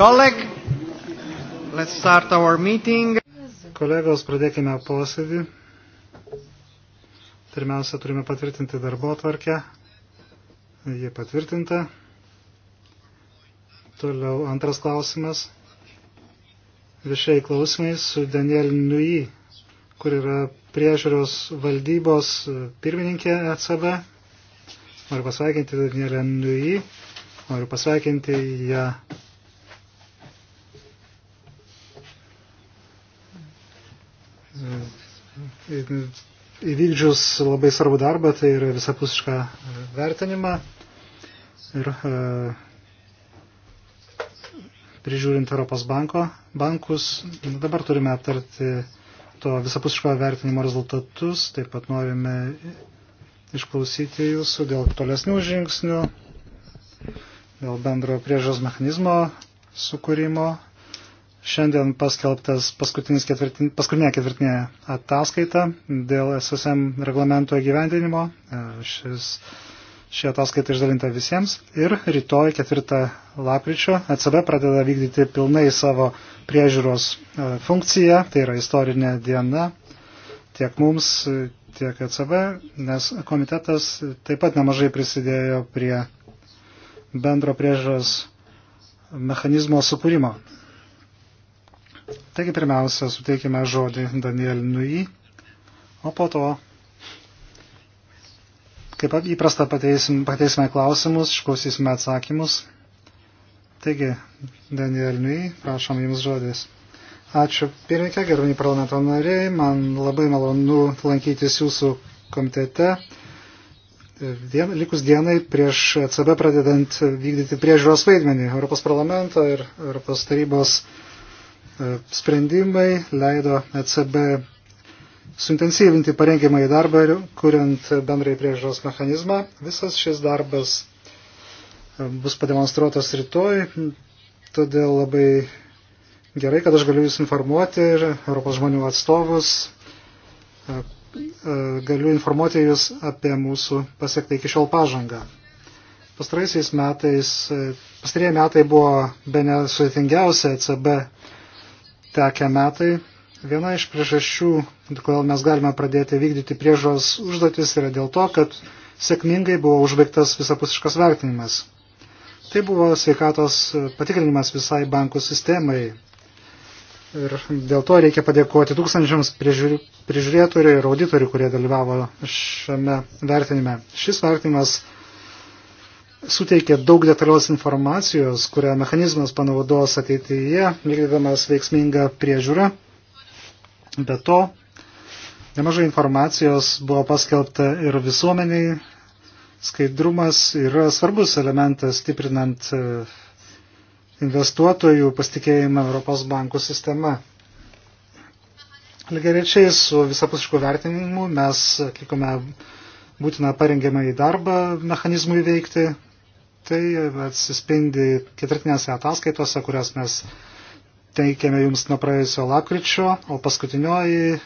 Colleague, let's start our meeting. Kolegos, pradėkime posėdį. Pirmiausia, turime patvirtinti darbo atvarkę. Ji patvirtinta. Toliau antras klausimas. Viešai klausimai su Daniel Nui, kur yra priežiūros valdybos pirmininkė ECB. Noriu pasveikinti Danielę Nui. Noriu pasveikinti ją įvykdžius labai svarbu darbą, tai yra visapusišką vertinimą ir e, prižiūrint Europos banko, bankus. Dabar turime aptarti to visapusiško vertinimo rezultatus, taip pat norime išklausyti jūsų dėl tolesnių žingsnių, dėl bendro priežos mechanizmo sukūrimo Šiandien paskelbtas ketvirtin, paskutinė ketvirtinė ataskaita dėl SSM reglamento įgyvendinimo. E, šis, ši ataskaita išdalinta visiems ir rytoj 4 lapkričio ECB pradeda vykdyti pilnai savo priežiūros e, funkciją. Tai yra istorinė diena tiek mums, e, tiek ECB, nes komitetas taip pat nemažai prisidėjo prie bendro priežiūros mechanizmo sukūrimo. Taigi pirmiausia, suteikime žodį Daniel Nui, o po to, kaip įprasta, pateisim, pateisime klausimus, išklausysime atsakymus. Taigi, Daniel Nui, prašom Jums žodis. Ačiū pirmininkė, gerbami parlamento nariai, man labai malonu lankytis Jūsų komitete. Dien, likus dienai prieš ECB pradedant vykdyti priežiūros vaidmenį Europos parlamento ir Europos tarybos E, sprendimai leido ECB suintensyvinti parengiamąjį darbą, kuriant bendrai priežiūros mechanizmą. Visas šis darbas e, bus pademonstruotas rytoj, todėl labai gerai, kad aš galiu Jūs informuoti ir Europos žmonių atstovus, e, galiu informuoti Jūs apie mūsų pasiektą iki šiol pažangą. Pastaraisiais metais, pastarieji metai buvo be nesudėtingiausia ECB tekę metai. Viena iš priežasčių, kodėl mes galime pradėti vykdyti priežos užduotis, yra dėl to, kad sėkmingai buvo užbaigtas visapusiškas vertinimas. Tai buvo sveikatos patikrinimas visai bankų sistemai. Ir dėl to reikia padėkoti tūkstančiams prižiūri, prižiūrėtorių ir auditorių, kurie dalyvavo šiame vertinime. Šis vertinimas suteikė daug detalios informacijos, kurią mechanizmas panaudos ateityje, vykdydamas veiksmingą priežiūrą. Be to, nemažai informacijos buvo paskelbta ir visuomeniai. Skaidrumas yra svarbus elementas stiprinant e, investuotojų pasitikėjimą Europos bankų sistema. Lygiai su visapusišku vertinimu mes atlikome būtiną parengiamą į darbą mechanizmui veikti Tai atsispindi ketvirtinėse ataskaitose, kurias mes teikėme jums nuo praėjusio lapkričio, o paskutinioji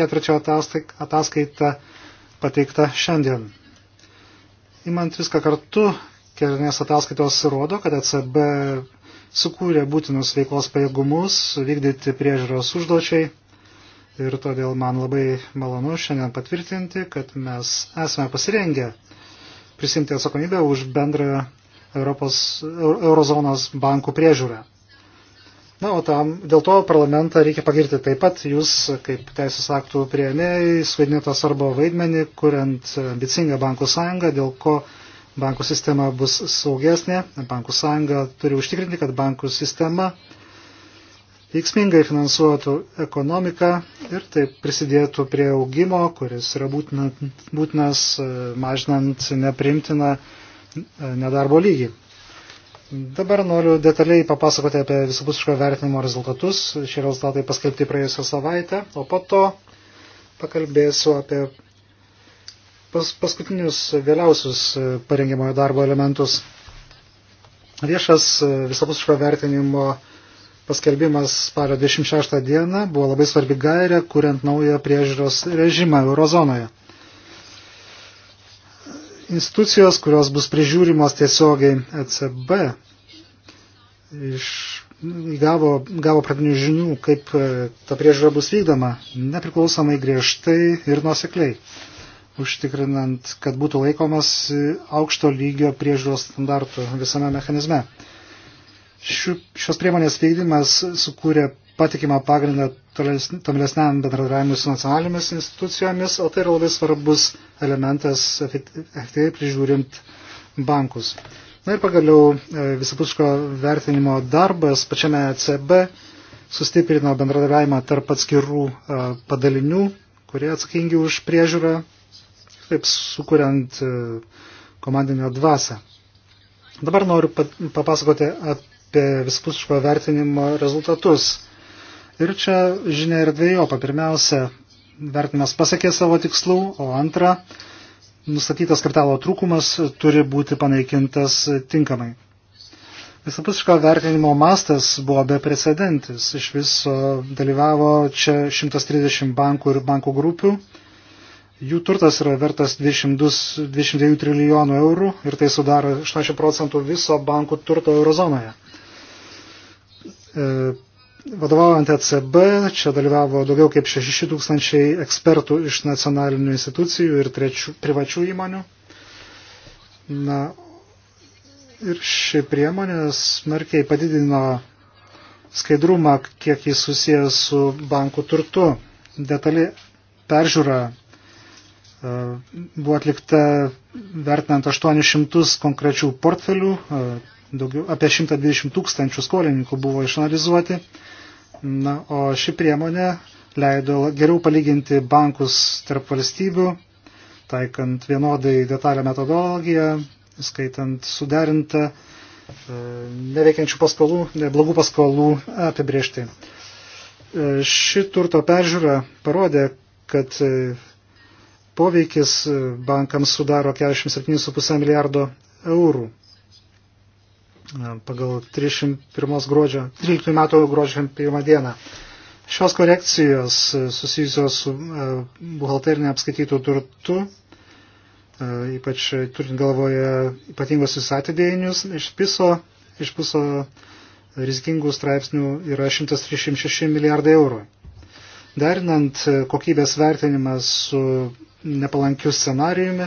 ketvirčio ataskaita pateikta šiandien. Imant viską kartu, kelionės ataskaitos rodo, kad ECB sukūrė būtinus veiklos pajėgumus vykdyti priežiūros užduočiai ir todėl man labai malonu šiandien patvirtinti, kad mes esame pasirengę prisimti atsakomybę už bendrą Europos, Eurozonos bankų priežiūrą. Na, o tam, dėl to parlamentą reikia pagirti taip pat. Jūs, kaip teisės aktų prieėmėjai, suvaidinėte svarbo vaidmenį, kuriant ambicingą bankų sąjungą, dėl ko bankų sistema bus saugesnė. Bankų sąjunga turi užtikrinti, kad bankų sistema uh, veiksmingai finansuotų ekonomiką ir taip prisidėtų prie augimo, kuris yra būtina, būtinas e, mažinant neprimtiną e, nedarbo lygį. Dabar noriu detaliai papasakoti apie visapusiško vertinimo rezultatus. Šie rezultatai paskelbti praėjusią savaitę, o po to pakalbėsiu apie pas, paskutinius vėliausius e, parengimojo darbo elementus. Viešas visapusiško vertinimo rezultatas paskelbimas spalio 26 dieną buvo labai svarbi gairė, kuriant naują priežiūros režimą eurozonoje. Institucijos, kurios bus prižiūrimos tiesiogiai ECB, iš, gavo, gavo pradinių žinių, kaip e, ta priežiūra bus vykdoma, nepriklausomai griežtai ir nuosekliai, užtikrinant, kad būtų laikomas aukšto lygio priežiūros standartų visame mechanizme. Šios priemonės vykdymas sukūrė patikimą pagrindą tolesniam bendradarbiavimui su nacionalinėmis institucijomis, o tai yra labai svarbus elementas efektyviai prižiūrint bankus. Na ir pagaliau e, visapuško vertinimo darbas pačiame ECB sustiprino bendradarbiavimą tarp atskirų e, padalinių, kurie atsakingi už priežiūrą, taip sukuriant e, komandinę dvasę. Dabar noriu papasakoti apie apie vispusiško vertinimo rezultatus. Ir čia žinia ir dviejopa. Pirmiausia, vertinimas pasiekė savo tikslų, o antra, nustatytas kapitalo trūkumas turi būti panaikintas tinkamai. Visapusiško vertinimo mastas buvo beprecedentis. Iš viso dalyvavo čia 130 bankų ir bankų grupių. Jų turtas yra vertas 22, 22 trilijonų eurų ir tai sudaro 80 procentų viso bankų turto eurozonoje. E, vadovaujant ECB, čia dalyvavo daugiau kaip 6 tūkstančiai ekspertų iš nacionalinių institucijų ir trečių, privačių įmonių. Na, ir ši priemonė smarkiai padidino skaidrumą, kiek jis susijęs su bankų turtu. Detali peržiūra e, buvo atlikta vertinant 800 konkrečių portfelių, e, daugiau, apie 120 tūkstančių skolininkų buvo išanalizuoti. Na, o ši priemonė leido geriau palyginti bankus tarp valstybių, taikant vienodai detalę metodologiją, skaitant suderintą e, neveikiančių paskolų, blogų paskolų apibriežti. E, ši turto peržiūra parodė, kad e, poveikis bankams sudaro 47,5 milijardo eurų pagal 31 gruodžio, 13 metų gruodžio 1 dieną. Šios korekcijos e, susijusios su e, buhalterinė apskaitytų turtų, e, ypač turint galvoje ypatingosius atidėjinius, iš piso, iš piso rizikingų straipsnių yra 136 milijardai eurų. Derinant kokybės vertinimą su nepalankiu scenarijumi,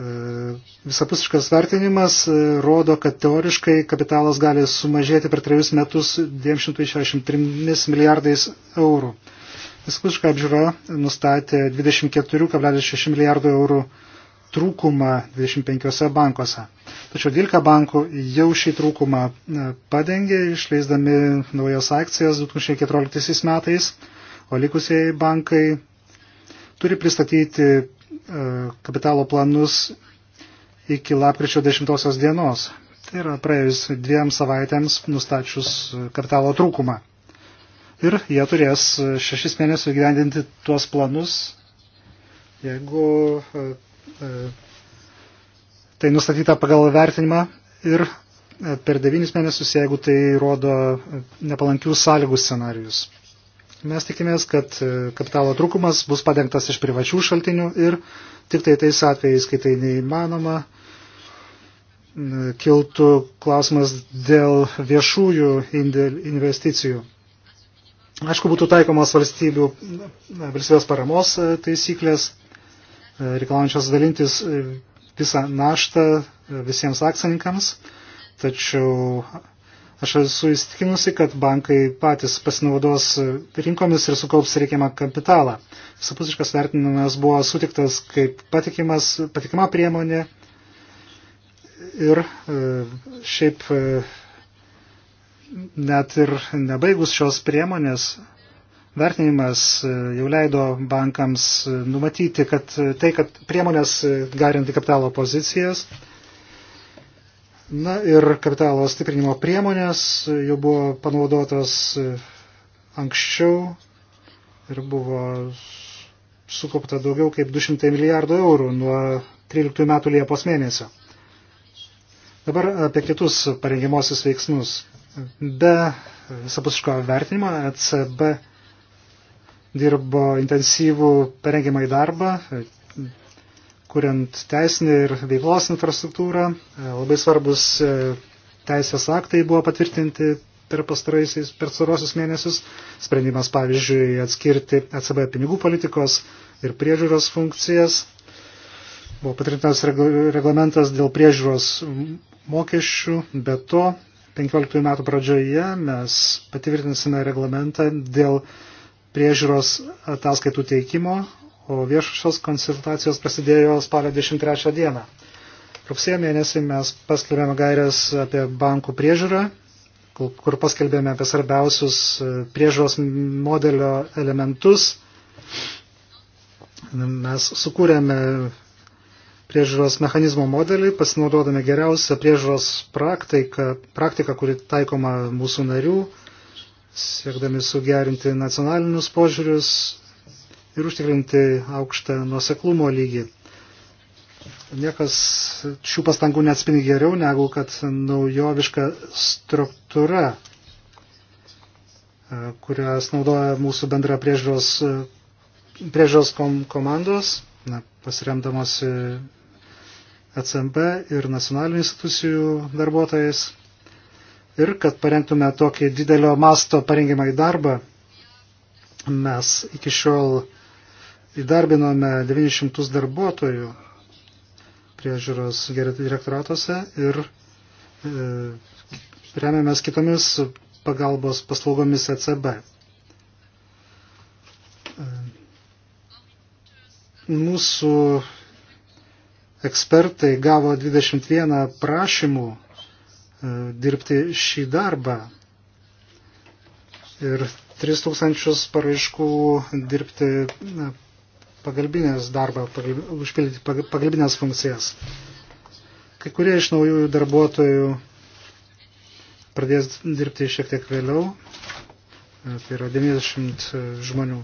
E, visapusiškas vertinimas e, rodo, kad teoriškai kapitalas gali sumažėti per trejus metus 263 milijardais eurų. Visapusiška apžiūra nustatė 24,6 milijardų eurų trūkumą 25 bankuose. Tačiau 12 bankų jau šį trūkumą e, padengė, išleisdami naujas akcijas 2014 metais, o likusieji bankai turi pristatyti E, kapitalo planus iki lapkričio 10 dienos. Tai yra praėjus dviem savaitėms nustačius kapitalo trūkumą. Ir jie turės šešis mėnesius gyvendinti tuos planus, jeigu e, e, tai nustatyta pagal vertinimą ir per devynis mėnesius, jeigu tai rodo nepalankių sąlygų scenarius. Mes tikimės, kad e, kapitalo trūkumas bus padengtas iš privačių šaltinių ir tik tai tais atvejais, kai tai neįmanoma, kiltų klausimas dėl viešųjų investicijų. Aišku, būtų taikomos valstybių, valstybės paramos e, taisyklės, e, reikalaujančios dalintis visą naštą visiems akcininkams, tačiau Aš esu įstikinusi, kad bankai patys pasinaudos rinkomis ir sukaups reikiamą kapitalą. Visapusiškas vertinimas buvo sutiktas kaip patikimas, patikima priemonė ir e, šiaip e, net ir nebaigus šios priemonės vertinimas e, jau leido bankams numatyti, kad tai, kad priemonės garinti kapitalo pozicijas Na ir kapitalo stiprinimo priemonės jau buvo panaudotos anksčiau ir buvo sukaupta daugiau kaip 200 milijardų eurų nuo 13 metų Liepos mėnesio. Dabar apie kitus parengiamosius veiksmus. Be visapusiško vertinimo ECB dirbo intensyvų parengimą į darbą, kuriant teisinį ir veiklos infrastruktūrą. E, labai svarbus e, teisės aktai buvo patvirtinti per pastaraisiais, per sarosius mėnesius. Sprendimas, pavyzdžiui, atskirti ECB pinigų politikos ir priežiūros funkcijas. Buvo patvirtintas reglamentas dėl priežiūros mokesčių, bet to 15 metų pradžioje mes patvirtinsime reglamentą dėl priežiūros ataskaitų teikimo o viešos konsultacijos prasidėjo spalio 23 dieną. Rugsėjo mėnesį mes paskelbėme gairias apie bankų priežiūrą, kur paskelbėme apie svarbiausius e, priežiūros modelio elementus. Mes sukūrėme priežiūros mechanizmo modelį, pasinaudodami geriausią priežiūros praktiką, praktiką kuri taikoma mūsų narių, siekdami sugerinti nacionalinius požiūrius ir užtikrinti aukštą nuoseklumo lygį. Niekas šių pastangų neatspindi geriau negu kad naujoviška struktūra, e, kurias naudoja mūsų bendra priežiūros, e, priežiūros kom komandos, na, pasiremdamos ECMB ir nacionalinių institucijų darbuotojais. Ir kad parengtume tokį didelio masto parengimą į darbą, mes iki šiol įdarbinome 900 darbuotojų priežiūros direktoratuose ir e, remiamės kitomis pagalbos paslaugomis ECB. E, mūsų ekspertai gavo 21 prašymų e, dirbti šį darbą ir 3000 paraiškų dirbti pagalbinės darbą, pagalb, užpildyti pagalbinės funkcijas. Kai kurie iš naujųjų darbuotojų pradės dirbti šiek tiek vėliau, e, tai yra 90 e, žmonių.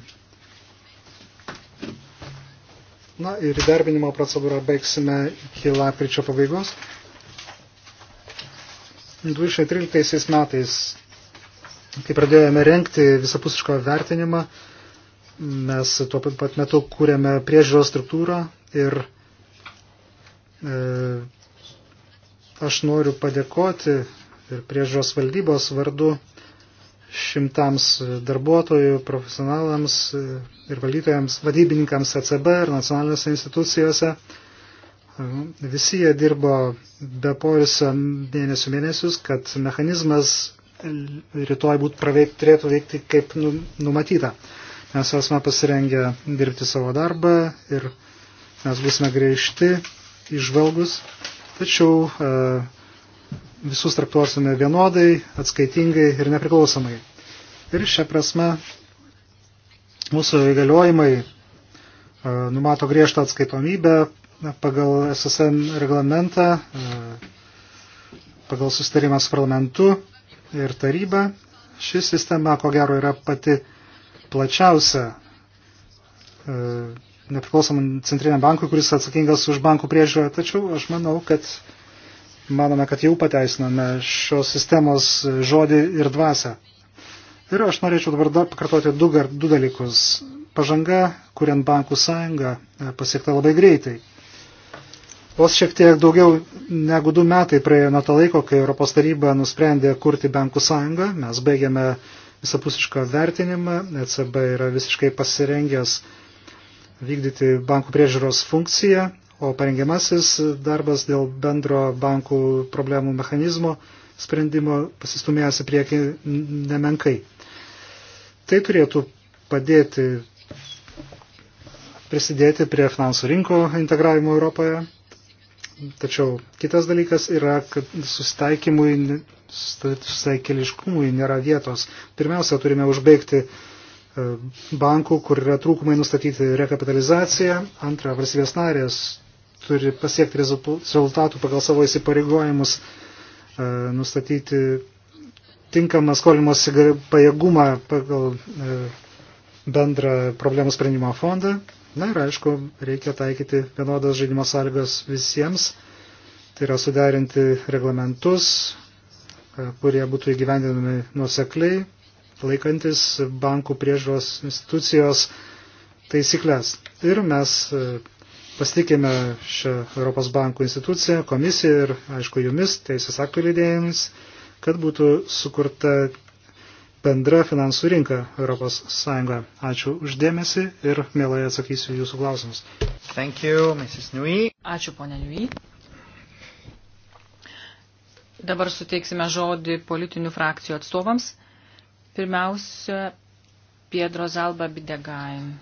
Na ir įdarbinimo procedūrą baigsime iki lapkričio pabaigos. 2013 metais, kai pradėjome renkti visapusišką vertinimą, mes tuo pat metu kūrėme priežiūros struktūrą ir e, aš noriu padėkoti ir priežiūros valdybos vardu šimtams darbuotojų, profesionalams ir valdytojams, vadybininkams ECB ir nacionalinėse institucijose. Visi jie dirbo be poilsio mėnesių mėnesius, kad mechanizmas rytoj būt praveik, turėtų veikti kaip nu, numatyta. Mes esame pasirengę dirbti savo darbą ir mes būsime griežti, išvalgus, tačiau e, visus traktuosime vienodai, atskaitingai ir nepriklausomai. Ir šią prasme mūsų įgaliojimai e, numato griežtą atskaitomybę pagal SSM reglamentą, e, pagal sustarimą su parlamentu ir taryba. Ši sistema, ko gero, yra pati plačiausia e, nepriklausomam centriniam bankui, kuris atsakingas už bankų priežiūrą. Tačiau aš manau, kad manome, kad jau pateisiname šios sistemos žodį ir dvasę. Ir aš norėčiau dabar pakartoti du, du dalykus. Pažanga, kuriant bankų sąjungą, e, pasiekta labai greitai. Vos šiek tiek daugiau negu du metai praėjo nuo to laiko, kai Europos taryba nusprendė kurti bankų sąjungą. Mes baigėme uh, visapusišką vertinimą. ECB yra visiškai pasirengęs vykdyti bankų priežiūros funkciją, o parengiamasis darbas dėl bendro bankų problemų mechanizmo sprendimo pasistumėjęs į priekį nemenkai. Tai turėtų padėti prisidėti prie finansų rinko integravimo Europoje Tačiau kitas dalykas yra, kad sustaikymui, sustaikeliškumui nėra vietos. Pirmiausia, turime užbaigti e, bankų, kur yra trūkumai nustatyti rekapitalizaciją. Antra, valstybės narės turi pasiekti rezultatų pagal savo įsipareigojimus, e, nustatyti tinkamą skolimos pajėgumą pagal e, bendrą problemų sprendimo fondą. Na ir aišku, reikia taikyti vienodas žaidimo sąlygas visiems, tai yra suderinti reglamentus, e, kurie būtų įgyvendinami nuosekliai, laikantis bankų priežiūros institucijos taisyklės. Ir mes e, pasitikime šią Europos bankų instituciją, komisiją ir, aišku, jumis, teisės aktų leidėjams, kad būtų sukurta bendra finansų rinka Europos Sąjungoje. Ačiū uždėmesi ir mielai atsakysiu jūsų klausimus. Thank you, Mrs. Nui. Ačiū, ponė Nui. Dabar suteiksime žodį politinių frakcijų atstovams. Pirmiausia, Piedro Zalba Bidegain.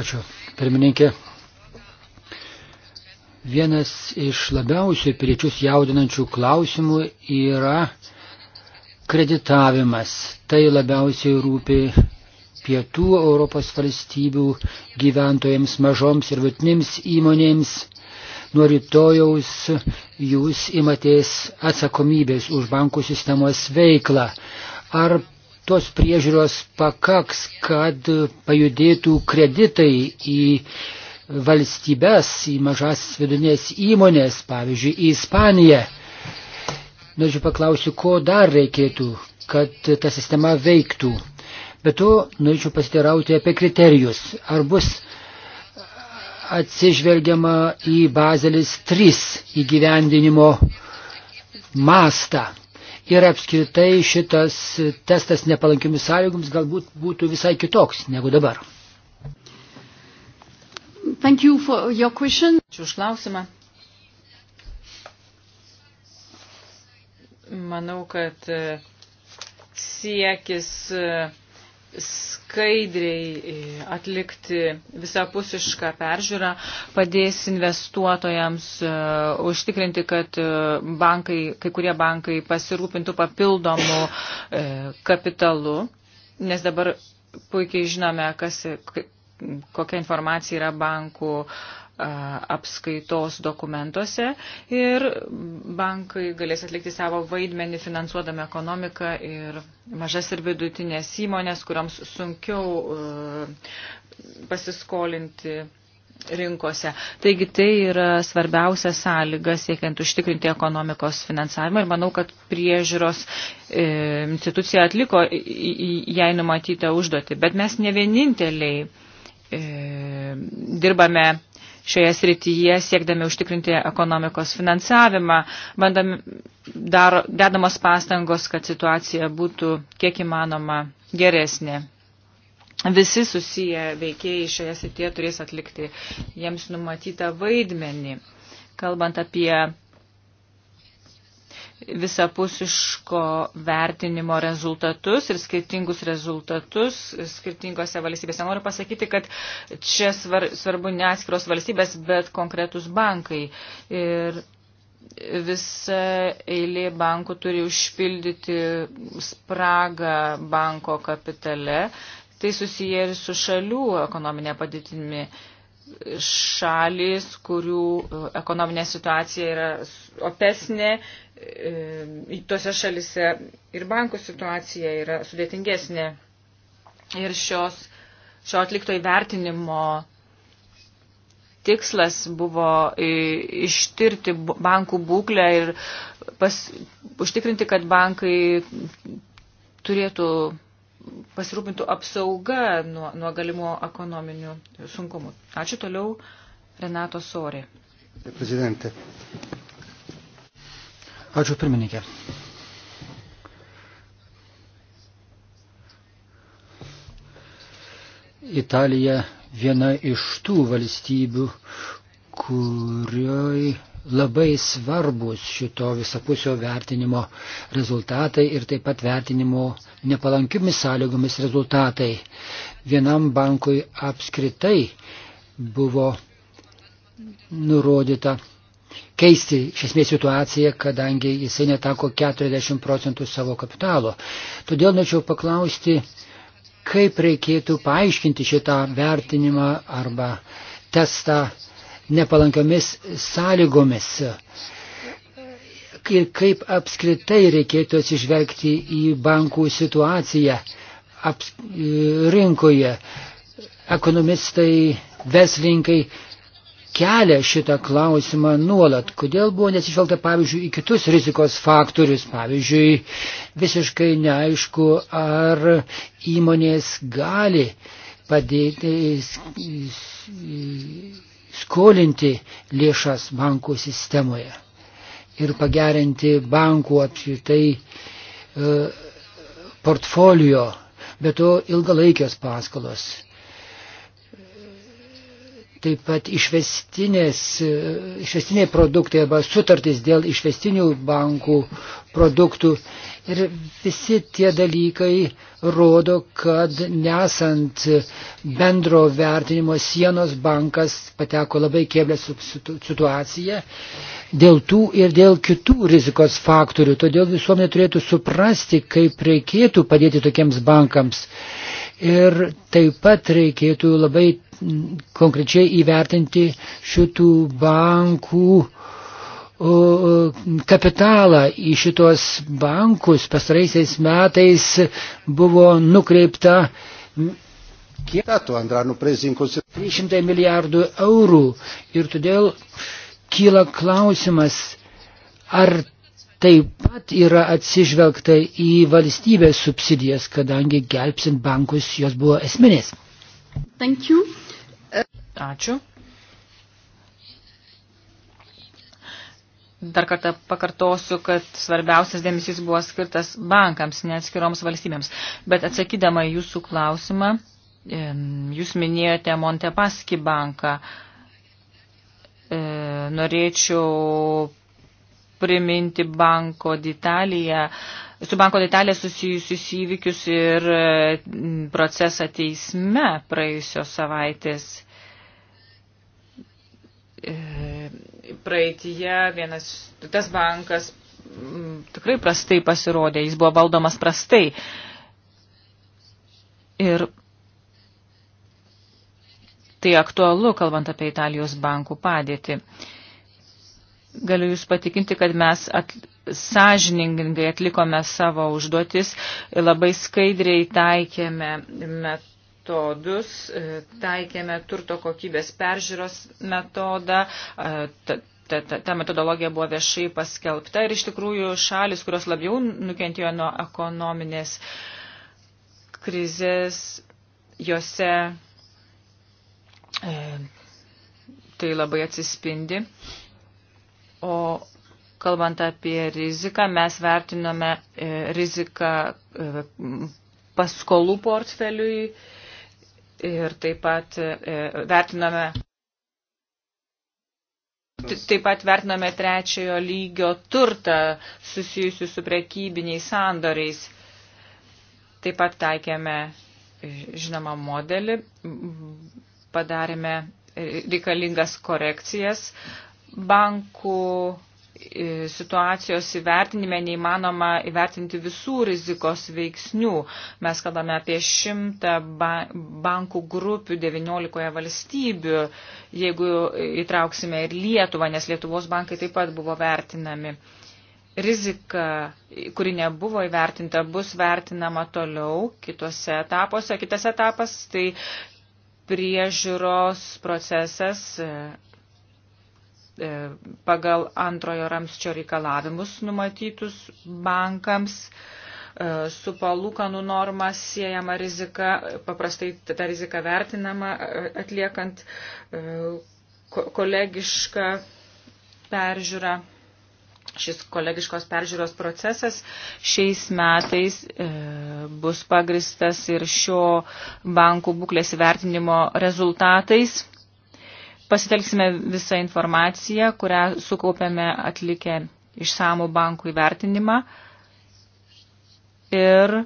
Ačiū, pirmininkė. Vienas iš labiausiai piliečius jaudinančių klausimų yra kreditavimas. Tai labiausiai rūpi pietų Europos valstybių gyventojams, mažoms ir vidutinėms įmonėms. Nuo rytojaus jūs imatės atsakomybės už bankų sistemos veiklą. Ar tos priežiūros pakaks, kad pajudėtų kreditai į valstybės, į mažas vidinės įmonės, pavyzdžiui, į Ispaniją. Norėčiau paklausiu, ko dar reikėtų, kad ta sistema veiktų. Bet to norėčiau pasiteirauti apie kriterijus. Ar bus atsižvelgiama į Bazelis 3 įgyvendinimo mastą. Ir apskritai šitas testas nepalankiomis sąlygomis galbūt būtų visai kitoks negu dabar. Thank you for your question. Ačiū už klausimą. Manau, kad e, siekis e, skaidriai e, atlikti visapusišką peržiūrą padės investuotojams užtikrinti, kad bankai, kai kurie bankai pasirūpintų papildomų kapitalu, nes dabar puikiai žinome, kas, kokia informacija yra bankų apskaitos dokumentuose ir bankai galės atlikti savo vaidmenį finansuodami ekonomiką ir mažas ir vidutinės įmonės, kuriams sunkiau pasiskolinti rinkose. Taigi tai yra svarbiausia sąlyga siekiant užtikrinti ekonomikos finansavimą ir manau, kad priežiūros e, institucija atliko jai numatytą užduotį. Bet mes ne vieninteliai E, dirbame šioje srityje, siekdami užtikrinti ekonomikos finansavimą, bandam, dar, dedamos pastangos, kad situacija būtų kiek įmanoma geresnė. Visi susiję veikėjai šioje srityje turės atlikti jiems numatytą vaidmenį. Kalbant apie visapusiško vertinimo rezultatus ir skirtingus rezultatus skirtingose valstybėse. Noriu pasakyti, kad čia svar, svarbu ne atskiros valstybės, bet konkretus bankai. Ir visa eilė bankų turi užpildyti spragą banko kapitale. Tai susiję ir su šalių ekonominė padėtimi šalis, kurių e, ekonominė situacija yra opesnė, e, tose šalise ir bankų situacija yra sudėtingesnė. Ir šios, šio atlikto įvertinimo tikslas buvo ištirti bankų būklę ir pas, užtikrinti, kad bankai turėtų pasirūpintų apsauga nuo, nuo galimų ekonominių sunkumų. Ačiū toliau Renato Sorė. Prezidentė. Ačiū pirmininkė. Italija viena iš tų valstybių, kurioj labai svarbus šito visapusio vertinimo rezultatai ir taip pat vertinimo nepalankiamis sąlygomis rezultatai. Vienam bankui apskritai buvo nurodyta keisti iš esmės situaciją, kadangi jisai netako 40 procentų savo kapitalo. Todėl norėčiau paklausti, kaip reikėtų paaiškinti šitą vertinimą arba testą nepalankiomis sąlygomis. Ir kaip apskritai reikėtų atsižvelgti į bankų situaciją aps, rinkoje. Ekonomistai, verslinkai kelia šitą klausimą nuolat. Kodėl buvo nesižvelgta, pavyzdžiui, į kitus rizikos faktorius? Pavyzdžiui, visiškai neaišku, ar įmonės gali padėti skolinti lėšas bankų sistemoje ir pagerinti bankų apskritai e, portfolio, bet to ilgalaikės paskolos Taip pat išvestiniai produktai arba sutartys dėl išvestinių bankų produktų. Ir visi tie dalykai rodo, kad nesant bendro vertinimo sienos bankas pateko labai keblę situaciją dėl tų ir dėl kitų rizikos faktorių. Todėl visuomenė turėtų suprasti, kaip reikėtų padėti tokiems bankams. Ir taip pat reikėtų labai konkrečiai įvertinti šitų bankų kapitalą. Į šitos bankus pastaraisiais metais buvo nukreipta 300 milijardų eurų ir todėl kyla klausimas, ar taip pat yra atsižvelgta į valstybės subsidijas, kadangi gelbsint bankus jos buvo esminės. Thank you. Ačiū. Dar kartą pakartosiu, kad svarbiausias dėmesys buvo skirtas bankams, neatskiroms valstybėms. Bet atsakydama jūsų klausimą, jūs minėjote Montepaski banką. E, norėčiau priminti banko d'Italiją su Banko detalė susijusius įvykius ir e, procesą teisme praėjusios savaitės. E, praeitie vienas, tas bankas tikrai prastai pasirodė, jis buvo valdomas prastai. Ir tai aktualu, kalbant apie Italijos bankų padėtį. Uh, galiu Jūs patikinti, kad mes at, sąžiningai atlikome savo užduotis, labai skaidriai taikėme metodus, e, taikėme turto kokybės peržiūros metodą. E, ta, ta, ta, ta metodologija buvo viešai paskelbta ir iš tikrųjų šalis, kurios labiau nukentėjo nuo ekonominės krizės, jose e, tai labai atsispindi. E, O kalbant apie riziką, mes vertiname e, riziką e, paskolų portfeliui ir taip pat e, vertiname. Taip pat vertiname trečiojo lygio turtą susijusiu su prekybiniais sandoriais. Taip pat taikėme žinomą modelį, padarėme reikalingas korekcijas, bankų e, situacijos įvertinime neįmanoma įvertinti visų rizikos veiksnių. Mes kalbame apie šimtą bankų grupių 19 valstybių, jeigu įtrauksime ir Lietuvą, nes Lietuvos bankai taip pat buvo vertinami. Rizika, kuri nebuvo įvertinta, bus vertinama toliau kitose etapuose. Kitas etapas tai priežiūros procesas E, pagal antrojo ramsčio reikalavimus numatytus bankams e, su palūkanų norma siejama rizika, paprastai ta rizika vertinama e, atliekant kolegišką peržiūrą. Šis kolegiškos peržiūros procesas šiais metais e, bus pagristas ir šio bankų būklės vertinimo rezultatais Pasitelksime visą informaciją, kurią sukaupėme atlikę išsamų bankų įvertinimą ir e,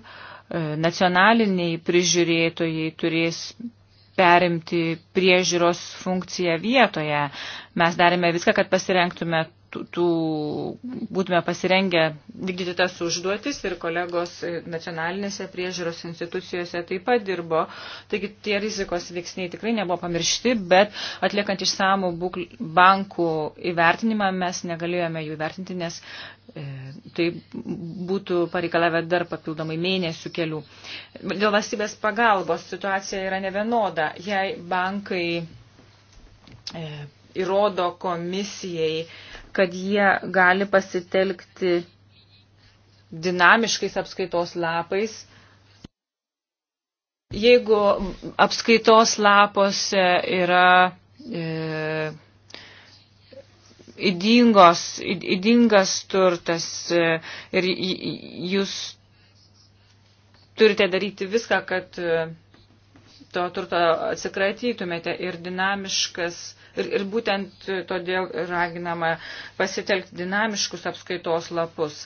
nacionaliniai prižiūrėtojai turės perimti priežiūros funkciją vietoje. Mes darėme viską, kad pasirenktume tų, būtume pasirengę vykdyti tas užduotis ir kolegos nacionalinėse priežiūros institucijose taip pat dirbo. Taigi tie rizikos veiksniai tikrai nebuvo pamiršti, bet atliekant išsamų bankų įvertinimą mes negalėjome jų vertinti, nes e, tai būtų pareikalavę dar papildomai mėnesių kelių. Dėl valstybės pagalbos situacija yra nevienoda. Jei bankai e, įrodo komisijai, kad jie gali pasitelkti dinamiškais apskaitos lapais. Jeigu apskaitos lapose yra e, įdingos, įdingas turtas e, ir jūs turite daryti viską, kad e, to turto atsikratytumėte ir dinamiškas Ir, ir būtent todėl raginama pasitelkti dinamiškus apskaitos lapus.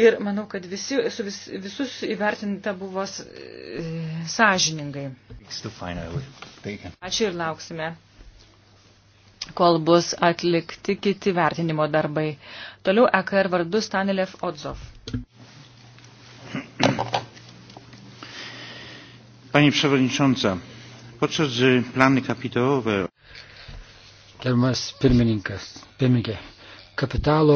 Ir manau, kad visi, su vis, visus įvertinta buvo e, sąžiningai. Ačiū ir lauksime, kol bus atlikti kiti vertinimo darbai. Toliau EKR vardu Stanilev Odzov. Pani Przewodnicząca, podczas plany kapitałowe Gerbiamas pirmininkas, pirmininkė, kapitalo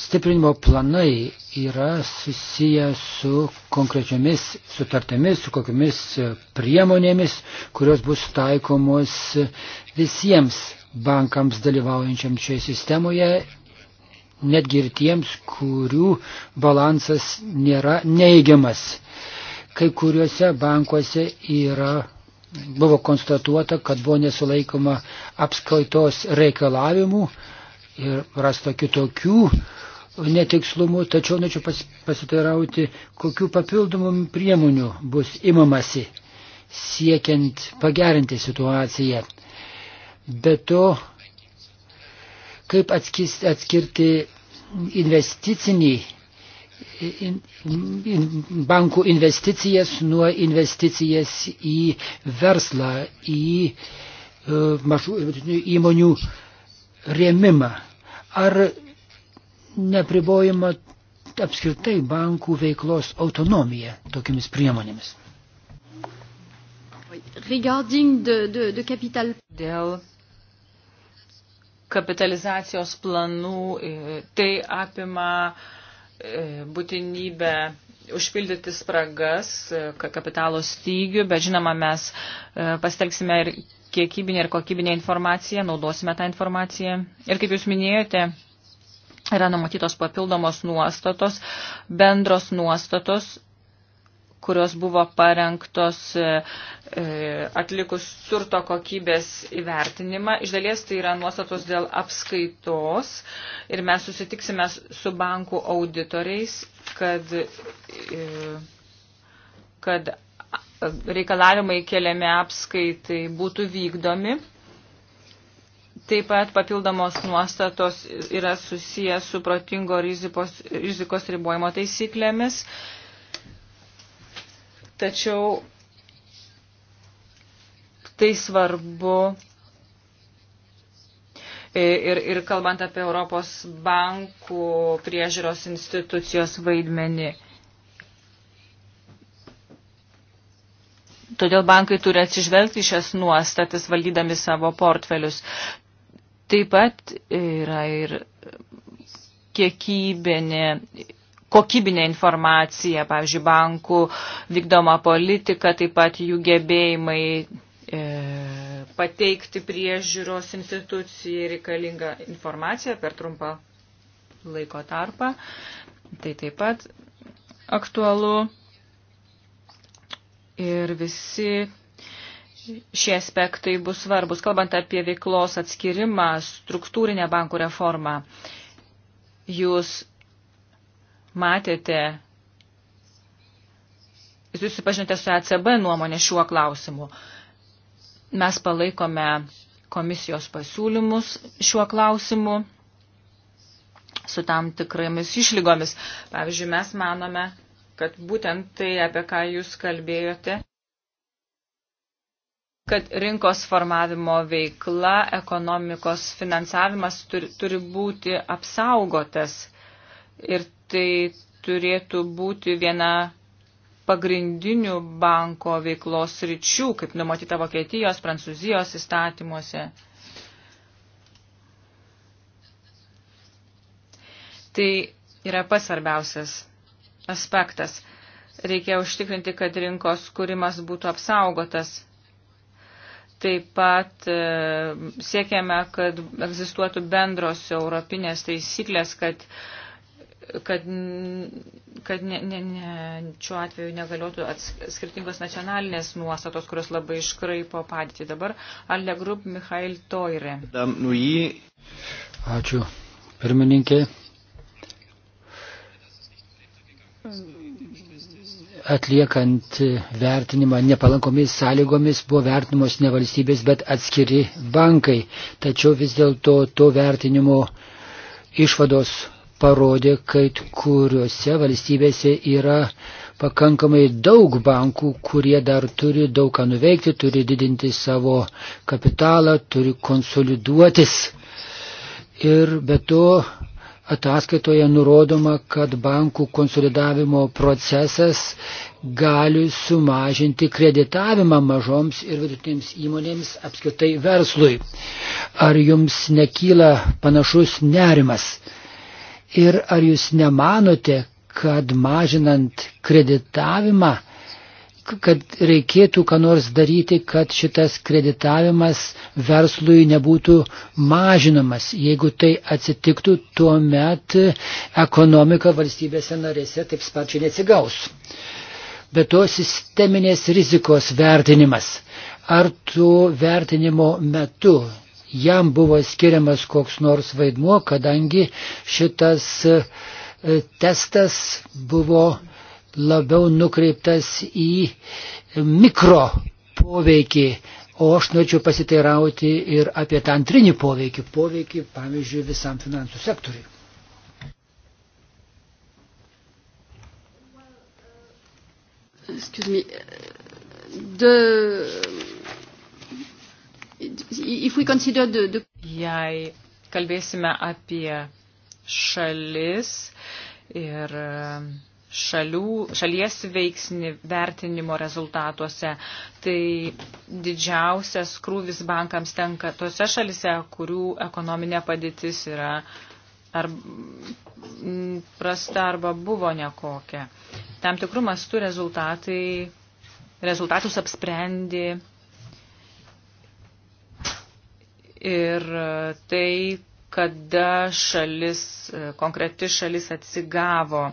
stiprinimo planai yra susiję su konkrečiomis sutartėmis, su kokiamis priemonėmis, kurios bus taikomos visiems bankams dalyvaujančiam šioje sistemoje, netgi ir tiems, kurių balansas nėra neigiamas. Kai kuriuose bankuose yra buvo konstatuota, kad buvo nesulaikoma apskaitos reikalavimų ir rasta kitokių netikslumų, tačiau norėčiau pas, pasitairauti, kokiu papildomų priemonių bus imamasi siekiant pagerinti situaciją. Be to, kaip atskirti investicinį in, in, bankų investicijas nuo investicijas į verslą, į uh, mažų ir vidutinių įmonių rėmimą. Ar nepribojama apskritai bankų veiklos autonomija tokiamis priemonėmis? Regarding de, de, de capital. Dėl kapitalizacijos planų, e, tai apima uh, E, būtinybę užpildyti spragas e, kapitalo stygių, bet žinoma, mes e, pastelgsime ir kiekybinę ir kokybinę informaciją, naudosime tą informaciją. Ir kaip jūs minėjote, yra numatytos papildomos nuostatos, bendros nuostatos kurios buvo parengtos e, e, atlikus turto kokybės įvertinimą. Iš dalies tai yra nuostatos dėl apskaitos ir mes susitiksime su bankų auditoriais, kad, e, kad reikalavimai keliami apskaitai būtų vykdomi. Taip pat papildomos nuostatos yra susijęs su protingo rizikos, rizikos ribojimo taisyklėmis Tačiau tai svarbu ir, ir kalbant apie Europos bankų priežiūros institucijos vaidmenį. Todėl bankai turi atsižvelgti šias nuostatas valdydami savo portfelius. Taip pat yra ir kiekybinė kokybinę informaciją, pavyzdžiui, bankų vykdoma politika, taip pat jų gebėjimai e, pateikti priežiūros institucijai reikalingą informaciją per trumpą laiko tarpą. Tai taip pat aktualu ir visi šie aspektai bus svarbus. Kalbant apie veiklos atskirimą, struktūrinę bankų reformą, jūs matėte, susipažinote su ECB nuomonė šiuo klausimu. Mes palaikome komisijos pasiūlymus šiuo klausimu su tam tikramis išlygomis. Pavyzdžiui, mes manome, kad būtent tai, apie ką jūs kalbėjote, kad rinkos formavimo veikla, ekonomikos finansavimas turi, turi būti apsaugotas. Ir tai turėtų būti viena pagrindinių banko veiklos ryčių, kaip numatyta Vokietijos, Prancūzijos įstatymuose. Tai yra pasvarbiausias aspektas. Reikia užtikrinti, kad rinkos kūrimas būtų apsaugotas. Taip pat e, siekiame, kad egzistuotų bendros europinės taisyklės, kad uh, kad, kad ne, ne, ne, šiuo atveju negaliotų ats, skirtingos nacionalinės nuostatos, kurios labai iškraipo padėtį. Dabar Alle Group Mikhail Toire. Ačiū, pirmininkė. Atliekant vertinimą nepalankomis sąlygomis buvo vertinimos ne valstybės, bet atskiri bankai. Tačiau vis dėlto to vertinimo išvados parodė, kad kuriuose valstybėse yra pakankamai daug bankų, kurie dar turi daug ką nuveikti, turi didinti savo kapitalą, turi konsoliduotis. Ir be to ataskaitoje nurodoma, kad bankų konsolidavimo procesas gali sumažinti kreditavimą mažoms ir vidutinėms įmonėms apskritai verslui. Ar jums nekyla panašus nerimas? Ir ar jūs nemanote, kad mažinant kreditavimą, kad reikėtų ką nors daryti, kad šitas kreditavimas verslui nebūtų mažinamas. Jeigu tai atsitiktų, tuomet ekonomika valstybėse narėse taip sparčiai nesigaus. Bet to sisteminės rizikos vertinimas. Ar tu vertinimo metu jam buvo skiriamas koks nors vaidmuo, kadangi šitas e, testas buvo labiau nukreiptas į mikro poveikį, o aš norėčiau pasiteirauti ir apie tą antrinį poveikį, poveikį, pavyzdžiui, visam finansų sektoriui. Excuse me. De If we consider the, the... Jei kalbėsime apie šalis ir e, šalių, šalies veiksnį vertinimo rezultatuose, tai didžiausias krūvis bankams tenka tose šalise, kurių ekonominė padėtis yra ar prasta arba buvo nekokia. Tam tikrų mastų rezultatai, rezultatus apsprendė ir tai, kada šalis, konkreti šalis atsigavo.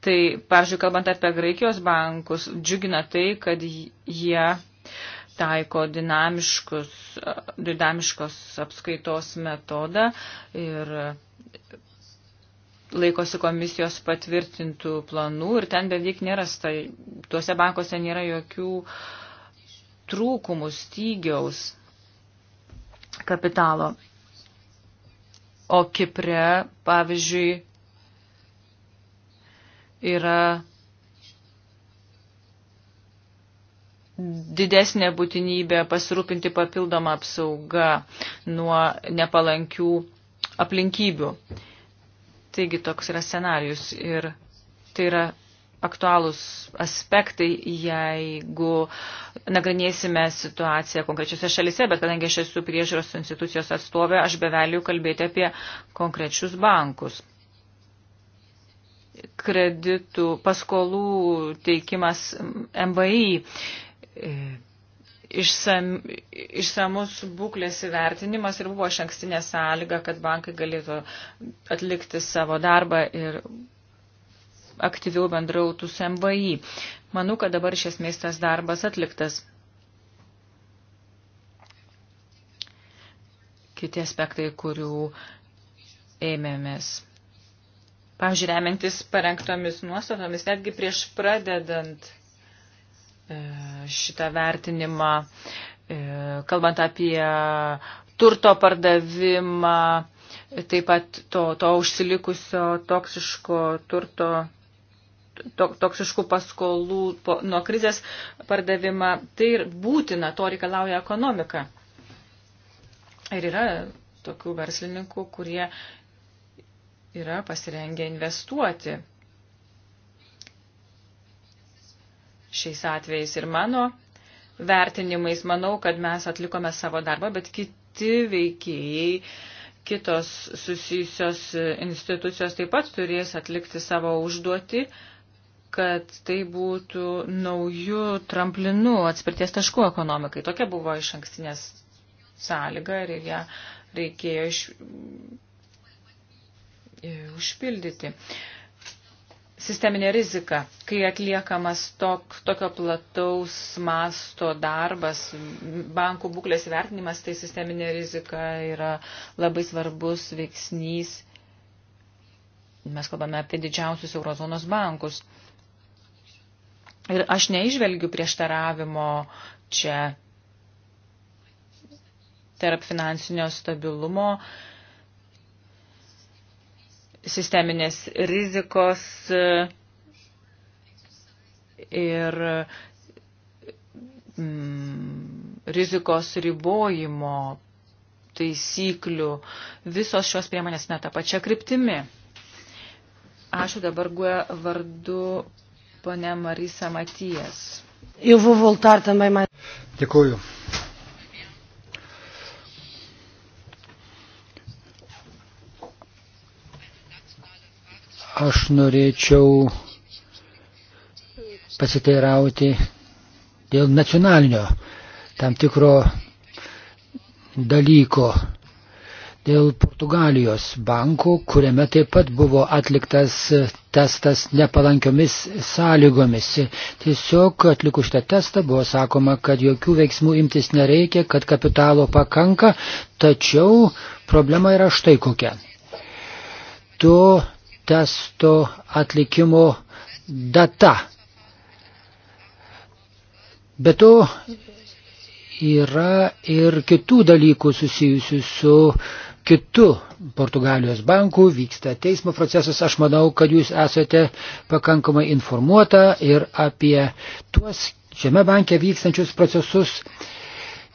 Tai, pavyzdžiui, kalbant apie Graikijos bankus, džiugina tai, kad jie taiko dinamiškos apskaitos metodą ir laikosi komisijos patvirtintų planų ir ten beveik nėra, tuose bankuose nėra jokių uh, trūkumus stygiaus kapitalo. O Kipre, pavyzdžiui, yra didesnė būtinybė pasirūpinti papildomą apsaugą nuo nepalankių aplinkybių. Taigi toks yra scenarius ir tai yra aktualūs aspektai, jeigu nagrinėsime situaciją konkrečiose šalise, bet kadangi aš esu priežiūros institucijos atstovė, aš beveliu kalbėti apie konkrečius bankus. Kreditų, paskolų teikimas MVI, e, išsam, išsamus būklės įvertinimas ir buvo šankstinė sąlyga, kad bankai galėtų atlikti savo darbą ir aktyviau bendrautų su MVI. Manau, kad dabar iš esmės tas darbas atliktas. Kiti aspektai, kurių ėmėmės. Pavyzdžiui, remiantis parengtomis nuostatomis, netgi prieš pradedant e, šitą vertinimą, e, kalbant apie turto pardavimą, taip pat to, to užsilikusio toksiško turto toksiškų paskolų po, nuo krizės pardavimą. Tai ir būtina, to reikalauja ekonomika. Ir yra tokių verslininkų, kurie yra pasirengę investuoti šiais atvejais. Ir mano vertinimais manau, kad mes atlikome savo darbą, bet kiti veikėjai, kitos susijusios institucijos taip pat turės atlikti savo užduotį, kad tai būtų naujų tramplinų atspirties taškų ekonomikai. Tokia buvo iš ankstinės sąlyga ir ją reikėjo iš, e, užpildyti. Sisteminė rizika, kai atliekamas tok, tokio plataus masto darbas, bankų būklės vertinimas, tai sisteminė rizika yra labai svarbus veiksnys. Mes kalbame apie didžiausius eurozonos bankus. Ir aš neižvelgiu prieštaravimo čia tarp finansinio stabilumo, sisteminės rizikos ir mm, rizikos ribojimo taisyklių. Visos šios priemonės meta pačia kryptimi. Ačiū dabar guė vardu Pone Marisa Matijas. Eu vou voltar também mais. Dėkuoju. Aš norėčiau pasiteirauti dėl nacionalinio tam tikro dalyko dėl Portugalijos banko, kuriame taip pat buvo atliktas testas nepalankiomis sąlygomis. Tiesiog atlikus šitą testą buvo sakoma, kad jokių veiksmų imtis nereikia, kad kapitalo pakanka, tačiau problema yra štai kokia. To testo atlikimo data. Be to yra ir kitų dalykų susijusių su kitu Portugalijos banku, vyksta teismo procesas. Aš manau, kad jūs esate pakankamai informuota ir apie tuos šiame banke vykstančius procesus.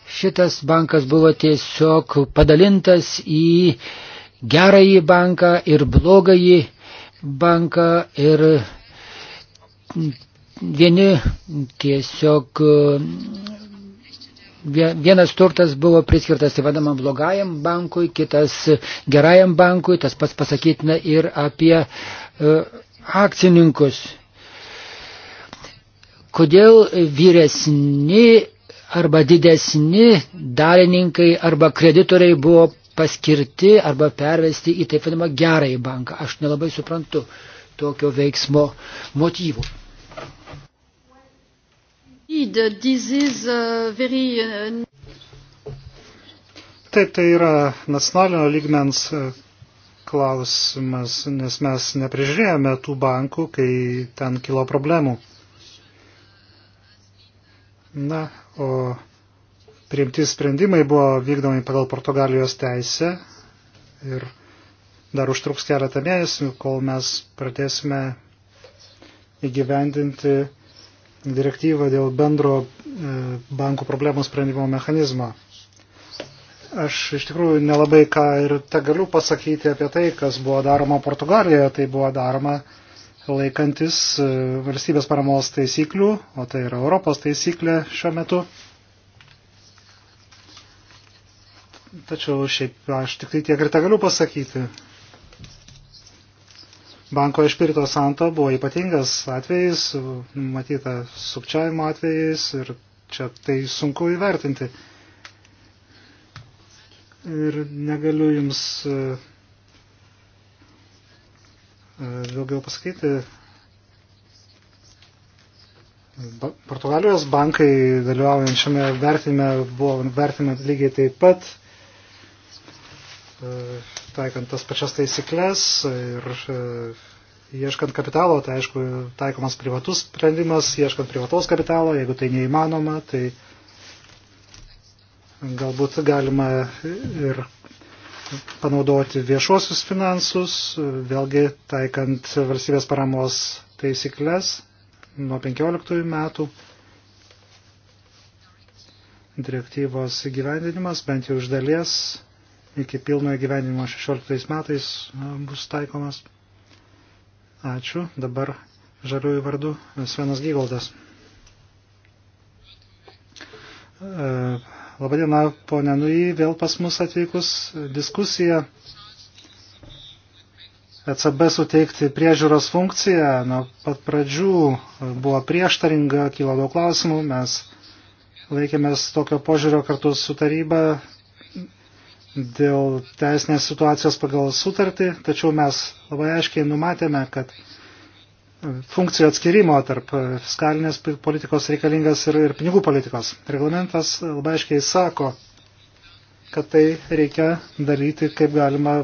Šitas bankas buvo tiesiog padalintas į gerąjį banką ir blogąjį banką ir vieni tiesiog vienas turtas buvo priskirtas tai vadamam blogajam bankui, kitas gerajam bankui, tas pats pasakytina ir apie e, akcininkus. Kodėl vyresni arba didesni dalininkai arba kreditoriai buvo paskirti arba pervesti į taip vadinamą gerąjį banką? Aš nelabai suprantu tokio veiksmo motyvų. Uh, uh, Taip, tai yra nacionalinio lygmens uh, klausimas, nes mes neprižiūrėjome tų bankų, kai ten kilo problemų. Na, o priimti sprendimai buvo vykdomi pagal Portugalijos teisę ir dar užtruks keletą mėnesių, kol mes pradėsime įgyvendinti direktyvą dėl bendro e, bankų problemų sprendimo mechanizmo. Aš iš tikrųjų nelabai ką ir te galiu pasakyti apie tai, kas buvo daroma Portugalijoje. Tai buvo daroma laikantis e, valstybės paramos taisyklių, o tai yra Europos taisyklė šiuo metu. Tačiau šiaip aš tik tai tiek ir te galiu pasakyti. Banko išpirto santo buvo ypatingas atvejis, matyta sukčiavimo atvejais ir čia tai sunku įvertinti. Ir negaliu jums e, e, daugiau pasakyti. Ba Portugalijos bankai dalyvaujančiame vertinime buvo vertinami lygiai taip pat. E taikant tas pačias taisyklės ir e, ieškant kapitalo, tai aišku, taikomas privatus sprendimas, ieškant privataus kapitalo, jeigu tai neįmanoma, tai galbūt galima ir panaudoti viešuosius finansus, vėlgi taikant valstybės paramos taisyklės nuo 15 metų. Direktyvos įgyvendinimas bent jau iš dalies iki pilno įgyvenimo 16 metais bus taikomas. Ačiū. Dabar žaliųjų vardu Svenas Gygaldas. Labadiena, ponė Nui, vėl pas mus atvykus diskusija. ECB suteikti priežiūros funkciją nuo pat pradžių buvo prieštaringa, kilo daug klausimų, mes laikėmės tokio požiūrio kartu su taryba, dėl teisinės situacijos pagal sutartį, tačiau mes labai aiškiai numatėme, kad funkcijų atskirimo tarp fiskalinės politikos reikalingas ir, ir pinigų politikos. Reglamentas labai aiškiai sako, kad tai reikia daryti kaip galima,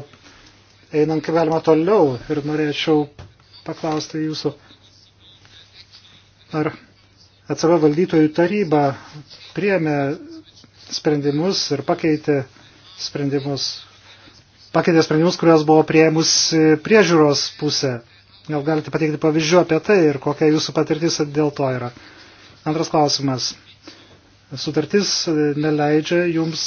einant kaip galima toliau. Ir norėčiau paklausti jūsų, ar ECB valdytojų taryba priemė sprendimus ir pakeitė sprendimus, pakeitė sprendimus, kurios buvo prieimus priežiūros pusė. Gal galite pateikti pavyzdžių apie tai ir kokia jūsų patirtis dėl to yra. Antras klausimas. Sutartis neleidžia jums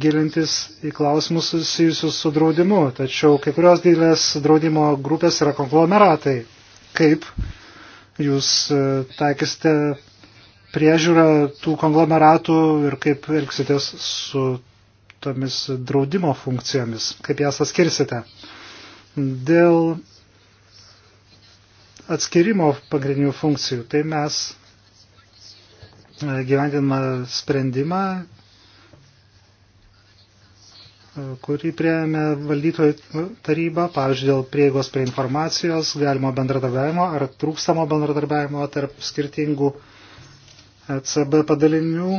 gilintis į klausimus susijusius su draudimu, tačiau kai kurios didelės draudimo grupės yra konglomeratai. Kaip jūs e, taikysite priežiūrą tų konglomeratų ir kaip elgsitės su tomis draudimo funkcijomis, kaip jas atskirsite. Dėl atskirimo pagrindinių funkcijų, tai mes e, gyvendinamą sprendimą, e, kurį prieėmė valdytojų taryba, pavyzdžiui, dėl prieigos prie informacijos, galimo bendradarbiavimo ar trūkstamo bendradarbiavimo tarp skirtingų ECB padalinių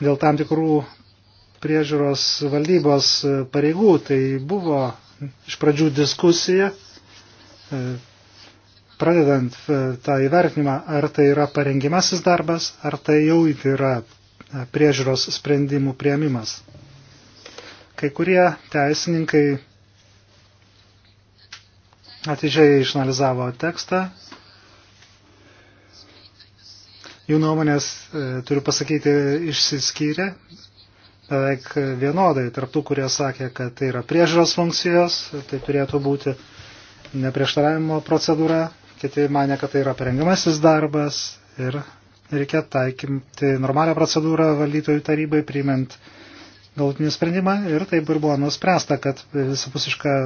dėl tam tikrų priežiūros valdybos e, pareigų. Tai buvo iš pradžių diskusija, e, pradedant e, tą įvertinimą, ar tai yra parengimasis darbas, ar tai jau yra priežiūros sprendimų prieimimas. Kai kurie teisininkai atidžiai išanalizavo tekstą Jų nuomonės, e, turiu pasakyti, išsiskyrė beveik vienodai tarptų, kurie sakė, kad tai yra priežiūros funkcijos, tai turėtų būti neprieštaravimo procedūra, kiti mane, kad tai yra parengiamasis darbas ir reikia taikyti normalią procedūrą valdytojų tarybai, priimant galutinį sprendimą ir taip ir buvo nuspręsta, kad visapusiška,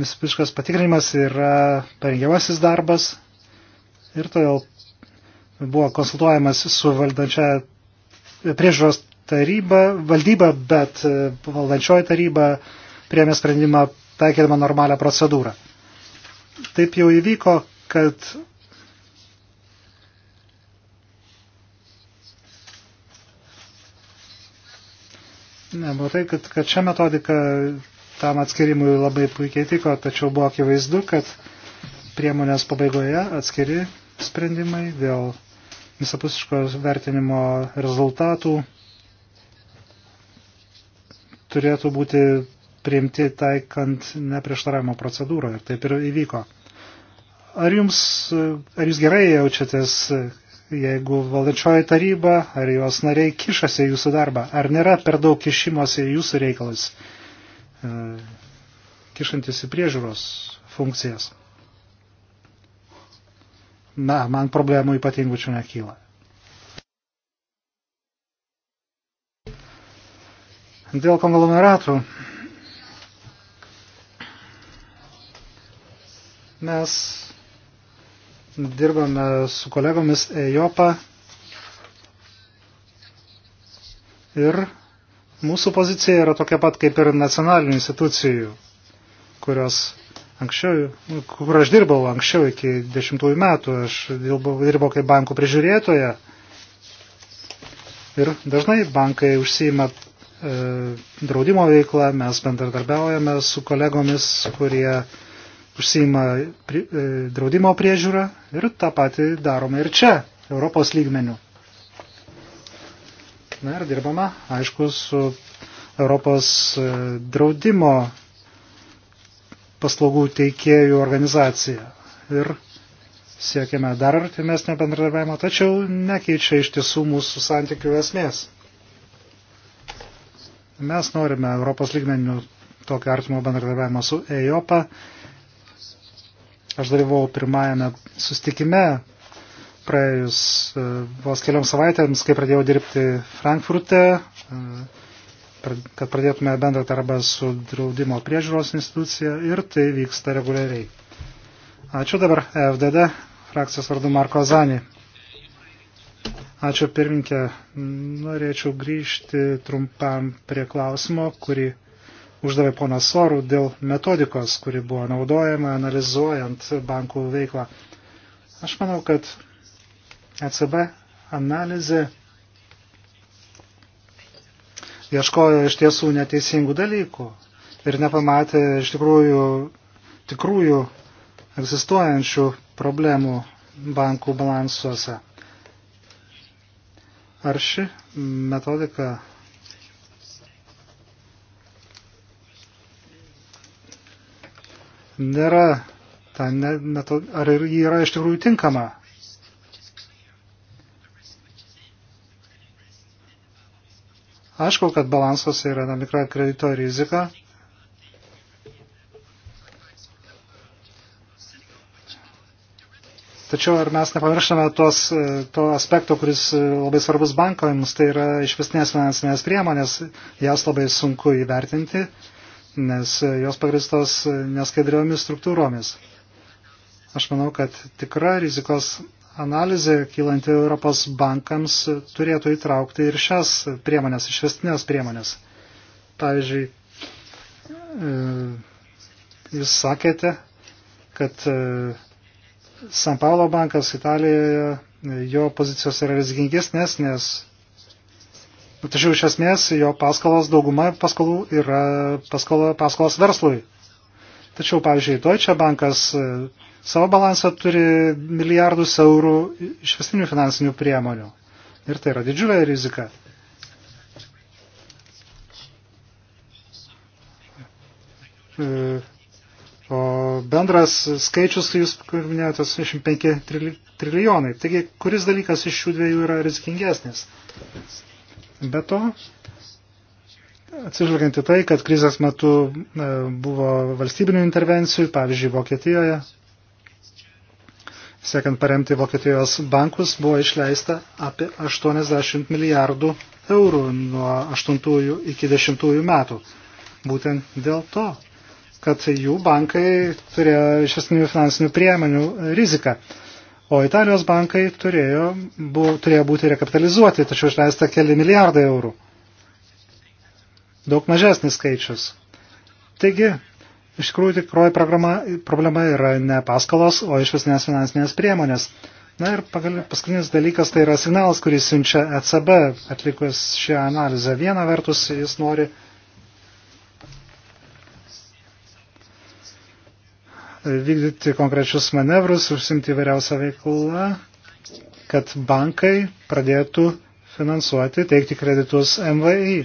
visapusiškas patikrinimas yra parengiamasis darbas ir todėl buvo konsultuojamas su valdančia priežiūros taryba, valdyba, bet e, valdančioji taryba priemė sprendimą taikydama normalią procedūrą. Taip jau įvyko, kad Ne, buvo tai, kad, kad čia metodika tam atskirimui labai puikiai tiko, tačiau buvo akivaizdu, kad priemonės pabaigoje atskiri sprendimai dėl visapusiško vertinimo rezultatų turėtų būti priimti taikant neprieštaravimo procedūrą. Ir taip ir įvyko. Ar jums, ar jūs gerai jaučiatės, jeigu valdančioji taryba ar jos nariai kišasi į jūsų darbą? Ar nėra per daug kišimosi į jūsų reikalus, e, kišantis į priežiūros funkcijas? na, man problemų ypatingų čia nekyla. Dėl konglomeratų mes dirbame su kolegomis EJOPA ir mūsų pozicija yra tokia pat kaip ir nacionalinių institucijų, kurios Anksčiau, kur aš dirbau anksčiau iki dešimtųjų metų, aš dirbau, dirbau kaip bankų prižiūrėtoja. Ir dažnai bankai užsima e, draudimo veiklą, mes bendradarbiaujame su kolegomis, kurie užsima pri, e, draudimo priežiūrą ir tą patį darome ir čia, Europos lygmenių. Na ir dirbama, aišku, su Europos e, draudimo paslaugų teikėjų organizacija. Ir siekiame dar artimesnio bendradarbiavimo, tačiau nekeičia iš tiesų mūsų santykių esmės. Mes norime Europos lygmenių tokio artimo bendradarbiavimo su EIOPA. Aš dalyvau pirmajame sustikime praėjus e, vos kelioms savaitėms, kai pradėjau dirbti Frankfurte. E, kad pradėtume bendrą darbą su draudimo priežiūros institucija ir tai vyksta reguliariai. Ačiū dabar FDD, frakcijos vardu Marko Zanį. Ačiū pirminkė. Norėčiau grįžti trumpam prie klausimo, kurį uždavė ponas Sorų dėl metodikos, kuri buvo naudojama analizuojant bankų veiklą. Aš manau, kad ECB analizė ieškojo iš tiesų neteisingų dalykų ir nepamatė iš tikrųjų tikrųjų egzistuojančių problemų bankų balansuose. Ar ši metodika nėra, ta ne, metod, ar yra iš tikrųjų tinkama Aišku, kad balansuose yra tam tikra kredito rizika. Tačiau ar mes nepamirštame tos, e, to aspekto, kuris e, labai svarbus bankams, tai yra išvestinės finansinės priemonės, jas labai sunku įvertinti, nes e, jos pagristos neskaidriomis struktūromis. Aš manau, kad tikra rizikos analizė kylanti Europos bankams turėtų įtraukti ir šias priemonės, išvestinės priemonės. Pavyzdžiui, e, jūs sakėte, kad e, San Paulo bankas Italijoje e, jo pozicijos yra rizikingesnės, nes tačiau iš esmės jo paskolos dauguma paskolų yra paskola, paskolos verslui. Tačiau, pavyzdžiui, Deutsche Bankas e, savo balansą turi milijardus eurų išvestinių finansinių priemonių. Ir tai yra didžiulė rizika. E, o bendras skaičius, kai jūs minėjote, 65 trilijonai. Taigi, kuris dalykas iš šių dviejų yra rizikingesnis? Be to, Atsižvelgiant į tai, kad krizės metu e, buvo valstybinių intervencijų, pavyzdžiui, Vokietijoje, siekiant paremti Vokietijos bankus, buvo išleista apie 80 milijardų eurų nuo 8 iki 10 metų. Būtent dėl to, kad jų bankai turėjo iš esminių finansinių priemonių riziką. O Italijos bankai turėjo, bu, turėjo būti rekapitalizuoti, tačiau išleista keli milijardai eurų daug mažesnis skaičius. Taigi, iš tikrųjų tikroji programa, problema yra ne paskalos, o iš visinės finansinės priemonės. Na ir pagal, paskutinis dalykas tai yra signalas, kurį siunčia ECB atlikus šią analizę. Viena vertus jis nori e, vykdyti konkrečius manevrus, užsimti įvairiausią veiklą, kad bankai pradėtų finansuoti, teikti kreditus MVI.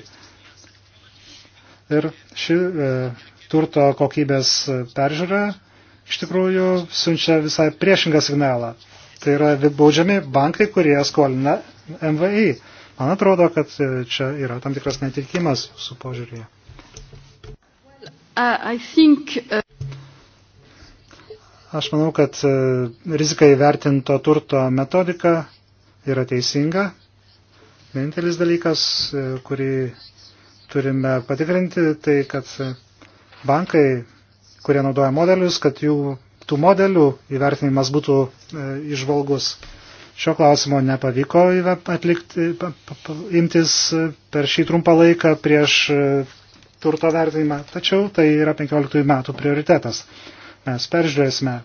Ir ši e, turto kokybės peržiūra iš tikrųjų siunčia visai priešingą signalą. Tai yra baudžiami bankai, kurie skolina MVI. Man atrodo, kad e, čia yra tam tikras netikimas su požiūrėje. Well, uh, uh, Aš manau, kad e, rizika įvertinto turto metodika yra teisinga. Vienintelis dalykas, e, kurį turime patikrinti, tai kad bankai, kurie naudoja modelius, kad jų tų modelių įvertinimas būtų e, išvalgus. Šio klausimo nepavyko atlikti, pa, pa, pa, imtis e, per šį trumpą laiką prieš e, turto vertinimą, tačiau tai yra 15 metų prioritetas. Mes peržiūrėsime,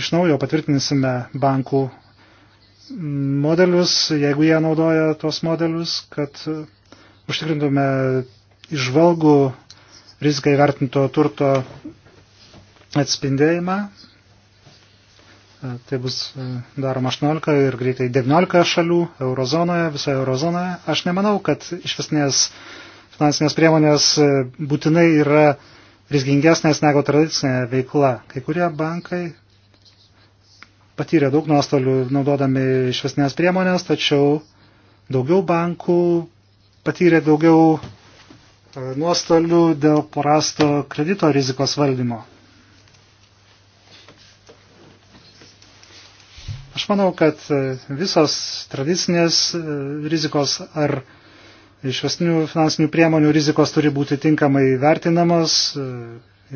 iš naujo patvirtinsime bankų modelius, jeigu jie naudoja tuos modelius, kad užtikrintume išvalgų rizikai vertinto turto atspindėjimą. Tai bus e, daroma 18 ir greitai 19 šalių eurozonoje, visoje eurozonoje. Aš nemanau, kad iš esmės finansinės priemonės e, būtinai yra rizgingesnės negu tradicinė veikla. Kai kurie bankai patyrė daug nuostolių naudodami išvesnės priemonės, tačiau daugiau bankų patyrė daugiau e, nuostolių dėl porasto kredito rizikos valdymo. Aš manau, kad e, visos tradicinės e, rizikos ar išvesnių finansinių priemonių rizikos turi būti tinkamai vertinamos,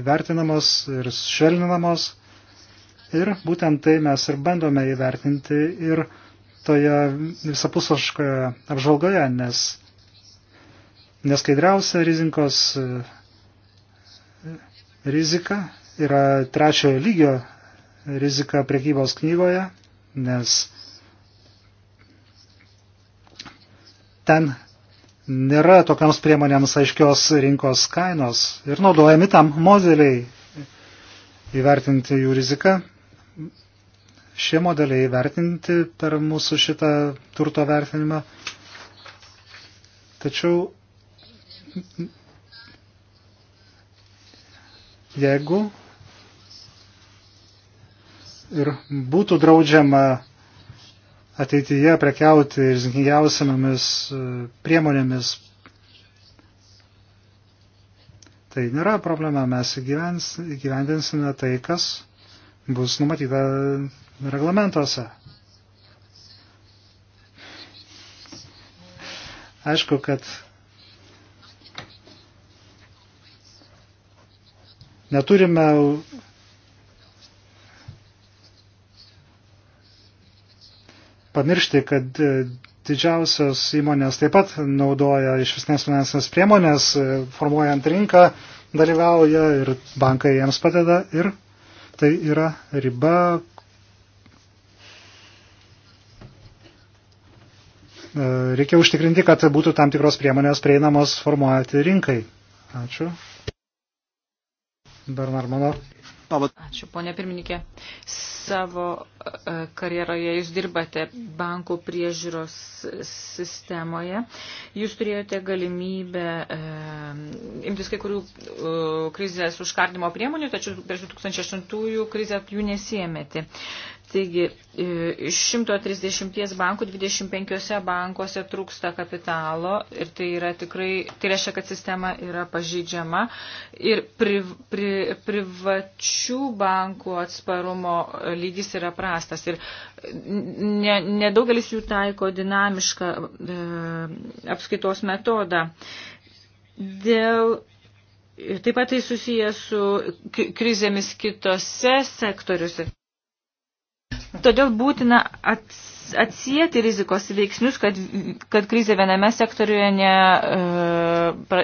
įvertinamos ir švelninamos. Ir būtent tai mes ir bandome įvertinti ir toje visapusoškoje apžvalgoje, nes neskaidriausia rizikos e, rizika yra trečiojo lygio rizika prekybos knygoje, nes ten nėra tokiams priemonėms aiškios rinkos kainos ir naudojami tam modeliai įvertinti jų riziką. Šie modeliai įvertinti per mūsų šitą turto vertinimą. Tačiau jeigu ir būtų draudžiama ateityje prekiauti rizikingiausiamis e, priemonėmis. Tai nėra problema, mes įgyvendinsime tai, kas bus numatyta reglamentuose. Aišku, kad Neturime pamiršti, kad e, didžiausios įmonės taip pat naudoja iš visnės finansinės priemonės, e, formuojant rinką, dalyvauja ir bankai jiems padeda ir tai yra riba, e, reikia užtikrinti, kad būtų tam tikros priemonės prieinamos formuoti rinkai. Ačiū. Bernard Manor. Ačiū, ponė pirmininkė. Savo e, karjeroje jūs dirbate bankų priežiūros sistemoje. Jūs turėjote galimybę e, imtis kai kurių e, krizės užkardimo priemonių, tačiau prieš 2008 krizę jų nesėmėte. Taigi, e, iš 130 bankų 25 bankuose trūksta kapitalo ir tai yra tikrai, tai reiškia, kad sistema yra pažydžiama ir pri, pri, privačių bankų atsparumo lygis yra prastas ir nedaugelis ne, ne jų taiko dinamišką e, apskaitos metodą. Dėl Taip pat tai susijęs su krizėmis kitose sektoriuose. Todėl būtina atsijėti rizikos veiksnius, kad, kad krizė viename sektoriuje ne, e,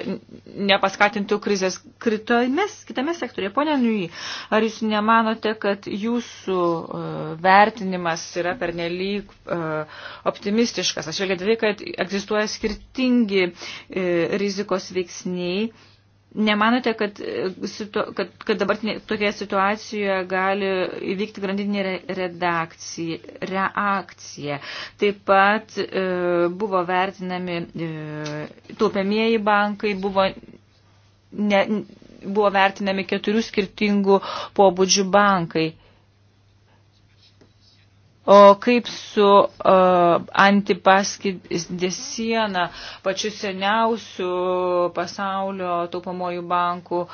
nepaskatintų krizės kritomis, kitame sektoriuje. Pone Nui, ar jūs nemanote, kad jūsų e, vertinimas yra pernelyg e, optimistiškas? Aš vėlgi kad egzistuoja skirtingi e, rizikos veiksniai Nemanote, kad, e, kad, kad dabar tokioje situacijoje gali įvykti grandinė redakcija, reakcija. Taip pat e, buvo vertinami e, taupiamieji bankai, buvo, ne, buvo vertinami keturių skirtingų pobūdžių bankai. O kaip su uh, antipaskidesiena, pačiu seniausiu pasaulio taupamojų banku, e,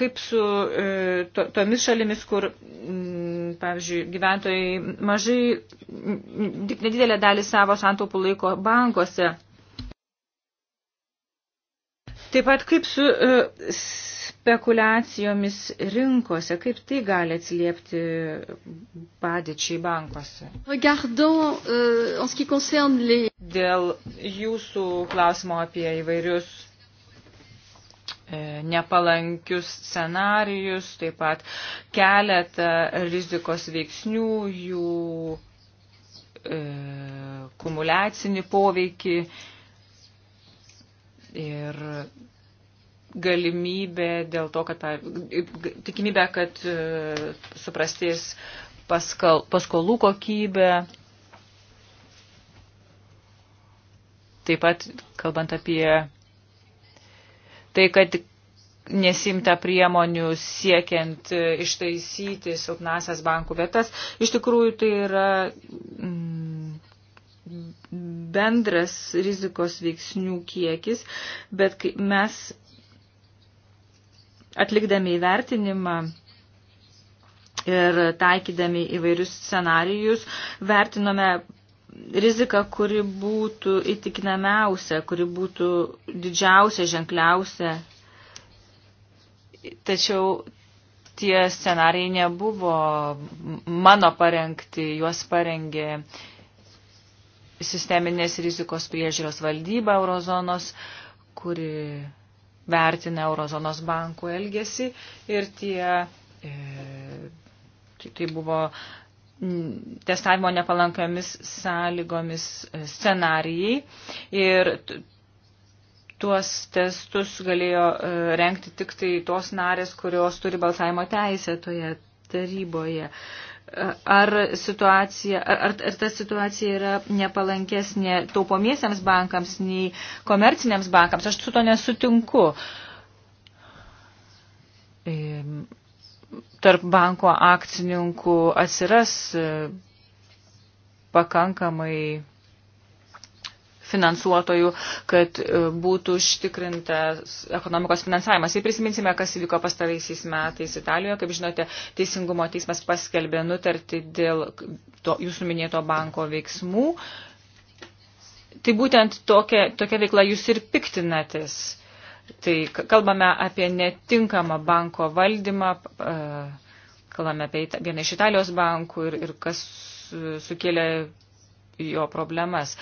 kaip su uh, to, tomis šalimis, kur, m, pavyzdžiui, gyventojai mažai, tik nedidelę dalį savo santaupų laiko bankuose. Taip pat kaip su uh, spekulacijomis rinkose, kaip tai gali atsiliepti padėčiai bankuose. Regardant, uh, en ce qui concerne les... Dėl jūsų klausimo apie įvairius e, nepalankius scenarius, taip pat keletą rizikos veiksnių, jų e, kumulacinį poveikį ir galimybė dėl to, kad tikimybė, kad e, suprastės paskal, paskolų kokybė. Taip pat, kalbant apie tai, kad nesimta priemonių siekiant e, ištaisyti silpnasias bankų vietas, iš tikrųjų tai yra mm, bendras rizikos veiksnių kiekis, bet mes atlikdami įvertinimą ir taikydami įvairius scenarijus, vertinome riziką, kuri būtų įtikinamiausia, kuri būtų didžiausia, ženkliausia. Tačiau tie scenarijai nebuvo mano parengti, juos parengė sisteminės rizikos priežiūros valdyba eurozonos, kuri vertina Eurozonos bankų elgesį ir tie, e, tai, tai buvo testavimo nepalankiomis sąlygomis e, scenarijai ir tuos testus galėjo e, renkti tik tai tos narės, kurios turi balsavimo teisę toje taryboje. E, ar, situacija, ar, ar ta situacija yra nepalankesnė taupomiesiams bankams nei komerciniams bankams. Aš su to nesutinku. Ehm, tarp banko akcininkų atsiras e, pakankamai finansuotojų, kad e, būtų užtikrintas ekonomikos finansavimas. Ir prisiminsime, kas įvyko pastaraisiais metais Italijoje. Kaip žinote, Teisingumo teismas paskelbė nutartį dėl to, jūsų minėto banko veiksmų. Tai būtent tokia, tokia veikla jūs ir piktinatės. Tai kalbame apie netinkamą banko valdymą, e, kalbame apie vieną iš Italijos bankų ir, ir kas sukėlė jo problemas.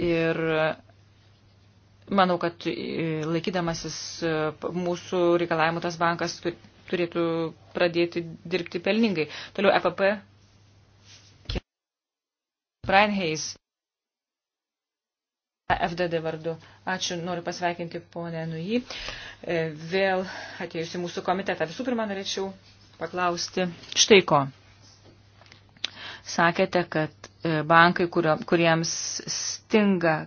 Ir manau, kad e, laikydamasis e, mūsų reikalavimų tas bankas turėtų pradėti dirbti pelningai. Toliau EPP. Brian Hayes. FDD vardu. Ačiū, noriu pasveikinti ponę Nui. E, vėl atėjusi mūsų komitetą. Visų pirma, norėčiau paklausti štai ko. Sakėte, kad E, bankai, kurio, kuriems stinga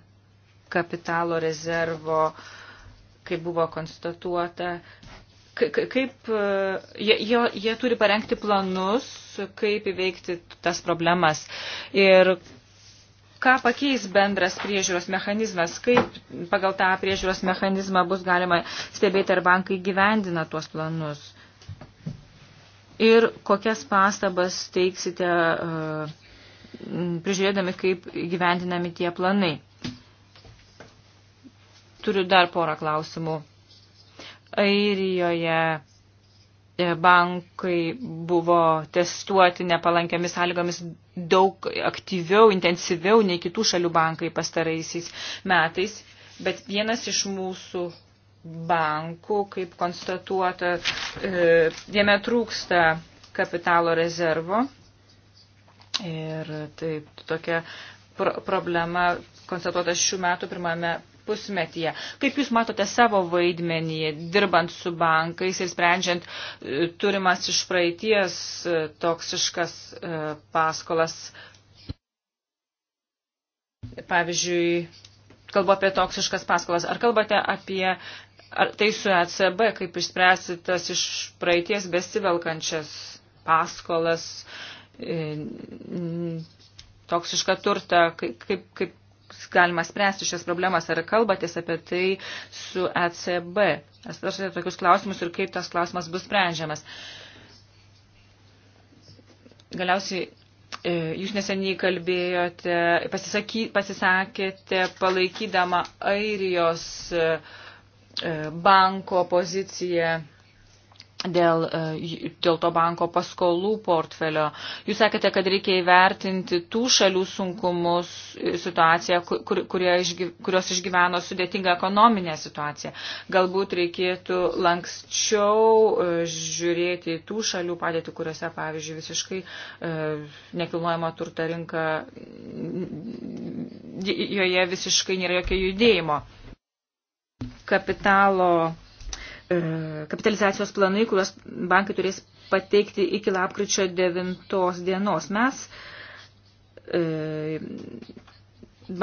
kapitalo rezervo, kaip buvo konstatuota, kaip e, jie, jie, jie turi parengti planus, kaip įveikti tas problemas ir ką pakeis bendras priežiūros mechanizmas, kaip pagal tą priežiūros mechanizmą bus galima stebėti, ar bankai gyvendina tuos planus. Ir kokias pastabas teiksite uh, Mm, prižiūrėdami, kaip gyventinami tie planai. Turiu dar porą klausimų. Airijoje e, bankai buvo testuoti nepalankiamis sąlygomis daug aktyviau, intensyviau nei kitų šalių bankai pastaraisiais metais, bet vienas iš mūsų bankų, kaip konstatuota, e, jame trūksta kapitalo rezervo Ir tai tokia pro problema konstatuota šių metų pirmame pusmetyje. Kaip Jūs matote savo vaidmenį, dirbant su bankais ir sprendžiant e, turimas iš praeities e, toksiškas e, paskolas? Pavyzdžiui, kalbu apie toksiškas paskolas. Ar kalbate apie ar tai su ECB, kaip išspręsti tas iš praeities besivelkančias paskolas? Uh, E, toksišką turtą, kaip, kaip, kaip galima spręsti šias problemas, ar kalbatės apie tai su ECB, ar svarstate tokius klausimus ir kaip tas klausimas bus sprendžiamas. Galiausiai e, Jūs neseniai kalbėjote, pasisaky, pasisakėte palaikydama Airijos e, banko poziciją dėl, e, dėl to banko paskolų portfelio. Jūs sakėte, kad reikia įvertinti tų šalių sunkumus e, situaciją, kur, kurie, kurios išgyveno sudėtingą ekonominę situaciją. Galbūt reikėtų lankščiau e, žiūrėti tų šalių padėtį, kuriuose, pavyzdžiui, visiškai nekilnojama turta rinka, joje visiškai nėra jokio judėjimo. Kapitalo E, kapitalizacijos planai, kuriuos bankai turės pateikti iki lapkričio 9 dienos. Mes e,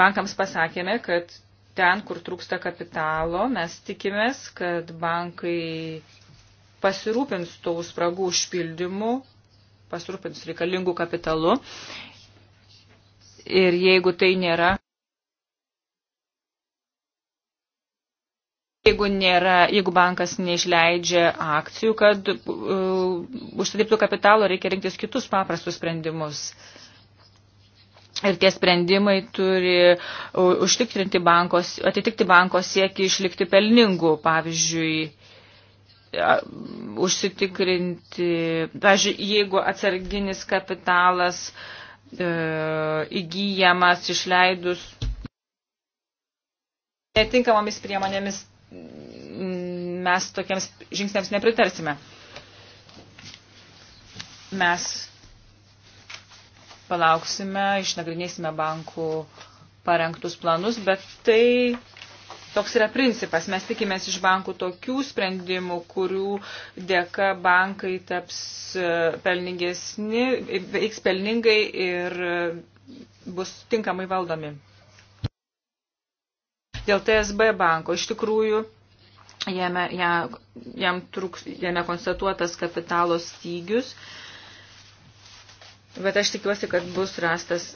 bankams pasakėme, kad ten, kur trūksta kapitalo, mes tikimės, kad bankai pasirūpins tų spragų užpildymu, pasirūpins reikalingų kapitalu. Ir jeigu tai nėra jeigu, nėra, jeigu bankas neišleidžia akcijų, kad uh, užsidirbtų kapitalo, reikia rinktis kitus paprastus sprendimus. Ir tie sprendimai turi uh, užtikrinti bankos, atitikti banko siekį išlikti pelningų, pavyzdžiui, uh, užsitikrinti, pavyzdžiui, jeigu atsarginis kapitalas e, įgyjamas išleidus netinkamomis priemonėmis mes tokiems žingsniams nepritarsime. Mes palauksime, išnagrinėsime bankų parengtus planus, bet tai toks yra principas. Mes tikimės iš bankų tokių sprendimų, kurių dėka bankai taps e, pelningesni, veiks pelningai ir e, bus tinkamai valdomi. Dėl TSB banko iš tikrųjų jame, ja, jam truks, jame konstatuotas kapitalo stygius, bet aš tikiuosi, kad bus rastas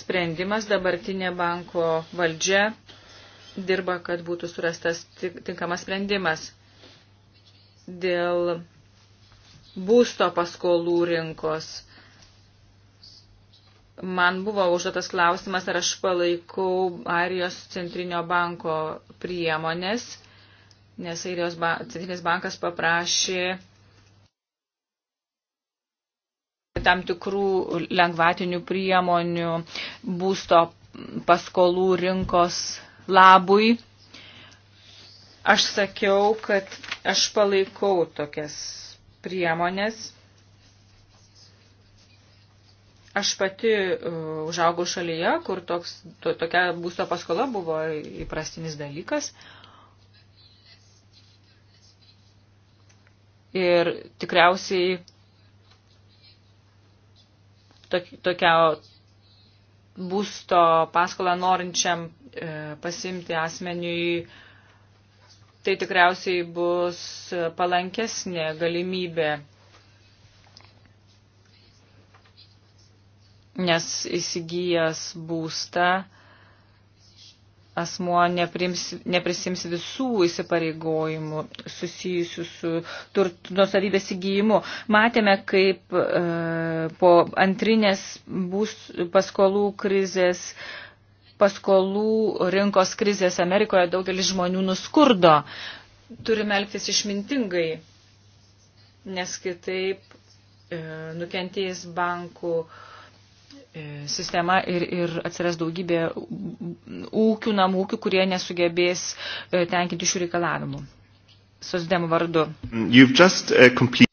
sprendimas. Dabartinė banko valdžia dirba, kad būtų surastas tinkamas sprendimas. Dėl būsto paskolų rinkos man buvo užduotas klausimas, ar aš palaikau Airijos centrinio banko priemonės, nes Airijos ba centrinis bankas paprašė tam tikrų lengvatinių priemonių būsto paskolų rinkos labui. Aš sakiau, kad aš palaikau tokias priemonės Aš pati uh, užaugau šalyje, kur toks, to, tokia būsto paskola buvo įprastinis dalykas. Ir tikriausiai tok, tokia būsto paskolą norinčiam e, pasimti asmeniui, tai tikriausiai bus palankesnė galimybė nes įsigijęs būstą asmuo neprims, neprisims visų įsipareigojimų susijusių su nusavybės įgyjimu. Matėme, kaip e, po antrinės būs, paskolų krizės, paskolų rinkos krizės Amerikoje daugelis žmonių nuskurdo. Turime elgtis išmintingai, nes kitaip e, nukentėjęs bankų e, E, sistema ir, ir atsiras daugybė ūkių, namų ūkių, kurie nesugebės e, tenkinti šių reikalavimų. Sosdemų vardu. Just, uh, complete...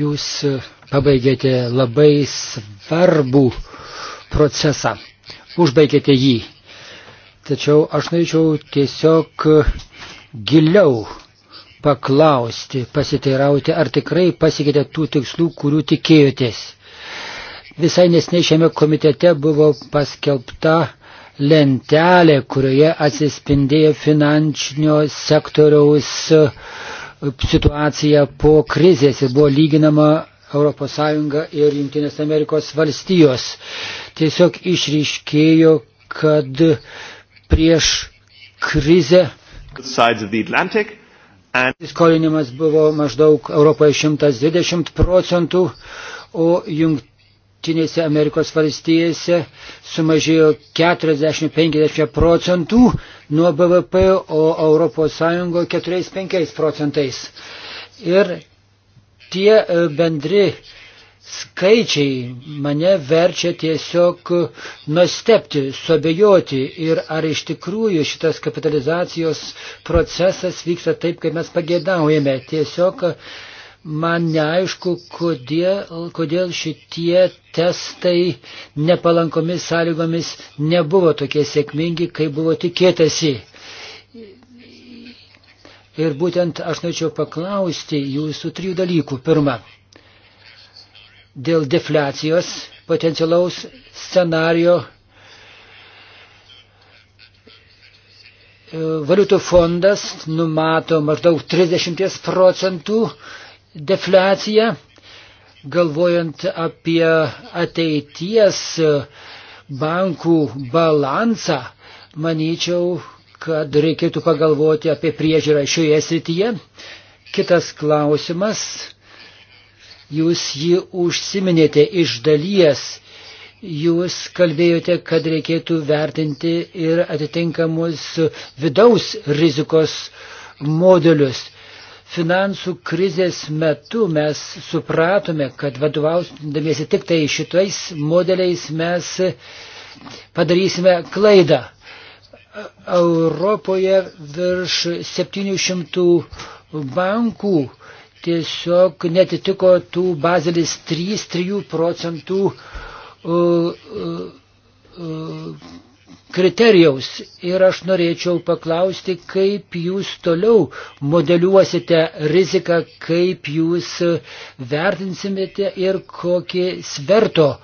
Jūs pabaigėte labai svarbų procesą. Užbaigėte jį. Tačiau aš norėčiau tiesiog giliau paklausti, pasiteirauti, ar tikrai pasikeitė tų tikslų, kurių tikėjotės. Visai nesnei šiame komitete buvo paskelbta lentelė, kurioje atsispindėjo finansinio sektoriaus e, situacija po krizės ir buvo lyginama ES ir Junktinės Amerikos valstijos. Tiesiog išryškėjo, kad prieš krizę skolinimas buvo maždaug Europoje 120 procentų, o jung, Junktinėse Amerikos valstijose sumažėjo 40-50 procentų nuo BVP, o ES 4-5 procentais. Ir tie e, bendri skaičiai mane verčia tiesiog e, nustepti, suabejoti ir ar iš tikrųjų šitas kapitalizacijos procesas vyksta taip, kaip mes pagėdaujame. Tiesiog e, Man neaišku, kodėl, kodėl šitie testai nepalankomis sąlygomis nebuvo tokie sėkmingi, kaip buvo tikėtasi. Ir būtent aš norėčiau paklausti jūsų trijų dalykų. Pirma, dėl defliacijos potencialaus scenario e, valiutų fondas numato maždaug 30 procentų defliaciją, galvojant apie ateities bankų balansą, manyčiau, kad reikėtų pagalvoti apie priežiūrą šioje srityje. Kitas klausimas, jūs jį užsiminėte iš dalies, jūs kalbėjote, kad reikėtų vertinti ir atitinkamus vidaus rizikos modelius finansų krizės metu mes supratome, kad vadovaudamiesi tik tai šitais modeliais mes padarysime klaidą. Europoje virš 700 bankų tiesiog netitiko tų bazelis 3-3 procentų uh, uh, uh, kriterijaus. Ir aš norėčiau paklausti, kaip jūs toliau modeliuosite riziką, kaip jūs vertinsimėte ir kokį sverto e,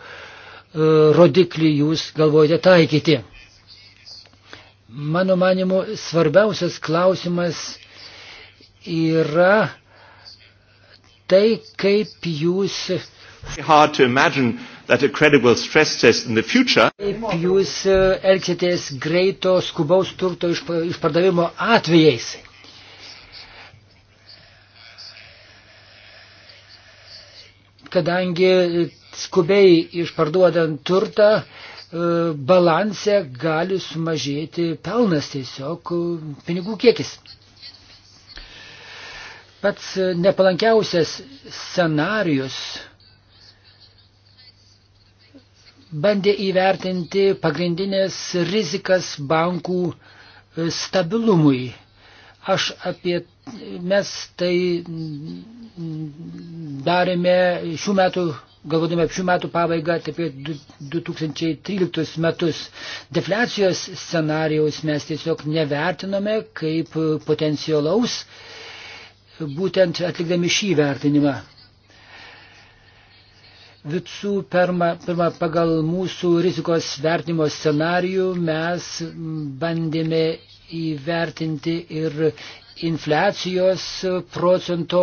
rodiklį jūs galvojate taikyti. Mano manimu, svarbiausias klausimas yra tai, kaip jūs. Hard to imagine that a credible stress test in the future. Kaip jūs uh, elgsitės greito skubaus turto išpardavimo atvejais? Kadangi skubiai išparduodant turtą, uh, balanse gali sumažėti pelnas tiesiog uh, pinigų kiekis. Pats nepalankiausias scenarius bandė įvertinti pagrindinės rizikas bankų e, stabilumui. Aš apie mes tai darėme šių metų, galvodami apie šių metų pabaigą, apie 2013 metus. Defliacijos scenarijaus mes tiesiog nevertinome kaip potencialaus, būtent atlikdami šį vertinimą. Visų pirma, pirma, pagal mūsų rizikos vertinimo scenarijų mes bandėme įvertinti ir infliacijos procento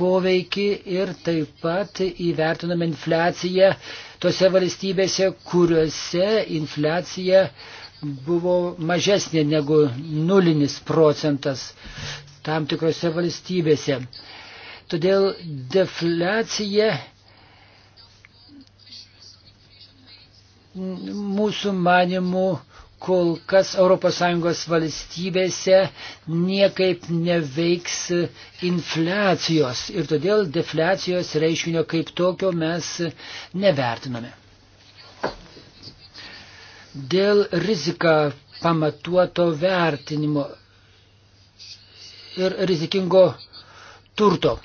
poveikį ir taip pat įvertiname infliaciją tose valstybėse, kuriuose infliacija buvo mažesnė negu nulinis procentas tam tikrose valstybėse. Todėl defliacija mūsų manimų kol kas ES valstybėse niekaip neveiks infliacijos ir todėl defliacijos reiškinio kaip tokio mes nevertiname. Dėl rizika pamatuoto vertinimo ir rizikingo turto.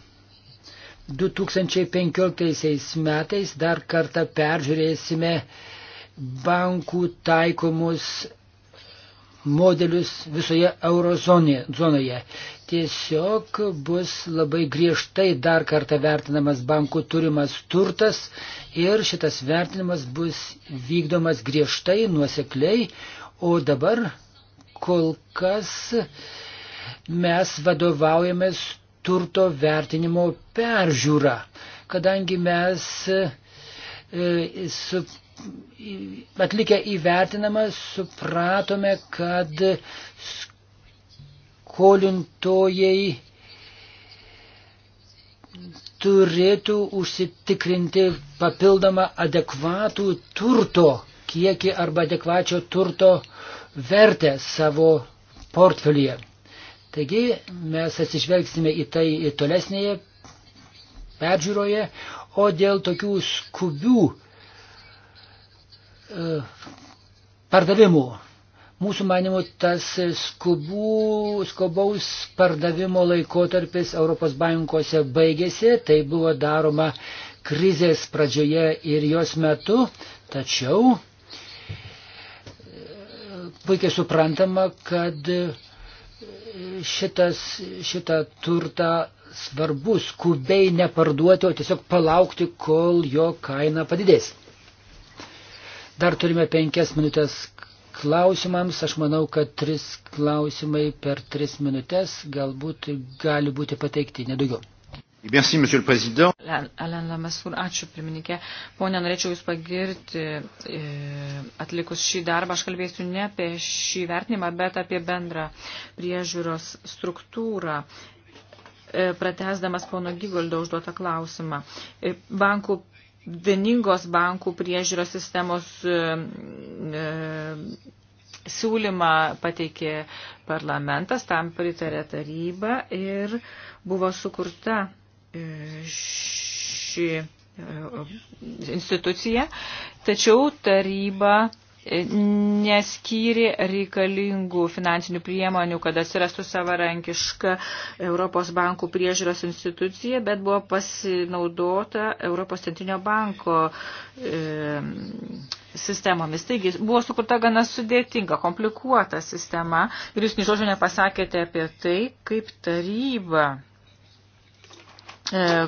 2015 metais dar kartą peržiūrėsime bankų taikomus modelius visoje eurozonoje. Tiesiog bus labai griežtai dar kartą vertinamas bankų turimas turtas ir šitas vertinimas bus vykdomas griežtai, nuosekliai, o dabar kol kas mes vadovaujamės turto vertinimo peržiūrą, kadangi mes e, su atlikę įvertinamą supratome, kad skolintojai turėtų užsitikrinti papildomą adekvatų turto kiekį arba adekvačio turto vertę savo portfelyje. Taigi mes atsižvelgsime į tai tolesnėje peržiūroje, o dėl tokių skubių pardavimų. Mūsų manimu, tas skubų, skubaus pardavimo laikotarpis Europos bankuose baigėsi, tai buvo daroma krizės pradžioje ir jos metu, tačiau puikiai suprantama, kad šitas, šitą turtą svarbu skubiai neparduoti, o tiesiog palaukti, kol jo kaina padidės. Dar turime penkias minutės klausimams. Aš manau, kad tris klausimai per tris minutės galbūt gali būti pateikti, nedaugiau. Merci, monsieur le président. Alain Lamassur, ačiū, pirmininkė. Pone, norėčiau Jūs pagirti e, atlikus šį darbą. Aš kalbėsiu ne apie šį vertinimą, bet apie bendrą priežiūros struktūrą e, pratesdamas pono Gigoldo užduotą klausimą. E, bankų vieningos bankų priežiūros sistemos e, e, siūlymą pateikė parlamentas, tam pritarė taryba ir buvo sukurta e, ši institucija, tačiau taryba neskyri reikalingų finansinių priemonių, kad atsirastų savarankiška Europos bankų priežiūros institucija, bet buvo pasinaudota Europos centrinio banko e, sistemomis. Taigi buvo sukurta gana sudėtinga, komplikuota sistema ir jūs nižodžio nepasakėte apie tai, kaip taryba e,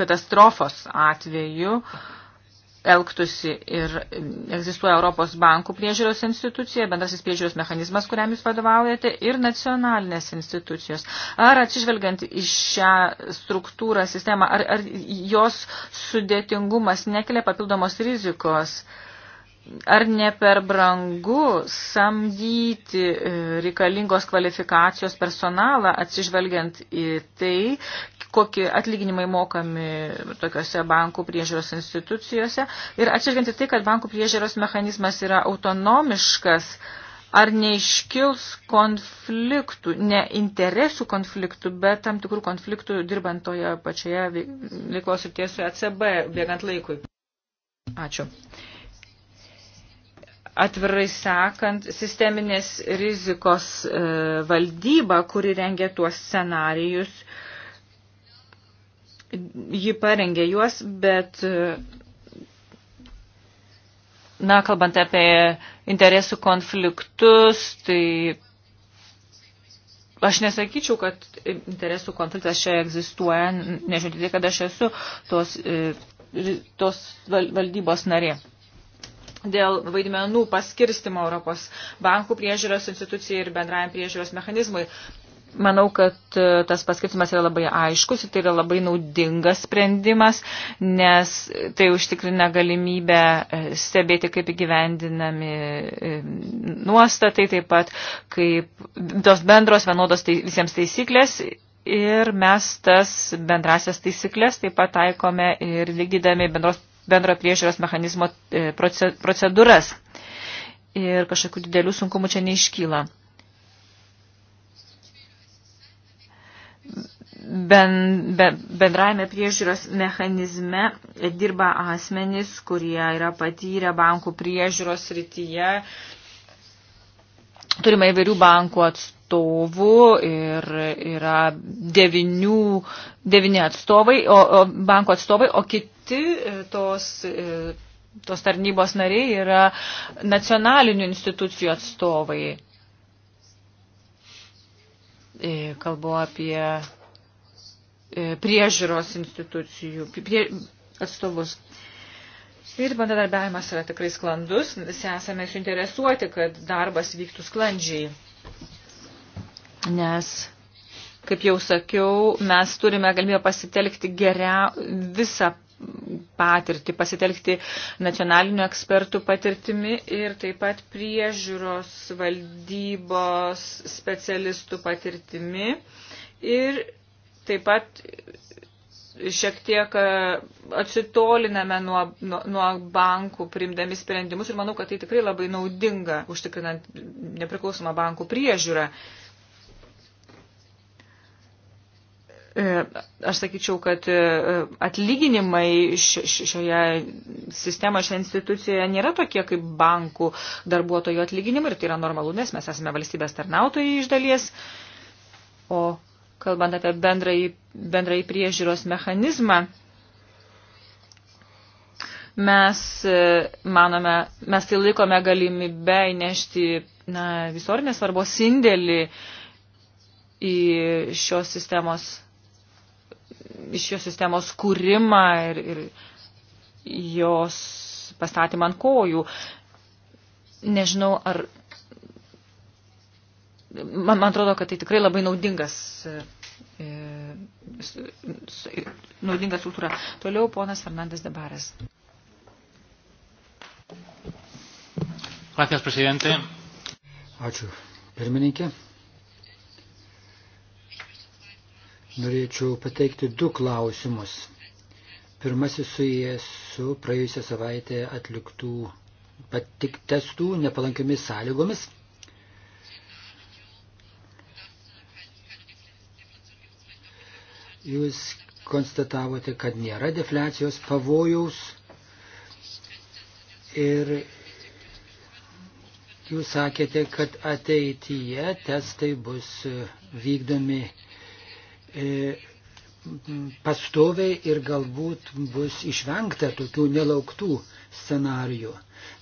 katastrofos atveju e, elgtųsi ir egzistuoja Europos bankų priežiūros institucija, bendrasis priežiūros mechanizmas, kuriam jūs vadovaujate, ir nacionalinės institucijos. Ar atsižvelgiant į šią struktūrą, sistemą, ar, ar jos sudėtingumas nekelia papildomos rizikos? Uh, ar ne per brangu samdyti e, reikalingos kvalifikacijos personalą, atsižvelgiant į tai, kokie atlyginimai mokami tokiuose bankų priežiūros institucijose ir atsižvelgiant į tai, kad bankų priežiūros mechanizmas yra autonomiškas, ar neiškils konfliktų, ne interesų konfliktų, bet tam tikrų konfliktų dirbant toje pačioje veiklos ir tiesioje ACB, bėgant laikui. Ačiū atvirai sakant, sisteminės rizikos e, valdyba, kuri rengia tuos scenarijus, ji parengė juos, bet, e, na, kalbant apie interesų konfliktus, tai aš nesakyčiau, kad interesų konfliktas čia egzistuoja, nežiūrėti, kad aš esu tos, e, tos valdybos narė dėl vaidmenų paskirstimo Europos bankų priežiūros institucijai ir bendrajam priežiūros mechanizmui. Manau, kad e, tas paskirtimas yra labai aiškus ir tai yra labai naudingas sprendimas, nes tai užtikrina galimybę e, stebėti, kaip įgyvendinami e, nuostatai, taip pat kaip tos bendros vienodos tai, visiems taisyklės ir mes tas bendrasias taisyklės taip pat taikome ir vykdydami bendros bendro priežiūros mechanizmo e, procedūras. Ir kažkokių didelių sunkumų čia neiškyla. ben, be, bendrajame priežiūros mechanizme dirba asmenys, kurie yra patyrę bankų priežiūros rytyje. Turime įvairių bankų atstovų atstovų ir yra devinių, devini atstovai, o, o banko atstovai, o kiti e, tos, e, tos tarnybos nariai yra nacionalinių institucijų atstovai. E, kalbu apie priežiūros institucijų prie, atstovus. Ir bendradarbiavimas yra tikrai sklandus, visi esame suinteresuoti, kad darbas vyktų sklandžiai nes, kaip jau sakiau, mes turime galimybę pasitelkti geria, visą patirtį, pasitelkti nacionalinių ekspertų patirtimi ir taip pat priežiūros valdybos specialistų patirtimi ir taip pat šiek tiek e, atsitoliname nuo, nuo, nuo bankų primdami sprendimus ir manau, kad tai tikrai labai naudinga užtikrinant nepriklausomą bankų priežiūrą. Uh, E, aš sakyčiau, kad e, atlyginimai šioje sistemoje, šioje institucijoje nėra tokie kaip bankų darbuotojų atlyginimai ir tai yra normalu, nes mes esame valstybės tarnautojai iš dalies. O kalbant apie bendrai, bendrai priežiūros mechanizmą, mes e, manome, mes tai laikome galimybę įnešti na, visorinės svarbos indėlį į šios sistemos iš jo sistemos kūrimą ir, ir jos pastatymą ant kojų. Nežinau, ar. Man, man atrodo, kad tai tikrai labai naudingas, e, naudinga struktūra. Toliau ponas Fernandas Debaras. Gracias, presidente. Ačiū, pirmininkė. norėčiau pateikti du klausimus. Pirmasis susijęs su praėjusią savaitę atliktų patik testų nepalankiomis sąlygomis. Jūs konstatavote, kad nėra defliacijos pavojaus ir jūs sakėte, kad ateityje testai bus vykdomi E, pastoviai ir galbūt bus išvengta tokių nelauktų scenarijų.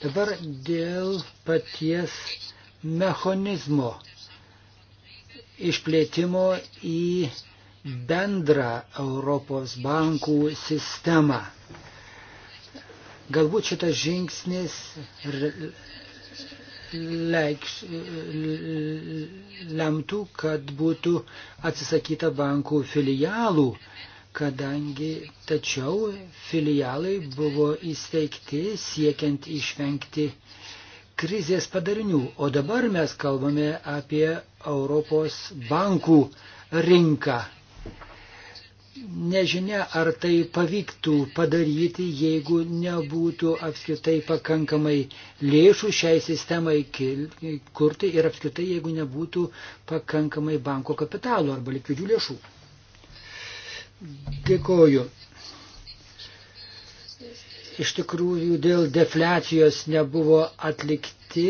Dabar dėl paties mechanizmo išplėtimo į bendrą Europos bankų sistemą. Galbūt šitas žingsnis leikš, lemtų, kad būtų atsisakyta bankų filialų, kadangi tačiau filialai buvo įsteigti siekiant išvengti krizės padarinių. O dabar mes kalbame apie Europos bankų rinką. Nežinia, ar tai pavyktų padaryti, jeigu nebūtų apskritai pakankamai lėšų šiai sistemai kurti ir apskritai, jeigu nebūtų pakankamai banko kapitalo arba likvidžių lėšų. Dėkoju. Iš tikrųjų, dėl defliacijos nebuvo atlikti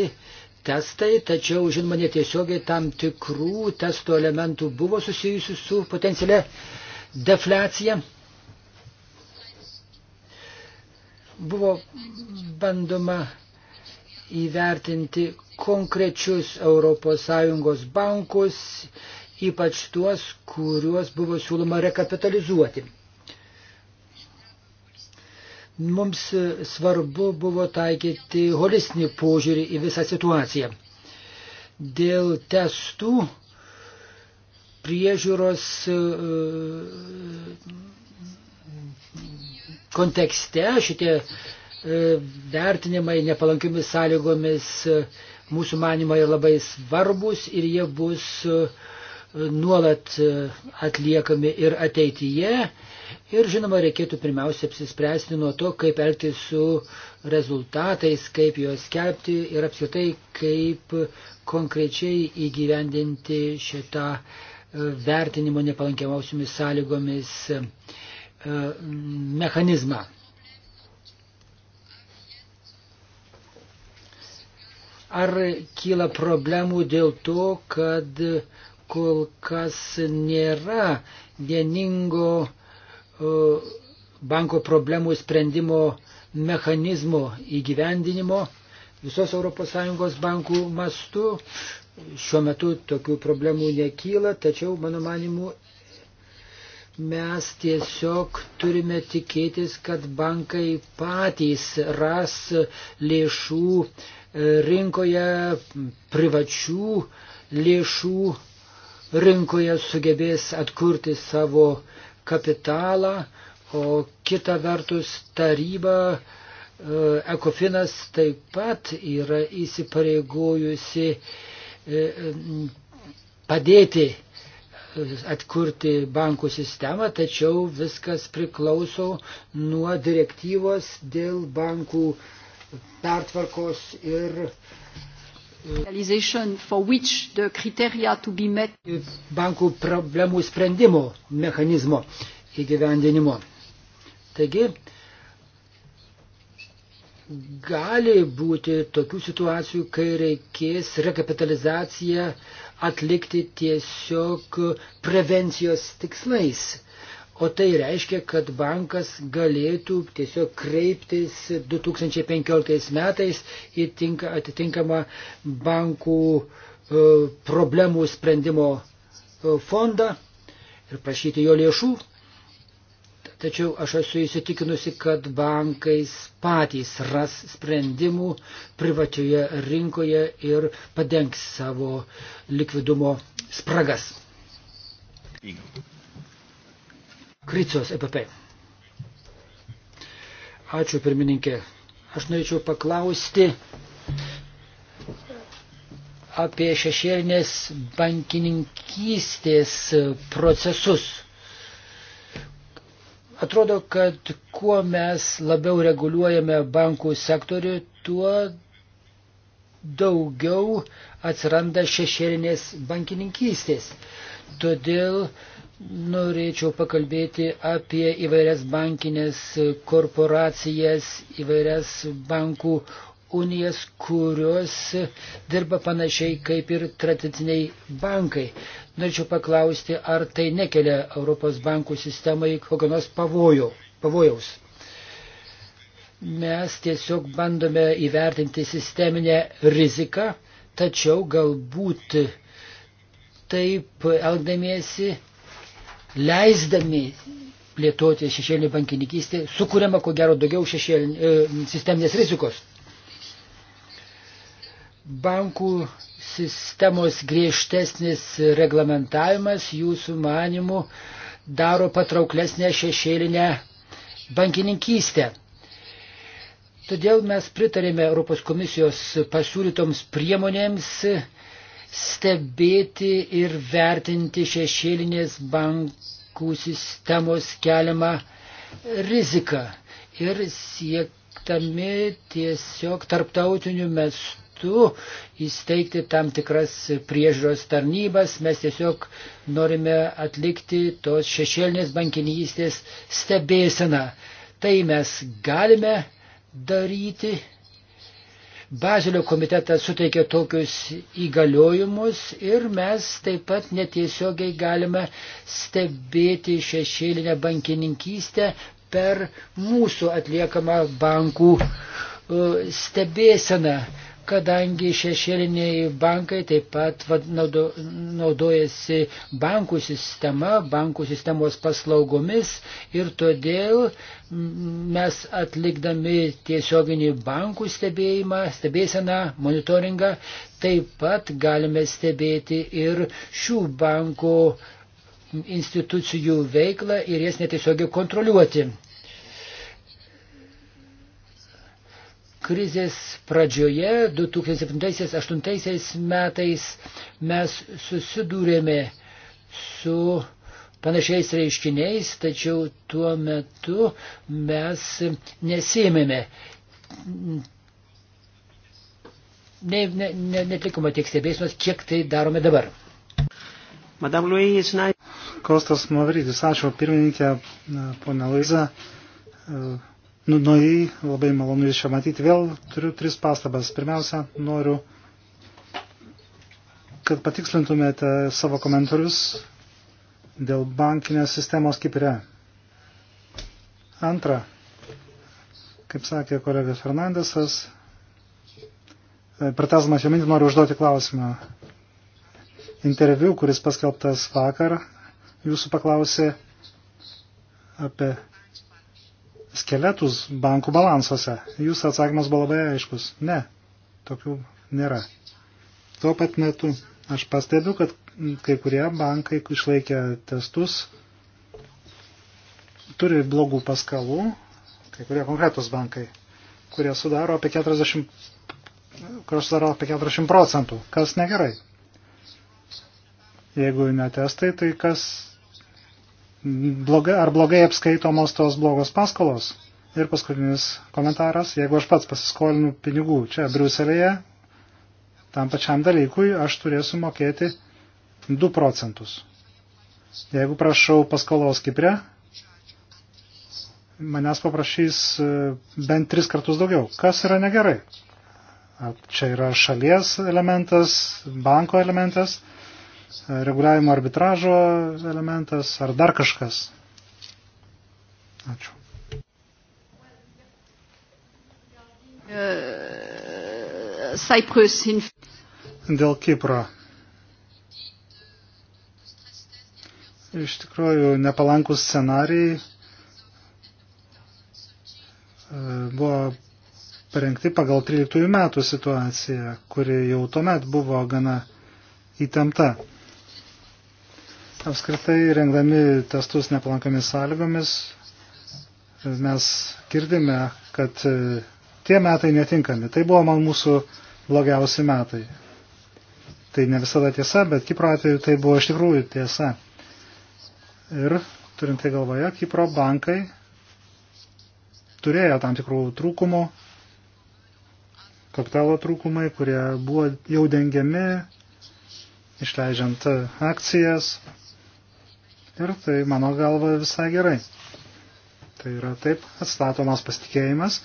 testai, tačiau, žinoma, netiesiogiai tam tikrų testo elementų buvo susijusių su potencialia defliacija. Buvo bandoma įvertinti konkrečius ES bankus, ypač tuos, kuriuos buvo siūloma rekapitalizuoti. Mums svarbu buvo taikyti holistinį požiūrį į visą situaciją. Dėl testų priežiūros e, kontekste šitie e, vertinimai nepalankiomis sąlygomis e, mūsų manimai labai svarbus ir jie bus nuolat atliekami ir ateityje. Ir žinoma, reikėtų pirmiausia apsispręsti nuo to, kaip elgtis su rezultatais, kaip juos skelbti ir apskritai, kaip konkrečiai įgyvendinti šitą uh, vertinimo nepalankiausiomis sąlygomis e, mechanizmą. Ar kyla problemų dėl to, kad kol kas nėra vieningo e, banko problemų sprendimo mechanizmo įgyvendinimo visos ES bankų mastu, šiuo metu tokių problemų nekyla, tačiau mano manimu mes tiesiog turime tikėtis, kad bankai patys ras lėšų e, rinkoje, privačių lėšų rinkoje sugebės atkurti savo kapitalą, o kita vertus taryba e, Ekofinas taip pat yra įsipareigojusi uh, E, padėti e, atkurti bankų sistemą, tačiau viskas priklauso nuo direktyvos dėl bankų pertvarkos ir e, bankų problemų sprendimo mechanizmo įgyvendinimo. Taigi, gali būti tokių situacijų, kai reikės rekapitalizaciją atlikti tiesiog prevencijos tikslais. O tai reiškia, kad bankas galėtų tiesiog kreiptis 2015 metais į atitinkamą bankų e, problemų sprendimo e, fondą ir prašyti jo lėšų Tačiau aš esu įsitikinusi, kad bankais patys ras sprendimų privačioje rinkoje ir padengs savo likvidumo spragas. Krycijos EPP. Ačiū pirmininkė. Aš norėčiau paklausti apie šešėlinės bankininkystės procesus Atrodo, kad kuo mes labiau reguliuojame bankų sektorių, tuo daugiau atsiranda šešėlinės bankininkystės. Todėl norėčiau pakalbėti apie įvairias bankinės korporacijas, įvairias bankų unijas, kurios dirba panašiai kaip ir tradiciniai bankai. Norėčiau paklausti, ar tai nekelia Europos bankų sistemai kokio nors pavojo, pavojaus. Mes tiesiog bandome įvertinti sisteminę riziką, tačiau galbūt taip elgdamiesi, leisdami plėtoti šešėlinį bankininkystį, sukūrėme ko gero daugiau šešėlin, e, sisteminės rizikos. Bankų sistemos griežtesnis reglamentavimas jūsų manimų daro patrauklesnę šešėlinę bankininkystę. Todėl mes pritarėme Europos komisijos pasiūlytoms priemonėms stebėti ir vertinti šešėlinės bankų sistemos keliamą riziką ir siektami tiesiog tarptautiniu mes metu įsteigti tam tikras priežiūros tarnybas. Mes tiesiog norime atlikti tos šešėlinės bankinystės stebėseną. Tai mes galime daryti. Bazilio komitetas suteikia tokius įgaliojimus ir mes taip pat netiesiogiai galime stebėti šešėlinę bankininkystę per mūsų atliekamą bankų e, stebėseną kadangi šešėliniai bankai taip pat naudo, naudojasi bankų sistema, bankų sistemos paslaugomis ir todėl mes atlikdami tiesioginį bankų stebėjimą, stebėseną, monitoringą, taip pat galime stebėti ir šių bankų institucijų veiklą ir jas netiesiogiai kontroliuoti. krizės pradžioje 2007-2008 metais mes susidūrėme su panašiais reiškiniais, tačiau tuo metu mes nesėmėme. Ne, ne, ne, netlikome tiek stebėsimas, kiek tai darome dabar. Madame Louis Kostas Mavrydis, ačiū pirmininkė, ponia Luiza. Uh, Nudnoji, nu, labai malonu Jūs čia matyti. Vėl turiu tris pastabas. Pirmiausia, noriu, kad patikslintumėte savo komentarus dėl bankinės sistemos Kipre. Antra, kaip sakė kolega Fernandesas, e, pratesdamas jo mintį noriu užduoti klausimą. Interviu, kuris paskelbtas vakar, jūsų paklausė apie skeletus bankų balansuose. Jūsų atsakymas buvo labai aiškus. Ne, tokių nėra. Tuo pat metu aš pastebiu, kad kai kurie bankai išlaikė testus, turi blogų paskalų, kai kurie konkretus bankai, kurie sudaro apie 40, sudaro apie 40 procentų, kas negerai. Jeigu ne testai, tai kas blogai, ar blogai apskaitomos tos blogos paskolos. Ir paskutinis komentaras, jeigu aš pats pasiskolinu pinigų čia Briuselėje, tam pačiam dalykui aš turėsiu mokėti 2 procentus. Jeigu prašau paskolos Kiprė, manęs paprašys e, bent 3 kartus daugiau. Kas yra negerai? Čia yra šalies elementas, banko elementas reguliavimo arbitražo elementas ar dar kažkas? Ačiū. Uh, Dėl Kipro. Iš tikrųjų, nepalankus scenarijai uh, buvo parengti pagal 13 metų situaciją, kuri jau tuomet buvo gana įtempta. Apskritai, rengdami testus nepalankomis sąlygomis, mes girdime, kad e, tie metai netinkami. Tai buvo man mūsų blogiausi metai. Tai ne visada tiesa, bet Kipro atveju tai buvo iš tikrųjų tiesa. Ir turint tai galvoje, Kipro bankai turėjo tam tikrų trūkumų, kapitalo trūkumai, kurie buvo jau dengiami, išleidžiant akcijas, Ir tai, mano galva, visai gerai. Tai yra taip atstatomas pasitikėjimas,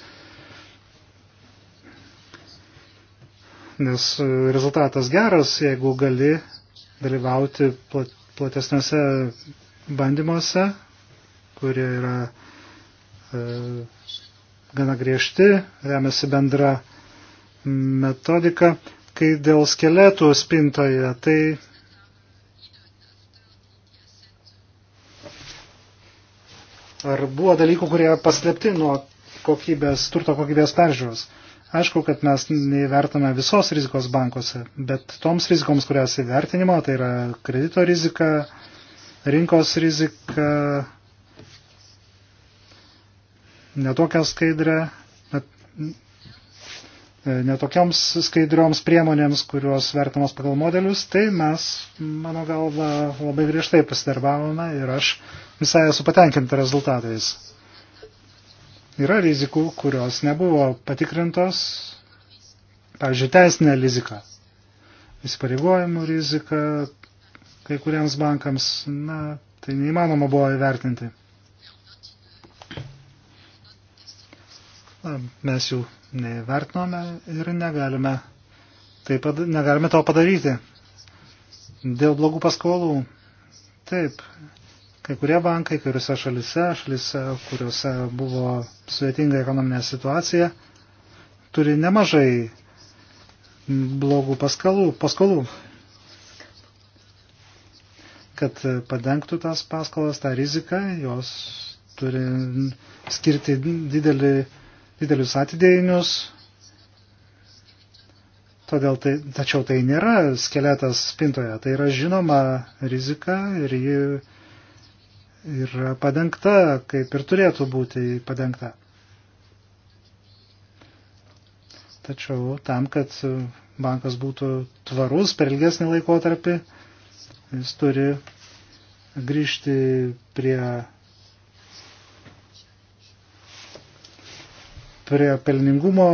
nes rezultatas geras, jeigu gali dalyvauti platesniuose bandymuose, kurie yra e, gana griežti, remiasi bendra metodika. Kai dėl skeletų spintoje, tai Ar buvo dalykų, kurie paslėpti nuo kokybės, turto kokybės peržiūros? Aišku, kad mes neįvertame visos rizikos bankuose, bet toms rizikoms, kurias įvertinimo, tai yra kredito rizika, rinkos rizika, netokia skaidrė, bet E, netokioms skaidrioms priemonėms, kurios vertamos pagal modelius, tai mes, mano galva, labai griežtai pasidarbavome ir aš visai esu patenkinta rezultatais. Yra rizikų, kurios nebuvo patikrintos, pavyzdžiui, teisinė rizika, įsipareigojimų rizika kai kuriems bankams, na, tai neįmanoma buvo įvertinti. mes jų nevertinome ir negalime, taip pat negalime to padaryti. Dėl blogų paskolų, taip, kai kurie bankai, kuriuose šalise, šalise, kuriuose buvo sudėtinga ekonominė situacija, turi nemažai blogų paskalų, paskolų. Kad padengtų tas paskolas, tą riziką, jos turi skirti didelį didelius atidėjinius. Todėl tai, tačiau tai nėra skeletas spintoje, tai yra žinoma rizika ir ji yra padengta, kaip ir turėtų būti padengta. Tačiau tam, kad bankas būtų tvarus per ilgesnį laikotarpį, jis turi grįžti prie prie pelningumo,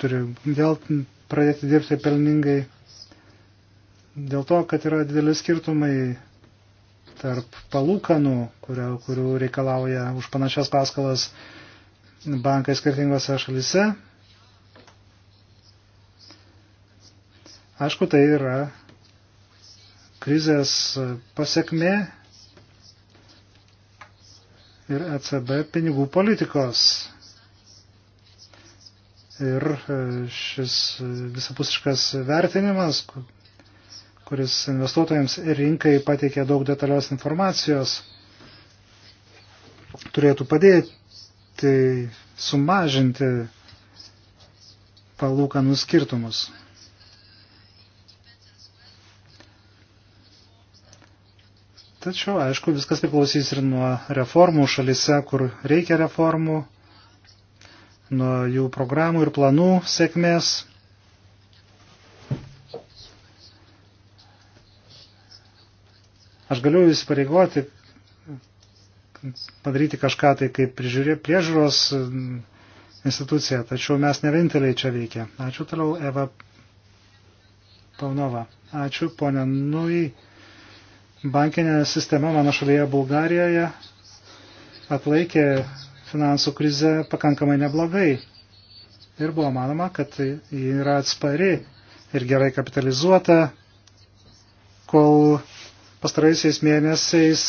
turi vėl pradėti dirbti pelningai dėl to, kad yra dideli skirtumai tarp palūkanų, kurio, kurių reikalauja už panašias paskalas bankai skirtingose šalise. Aišku, tai yra krizės pasiekmė ir ECB pinigų politikos. Ir e, šis visapusiškas vertinimas, kuris investuotojams ir rinkai pateikė daug detalios informacijos, turėtų padėti sumažinti palūkanų skirtumus. Tačiau, aišku, viskas priklausys ir nuo reformų šalise, kur reikia reformų, nuo jų programų ir planų sėkmės. Aš galiu įsipareigoti padaryti kažką tai kaip priežiūros institucija, tačiau mes ne vieninteliai čia veikia. Ačiū toliau, Eva Paunova. Ačiū, ponė Nui. Nu, Bankinė sistema mano šalyje Bulgarijoje atlaikė finansų krizę pakankamai neblogai. Ir buvo manoma, kad ji yra atspari ir gerai kapitalizuota, kol pastaraisiais mėnesiais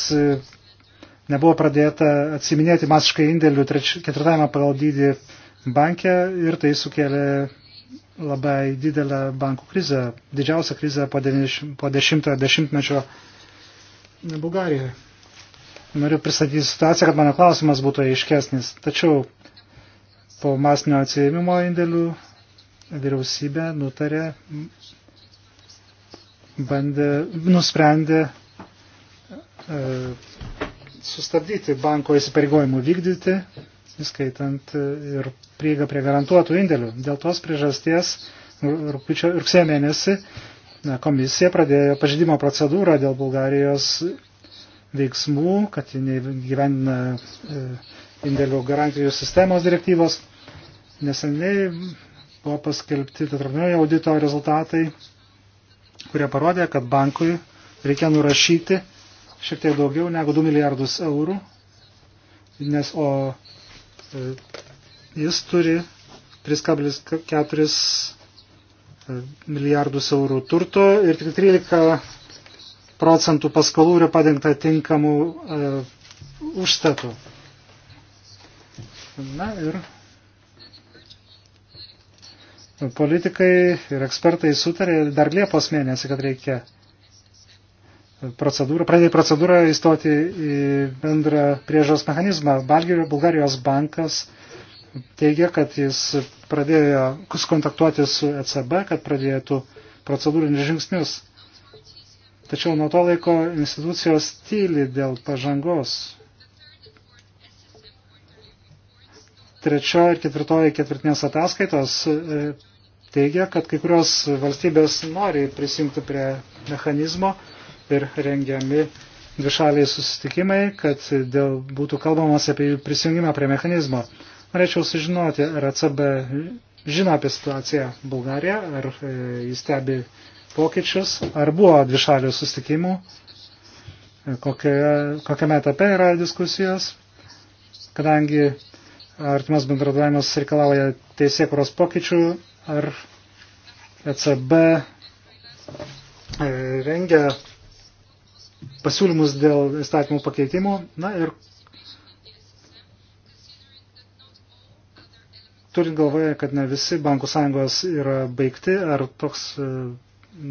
nebuvo pradėta atsiminėti masiškai indėlių ketvirtajame pagal dydį bankę ir tai sukėlė labai didelę bankų krizę, didžiausią krizę po, 90, po dešimtojo dešimtmečio Bulgarijoje. Noriu pristatyti situaciją, kad mano klausimas būtų aiškesnis. Tačiau po masinio atsijėmimo indėlių vyriausybė nutarė, bandė, nusprendė e, sustabdyti banko įsipareigojimų vykdyti, įskaitant e, ir prieigą prie garantuotų indėlių. Dėl tos priežasties nu, rugsėjo mėnesį komisija pradėjo pažydimo procedūrą dėl Bulgarijos veiksmų, kad ji gyvenina e, indėlių garantijų sistemos direktyvos. Neseniai buvo paskelbti tarptautinio audito rezultatai, kurie parodė, kad bankui reikia nurašyti šiek tiek daugiau negu 2 milijardus eurų, nes o e, jis turi 3,4 milijardus eurų turto ir tik 13 procentų paskolų yra padengta tinkamų e, užstatų. Na ir politikai ir ekspertai sutarė dar Liepos mėnesį, kad reikia procedūrą, pradėti procedūrą įstoti į bendrą priežos mechanizmą. Bulgarijos bankas teigia, kad jis pradėjo kontaktuoti su ECB, kad pradėtų procedūrinius žingsnius. Tačiau nuo to laiko institucijos tyli dėl pažangos. Trečio ir ketvirtoji ketvirtinės ataskaitos e, teigia, kad kai kurios valstybės nori prisijungti prie mechanizmo ir rengiami dvišaliai susitikimai, kad dėl, būtų kalbamas apie prisijungimą prie mechanizmo. Norėčiau sužinoti, ar ECB žino apie situaciją Bulgariją, ar e, jis stebi pokyčius, ar buvo dvišalių sustikimų, e, kokioje, kokiame etape yra diskusijos, kadangi artimas bendradavimas reikalauja teisėkuros pokyčių, ar ECB e, rengia pasiūlymus dėl įstatymų pakeitimų, na ir turint galvoje, kad ne visi bankų sąjungos yra baigti, ar toks e,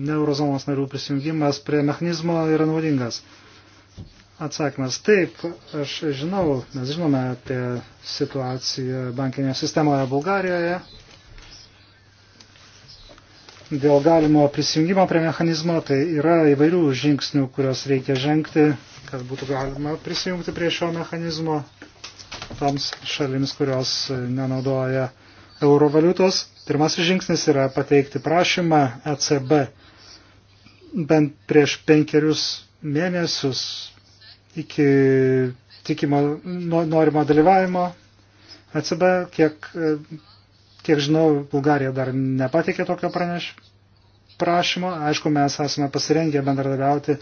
neurozonos narių prisijungimas prie mechanizmo yra naudingas? Atsakymas taip, aš žinau, mes žinome apie situaciją bankinėje sistemoje Bulgarijoje dėl galimo prisijungimo prie mechanizmo, tai yra įvairių žingsnių, kurios reikia žengti, kad būtų galima prisijungti prie šio mechanizmo toms šalims, kurios nenaudoja euro valiutos. Pirmasis žingsnis yra pateikti prašymą ECB bent prieš penkerius mėnesius iki tikimo norimo dalyvavimo. ECB, kiek, kiek žinau, Bulgarija dar nepateikė tokio praneš, prašymo. Aišku, mes esame pasirengę bendradarbiauti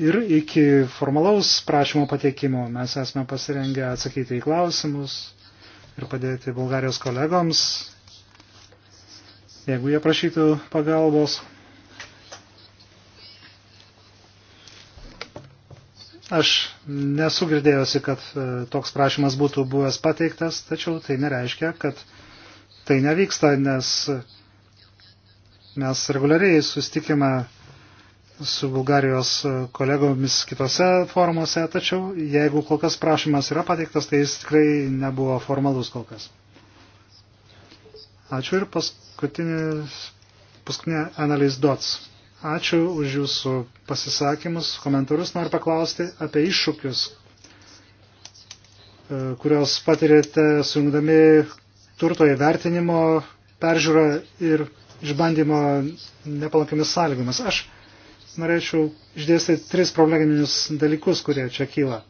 ir iki formalaus prašymo pateikimo mes esame pasirengę atsakyti į klausimus ir padėti Bulgarijos kolegoms, jeigu jie prašytų pagalbos. Aš nesugirdėjosi, kad e, toks prašymas būtų buvęs pateiktas, tačiau tai nereiškia, kad tai nevyksta, nes mes reguliariai sustikime su Bulgarijos e, kolegomis kitose formuose, tačiau jeigu kol kas prašymas yra pateiktas, tai jis tikrai nebuvo formalus kol kas. Ačiū ir paskutinė analiz dots. Ačiū už jūsų pasisakymus, komentarus. Noriu paklausti apie iššūkius, e, kurios patirėte sujungdami turto įvertinimo peržiūrą ir išbandymo nepalankiamis sąlygomis. Aš norėčiau išdėstyti tris probleminius dalykus, kurie čia kyla.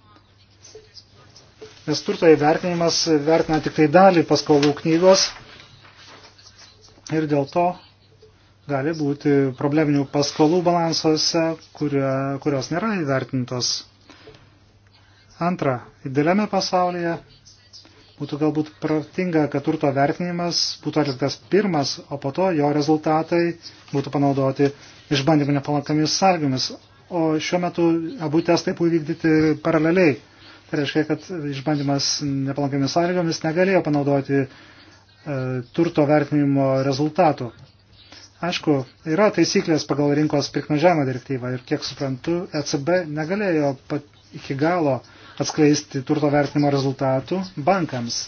Nes turto įvertinimas vertina tik tai dalį paskolų knygos ir dėl to gali būti probleminių paskolų balansuose, kurio, kurios nėra įvertintos. Antra, idealiame pasaulyje būtų galbūt protinga, kad turto vertinimas būtų atliktas pirmas, o po to jo rezultatai būtų panaudoti išbandymų nepalankomis sąlygomis, o šiuo metu abu testai buvo vykdyti paraleliai. Tai reiškia, kad išbandymas nepalankomis sąlygomis negalėjo panaudoti e, turto vertinimo rezultatų. Aišku, yra taisyklės pagal rinkos piknaudžiavimo direktyvą ir kiek suprantu, ECB negalėjo pat iki galo atskleisti turto vertinimo rezultatų bankams.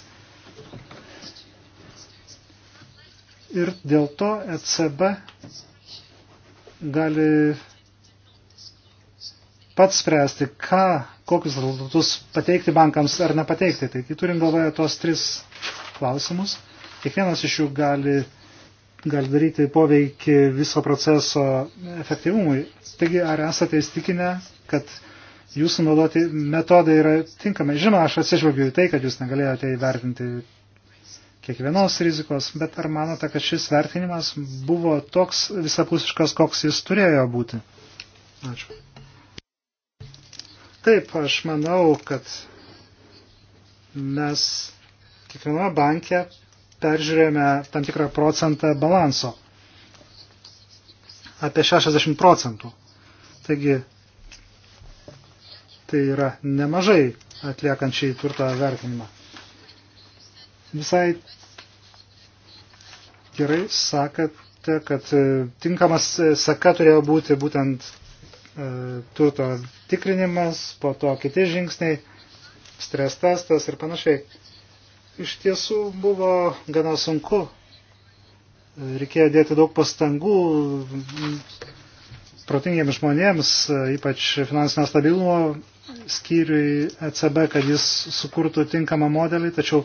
Ir dėl to ECB gali pats spręsti, ką, kokius rezultatus pateikti bankams ar nepateikti. Tai turim galvoje tos tris klausimus. Kiekvienas iš jų gali, gali daryti poveikį viso proceso efektyvumui. Taigi, ar esate įstikinę, kad jūsų naudoti metodai yra tinkami? Žinoma, aš atsižvelgiu į tai, kad jūs negalėjote įvertinti kiekvienos rizikos, bet ar manote, kad šis vertinimas buvo toks visapusiškas, koks jis turėjo būti? Ačiū. Taip, aš manau, kad mes kiekvienoje bankė peržiūrėjome tam tikrą procentą balanso. Apie 60 procentų. Taigi, tai yra nemažai atliekant šį turto vertinimą. Visai atskirai sakate, kad e, tinkamas e, saka turėjo būti būtent e, turto tikrinimas, po to kiti žingsniai, stres testas ir panašiai. Iš tiesų buvo gana sunku. Reikėjo dėti daug pastangų protingiems žmonėms, ypač finansinio stabilumo skyriui ECB, kad jis sukurtų tinkamą modelį, tačiau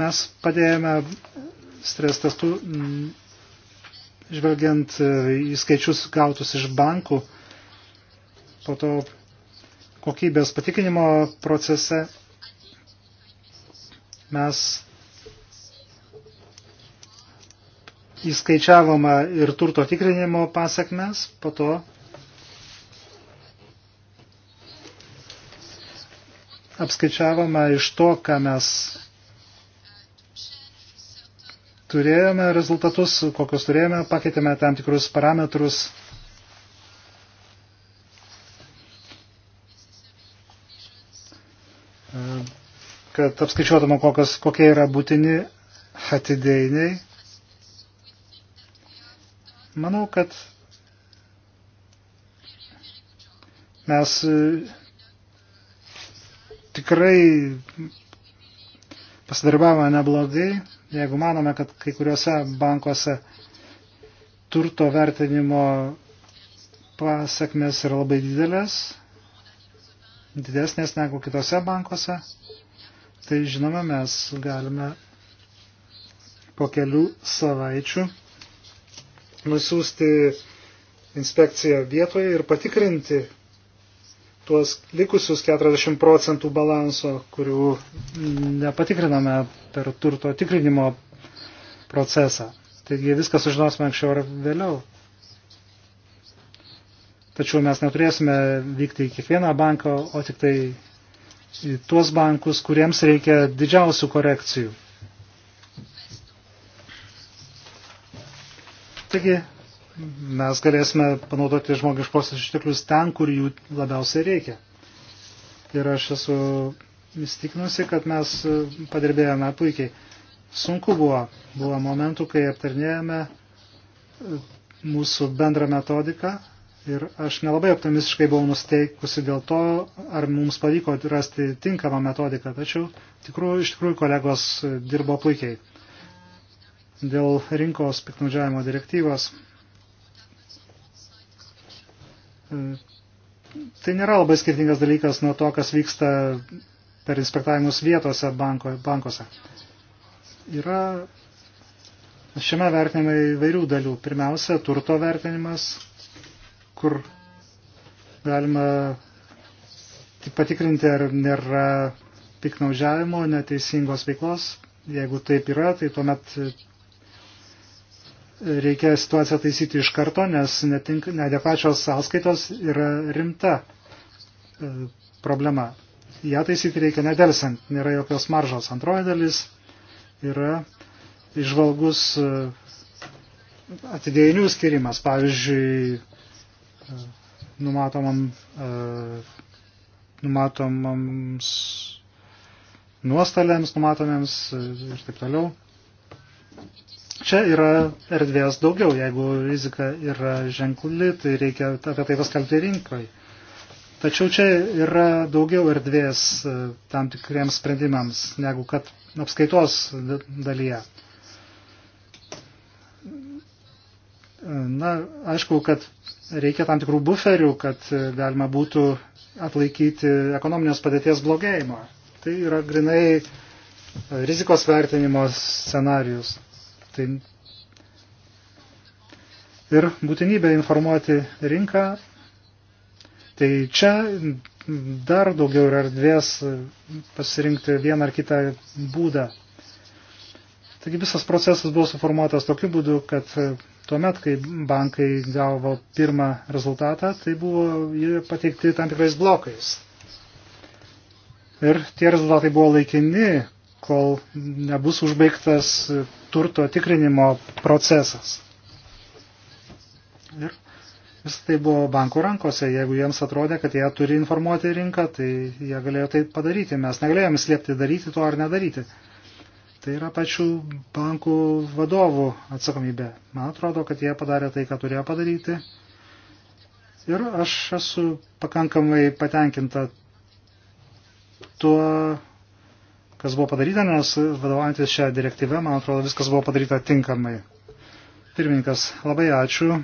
mes padėjome stres testų, mm, žvelgiant e, į skaičius gautus iš bankų, po to kokybės patikinimo procese mes įskaičiavome ir turto tikrinimo pasiekmes, po to apskaičiavome iš to, ką mes turėjome rezultatus, kokius turėjome, pakeitėme tam tikrus parametrus. kad apskaičiuotume, kokios, kokie yra būtini atidėjiniai. Manau, kad mes e, tikrai pasidarbavome neblogai Jeigu manome, kad kai kuriuose bankuose turto vertinimo pasakmes yra labai didelės, didesnės negu kitose bankuose, tai žinoma, mes galime po kelių savaičių nusiųsti inspekciją vietoje ir patikrinti, tuos likusius 40 procentų balanso, kurių nepatikriname per turto tikrinimo procesą. Taigi viską sužinosime anksčiau ar vėliau. Tačiau mes neturėsime vykti į kiekvieną banką, o tik tai į tuos bankus, kuriems reikia didžiausių korekcijų. Taigi mes galėsime panaudoti žmogiškosius išteklius ten, kur jų labiausiai reikia. Ir aš esu įstikinusi, kad mes padirbėjome puikiai. Sunku buvo. Buvo momentų, kai aptarnėjome e, mūsų bendrą metodiką ir aš nelabai optimistiškai buvau nusteikusi dėl to, ar mums pavyko rasti tinkamą metodiką, tačiau tikrų, iš tikrųjų kolegos dirbo puikiai. Dėl rinkos piknaudžiavimo direktyvos tai nėra labai skirtingas dalykas nuo to, kas vyksta per inspektavimus vietose banko, bankuose. Yra šiame vertinime įvairių dalių. Pirmiausia, turto vertinimas, kur galima patikrinti, ar nėra piknaudžiavimo, neteisingos veiklos. Jeigu taip yra, tai tuomet reikia situaciją taisyti iš karto, nes netink, neadekvačios sąskaitos yra rimta e, problema. Ja taisyti reikia nedelsant, nėra jokios maržos. Antroji dalis yra išvalgus e, atidėjinių skirimas, pavyzdžiui, e, numatomam, numatomams nuostoliams, numatomiems ir taip toliau. Čia yra erdvės daugiau, jeigu rizika yra ženkli, tai reikia apie tai paskelbti rinkai. Tačiau čia yra daugiau erdvės e, tam tikriems sprendimams, negu kad apskaitos dalyje. Na, aišku, kad reikia tam tikrų buferių, kad e, galima būtų atlaikyti ekonominės padėties blogėjimą. Tai yra grinai e, rizikos vertinimo scenarius. Tai ir būtinybė informuoti rinką. Tai čia dar daugiau yra erdvės pasirinkti vieną ar kitą būdą. Taigi visas procesas buvo suformuotas tokiu būdu, kad tuomet, kai bankai gavo pirmą rezultatą, tai buvo pateikti tam tikrais blokais. Ir tie rezultatai buvo laikini, kol nebus užbaigtas turto tikrinimo procesas. Ir vis tai buvo bankų rankose. Jeigu jiems atrodė, kad jie turi informuoti rinką, tai jie galėjo tai padaryti. Mes negalėjome slėpti daryti to ar nedaryti. Tai yra pačių bankų vadovų atsakomybė. Man atrodo, kad jie padarė tai, ką turėjo padaryti. Ir aš esu pakankamai patenkinta tuo, kas buvo padaryta, nes vadovantis šią direktyvę, man atrodo, viskas buvo padaryta tinkamai. Pirmininkas, labai ačiū.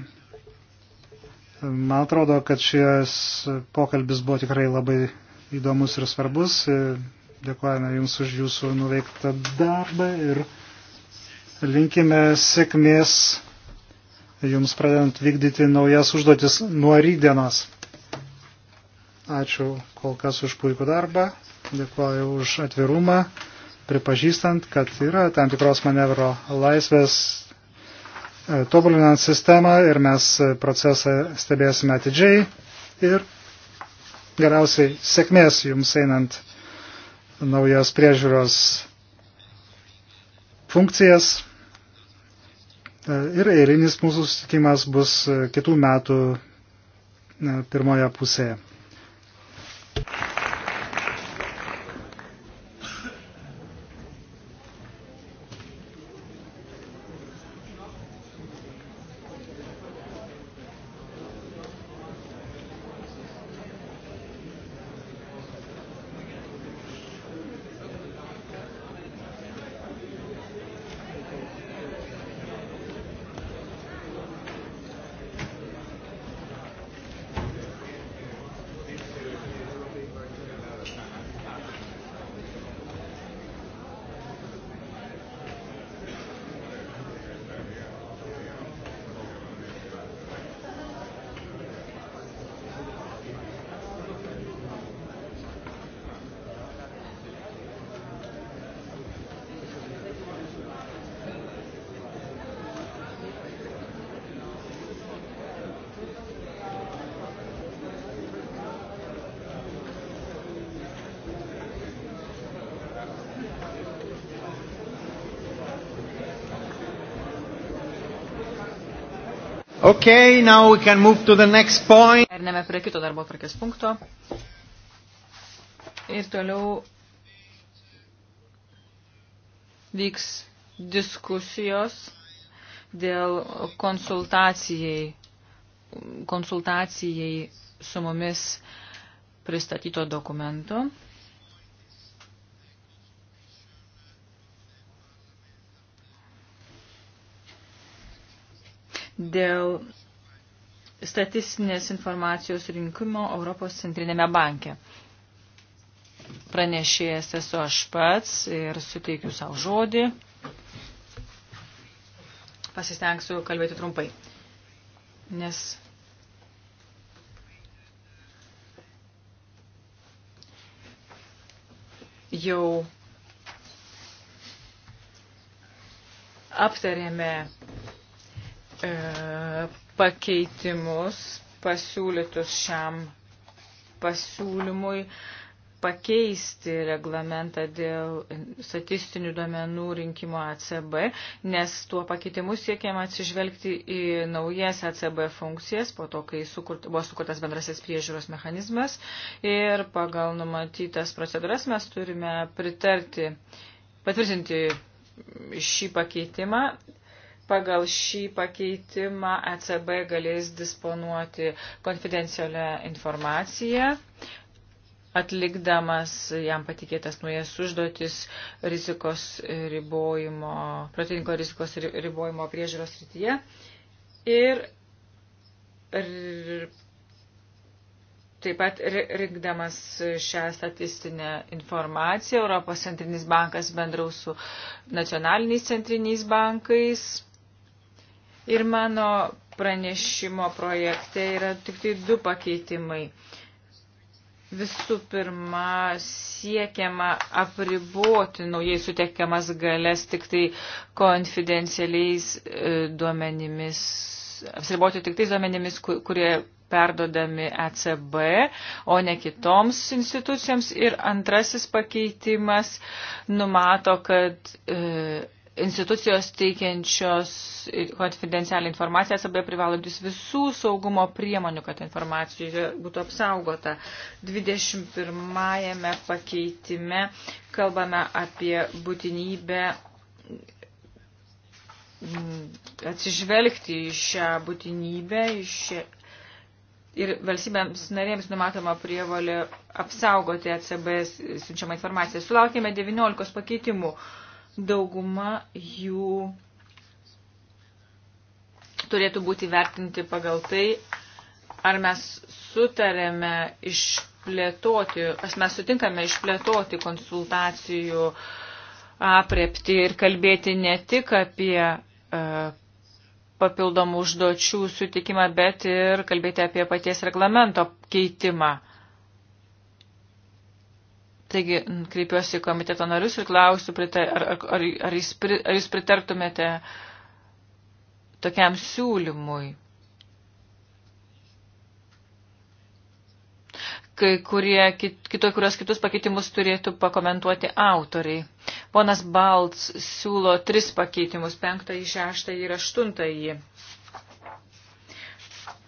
Man atrodo, kad šis pokalbis buvo tikrai labai įdomus ir svarbus. Dėkojame Jums už Jūsų nuveiktą darbą ir linkime sėkmės Jums pradedant vykdyti naujas užduotis nuo rydienos. Ačiū kol kas už puikų darbą. Dėkuoju už atvirumą, pripažįstant, kad yra tam tikros manevro laisvės e, tobulinant sistemą ir mes procesą stebėsime atidžiai ir galiausiai sėkmės jums einant naujos priežiūros funkcijas. E, ir eilinis mūsų susitikimas bus kitų metų e, pirmoje pusėje. Okay, now we can move to the next point. Perneme prie kito darbo tvarkės punkto. Ir toliau vyks diskusijos dėl konsultacijai, konsultacijai su mumis pristatyto dokumento. dėl statistinės informacijos rinkimo Europos centrinėme banke. Pranešėjęs esu aš pats ir suteikiu savo žodį. Pasistengsiu kalbėti trumpai, nes jau aptarėme e, pakeitimus pasiūlytus šiam pasiūlymui pakeisti reglamentą dėl statistinių duomenų rinkimo ACB, nes tuo pakeitimu siekiama atsižvelgti į naujas ACB funkcijas, po to, kai sukurt, buvo sukurtas bendrasis priežiūros mechanizmas ir pagal numatytas procedūras mes turime pritarti, patvirtinti šį pakeitimą pagal šį pakeitimą ECB galės disponuoti konfidencialią informaciją, atlikdamas jam patikėtas naujas užduotis rizikos ribojimo, protingo rizikos ribojimo priežiūros rytyje. Ir, ir taip pat rinkdamas šią statistinę informaciją, Europos centrinis bankas bendraus su nacionaliniais centriniais bankais Ir mano pranešimo projekte yra tik tai du pakeitimai. Visų pirma, siekiama apriboti naujai sutekiamas galės tik tai konfidencialiais e, duomenimis, apsiriboti tik tais duomenimis, kurie perdodami ECB, o ne kitoms institucijoms. Ir antrasis pakeitimas numato, kad e, institucijos teikiančios konfidencialią informaciją SAB privalantis visų saugumo priemonių, kad informacija būtų apsaugota. 21 pakeitime kalbame apie būtinybę mm, atsižvelgti į šią būtinybę į šią... ir valstybėms narėms numatoma prievalė apsaugoti ECB siunčiamą informaciją. Sulaukėme 19 pakeitimų. Uh, dauguma jų turėtų būti vertinti pagal tai, ar mes sutarėme išplėtoti, ar mes sutinkame išplėtoti konsultacijų aprepti ir kalbėti ne tik apie e, papildomų užduočių sutikimą, bet ir kalbėti apie paties reglamento keitimą. Taigi kreipiuosi į komiteto narius ir klausiu, ar, ar, ar, jūs, ar jūs pritartumėte tokiam siūlymui. Kai kurie, kito, kurios kitus pakeitimus turėtų pakomentuoti autoriai. Ponas Balts siūlo tris pakeitimus - penktąjį, šeštąjį ir aštuntąjį.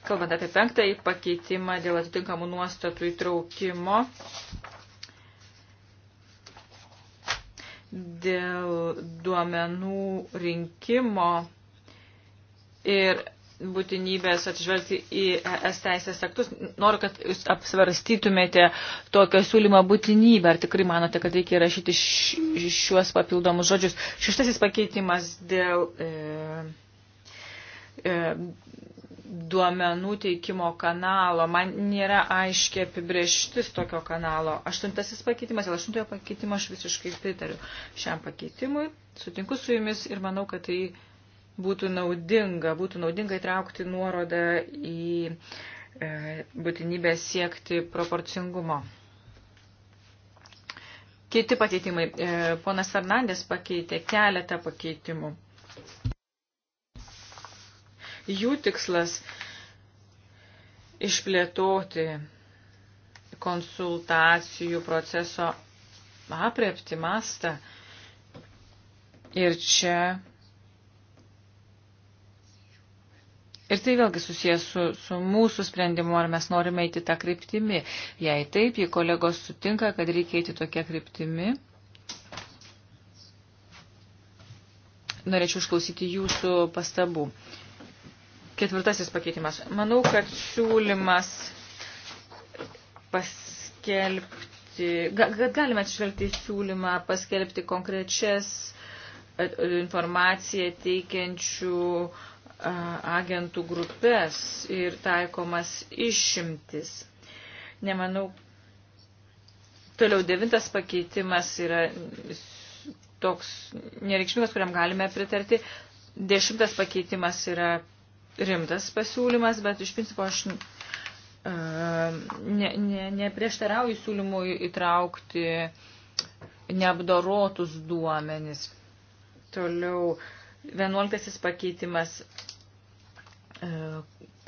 Kalbant apie penktąjį pakeitimą dėl atitinkamų nuostatų įtraukimo, dėl duomenų rinkimo ir būtinybės atžvelgti į ES teisės aktus. Noriu, kad jūs apsvarstytumėte tokio siūlymo būtinybę. Ar tikrai manote, kad reikia rašyti šiuos papildomus žodžius? Šeštasis pakeitimas dėl e, e, duomenų teikimo kanalo. Man nėra aiškiai apibrieštis tokio kanalo. Aštuntasis pakeitimas, dėl aštuntojo pakeitimo aš visiškai pritariu šiam pakeitimui. Sutinku su jumis ir manau, kad tai būtų naudinga. Būtų naudinga įtraukti nuorodą į e, būtinybę siekti proporcingumo. Kiti pakeitimai. E, ponas Fernandės pakeitė keletą pakeitimų. Jų tikslas išplėtoti konsultacijų proceso aprepti mastą. Ir čia. Ir tai vėlgi susijęs su, su mūsų sprendimu, ar mes norime eiti tą kryptimį. Jei taip, jei kolegos sutinka, kad reikia eiti tokia kryptimi, norėčiau išklausyti jūsų pastabų. Uh, Ketvirtasis pakeitimas. Manau, kad siūlymas paskelbti, kad galime atšvelgti siūlymą paskelbti konkrečias e, informaciją teikiančių e, agentų grupės ir taikomas išimtis. Nemanau, toliau devintas pakeitimas yra toks nereikšmingas, kuriam galime pritarti. Dešimtas pakeitimas yra rimtas pasiūlymas, bet iš principo aš e, ne, ne, neprieštarauju siūlymui įtraukti neapdorotus duomenis. Toliau, vienuoliktasis pakeitimas e,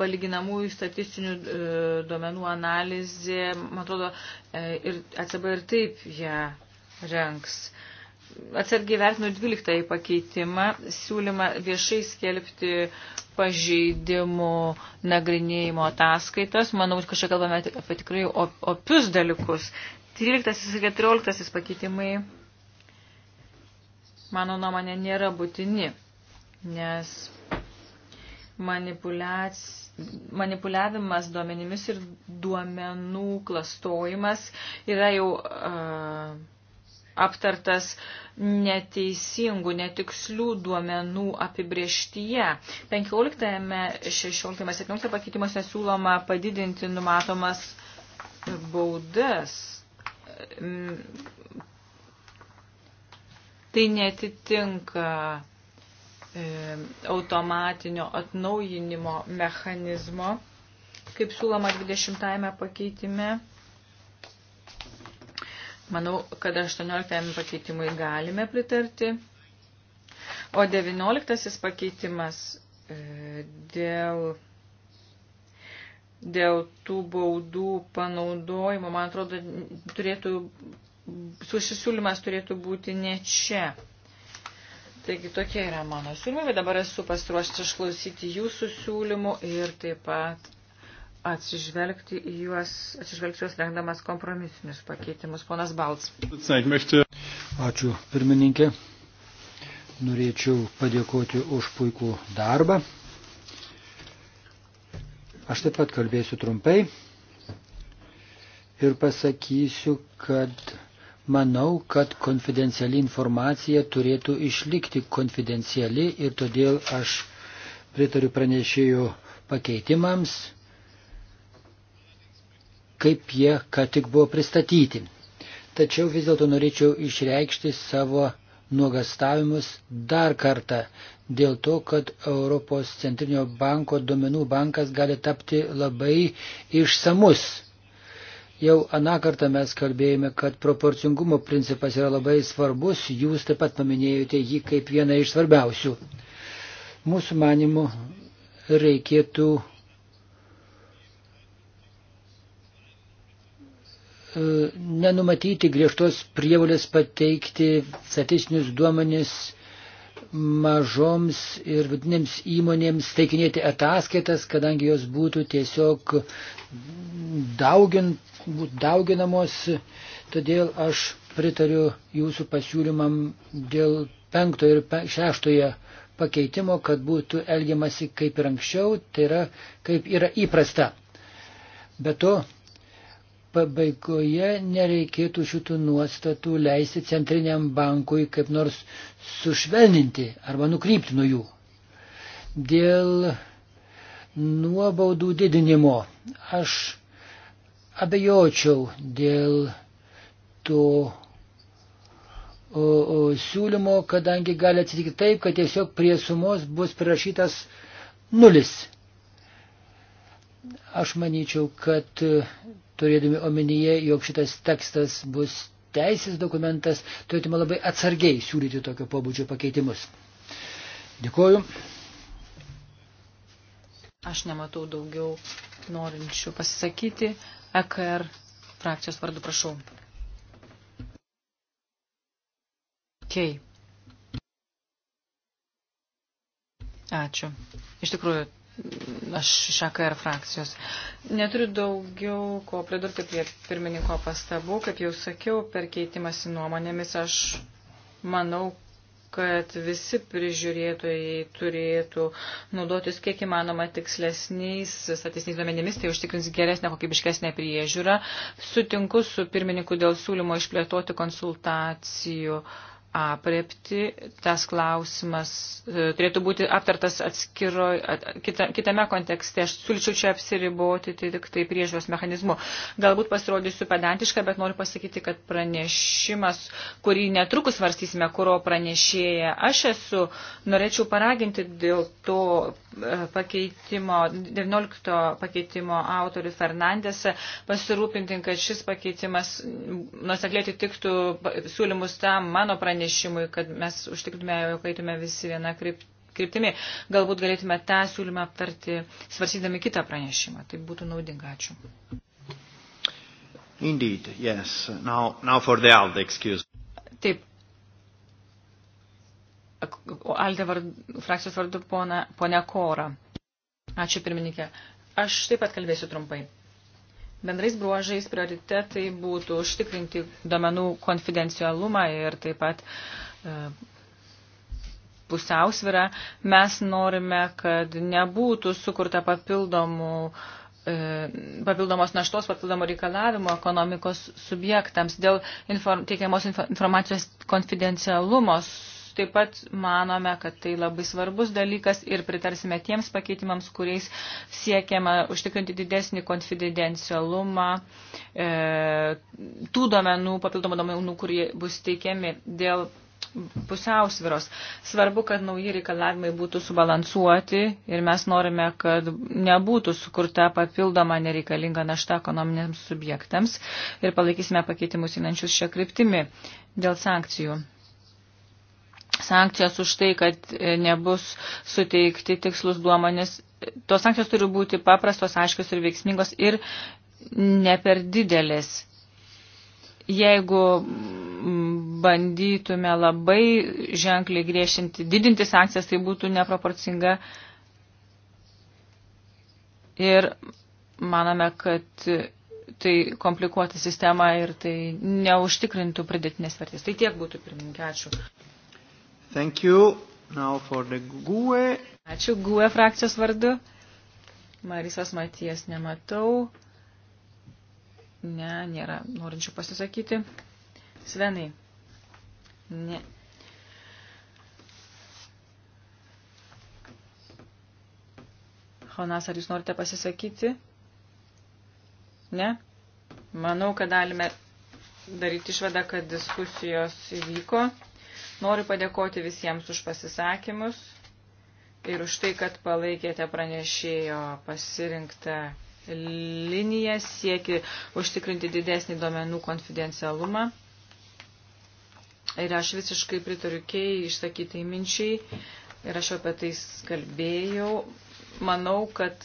palyginamųjų statistinių e, duomenų analizė, man atrodo, e, ir ECB ir taip ją renks. E, atsargiai vertinu 12 pakeitimą, siūlymą viešai skelbti pažeidimų nagrinėjimo ataskaitas. Manau, kad čia kalbame apie tikrai opius dalykus. 13 ir 14 pakeitimai, mano nuomonė, nėra būtini, nes manipuliac... manipuliavimas duomenimis ir duomenų klastojimas yra jau. Uh, aptartas neteisingų, netikslių duomenų apibrieštyje. 15, 16, 17 pakeitimuose siūloma padidinti numatomas baudas. Tai netitinka e, automatinio atnaujinimo mechanizmo, kaip siūloma 20 pakeitime. Manau, kad 18 pakeitimui galime pritarti. O 19 pakeitimas e, dėl, dėl tų baudų panaudojimo, man atrodo, turėtų, susisiūlymas turėtų būti ne čia. Taigi tokie yra mano siūlymai, dabar esu pasiruošęs išklausyti jūsų siūlymų ir taip pat atsižvelgti į juos, atsižvelgti juos rengdamas kompromisinius pakeitimus. Ponas Balts. Ačiū, pirmininkė. Norėčiau padėkoti už puikų darbą. Aš taip pat kalbėsiu trumpai ir pasakysiu, kad manau, kad konfidenciali informacija turėtų išlikti konfidenciali ir todėl aš pritariu pranešėjų pakeitimams kaip jie ką tik buvo pristatyti. Tačiau vis dėlto norėčiau išreikšti savo nuogastavimus dar kartą dėl to, kad Europos centrinio banko duomenų bankas gali tapti labai išsamus. Jau aną kartą mes kalbėjome, kad proporcingumo principas yra labai svarbus, jūs taip pat paminėjote jį kaip vieną iš svarbiausių. Mūsų manimu reikėtų E, nenumatyti griežtos prievolės pateikti statistinius duomenis mažoms ir vidinėms įmonėms teikinėti ataskaitas, kadangi jos būtų tiesiog daugin, būt dauginamos. Todėl aš pritariu jūsų pasiūlymam dėl penktojo ir pe, šeštojo pakeitimo, kad būtų elgiamasi kaip ir anksčiau, tai yra kaip yra įprasta. Be to, pabaigoje nereikėtų šitų nuostatų leisti centriniam bankui kaip nors sušvelninti arba nukrypti nuo jų. Dėl nuobaudų didinimo aš abejočiau dėl to o, o, siūlymo, kadangi gali atsitikti taip, kad tiesiog prie sumos bus prirašytas nulis. Aš manyčiau, kad turėdami omenyje, jog šitas tekstas bus teisės dokumentas, turėtume labai atsargiai siūlyti tokio pobūdžio pakeitimus. Dėkuoju. Aš nematau daugiau norinčių pasisakyti. EKR frakcijos vardu prašau. Kei. Okay. Ačiū. Iš tikrųjų, aš iš AKR frakcijos. Neturiu daugiau ko pridurti prie pirmininko pastabų. Kaip jau sakiau, per keitimąsi nuomonėmis aš manau, kad visi prižiūrėtojai turėtų naudotis kiek įmanoma tikslesniais statistiniais duomenimis, tai užtikrins geresnę, kokybiškesnę priežiūrą. Sutinku su pirmininku dėl siūlymo išplėtoti konsultacijų uh, aprepti, tas klausimas e, turėtų būti aptartas atskiro, at, kita, kitame kontekste. Aš sulčiau čia apsiriboti tai tik tai priežiūros mechanizmu. Galbūt pasirodysiu pedantišką, bet noriu pasakyti, kad pranešimas, kurį netrukus varstysime, kurio pranešėja aš esu, norėčiau paraginti dėl to e, pakeitimo, 19 pakeitimo autorių Fernandėse, pasirūpinti, kad šis pakeitimas nusekliai atitiktų siūlymus tam mano pranešimui pranešimui, kad mes užtikrintume, jog eitume visi vieną kryptimį. Galbūt galėtume tą siūlymą aptarti, svarsydami kitą pranešimą. Tai būtų naudinga. Ačiū. Indeed, yes. Now, now for the ALDE, excuse me. Taip. ALDE vard, frakcijos vardu pona, ponia Kora. Ačiū pirmininkė. Aš taip pat kalbėsiu trumpai. Bendrais bruožais prioritetai būtų užtikrinti domenų konfidencialumą ir taip pat e, pusiausvirą. Mes norime, kad nebūtų sukurta papildomų e, papildomos naštos, papildomų reikalavimų ekonomikos subjektams dėl inform, teikiamos informacijos konfidencialumos taip pat manome, kad tai labai svarbus dalykas ir pritarsime tiems pakeitimams, kuriais siekiama užtikrinti didesnį konfidencialumą e, tų domenų, papildomų domenų, kurie bus teikiami dėl pusiausviros. Svarbu, kad nauji reikalavimai būtų subalansuoti ir mes norime, kad nebūtų sukurta papildoma nereikalinga našta ekonominiams subjektams ir palaikysime pakeitimus įnančius šią kryptimį dėl sankcijų sankcijos už tai, kad e, nebus suteikti tikslus duomenis. Tos sankcijos turi būti paprastos, aiškios ir veiksmingos ir ne per didelis. Jeigu bandytume labai ženkliai griežinti, didinti sankcijas, tai būtų neproporcinga. Ir manome, kad tai komplikuoti sistemą ir tai neužtikrintų pridėtinės vertės. Tai tiek būtų, pirmininkė, ačiū. Thank you. Now for the GUE. Ačiū GUE frakcijos vardu. Marisas Matijas nematau. Ne, nėra norinčių pasisakyti. Svenai. Ne. Honas, ar jūs norite pasisakyti? Ne? Manau, kad galime daryti išvadą, kad diskusijos įvyko. Noriu padėkoti visiems už pasisakymus ir už tai, kad palaikėte pranešėjo pasirinktą liniją, sieki užtikrinti didesnį duomenų konfidencialumą. Ir aš visiškai pritariu kei išsakytai minčiai ir aš apie tai kalbėjau. Manau, kad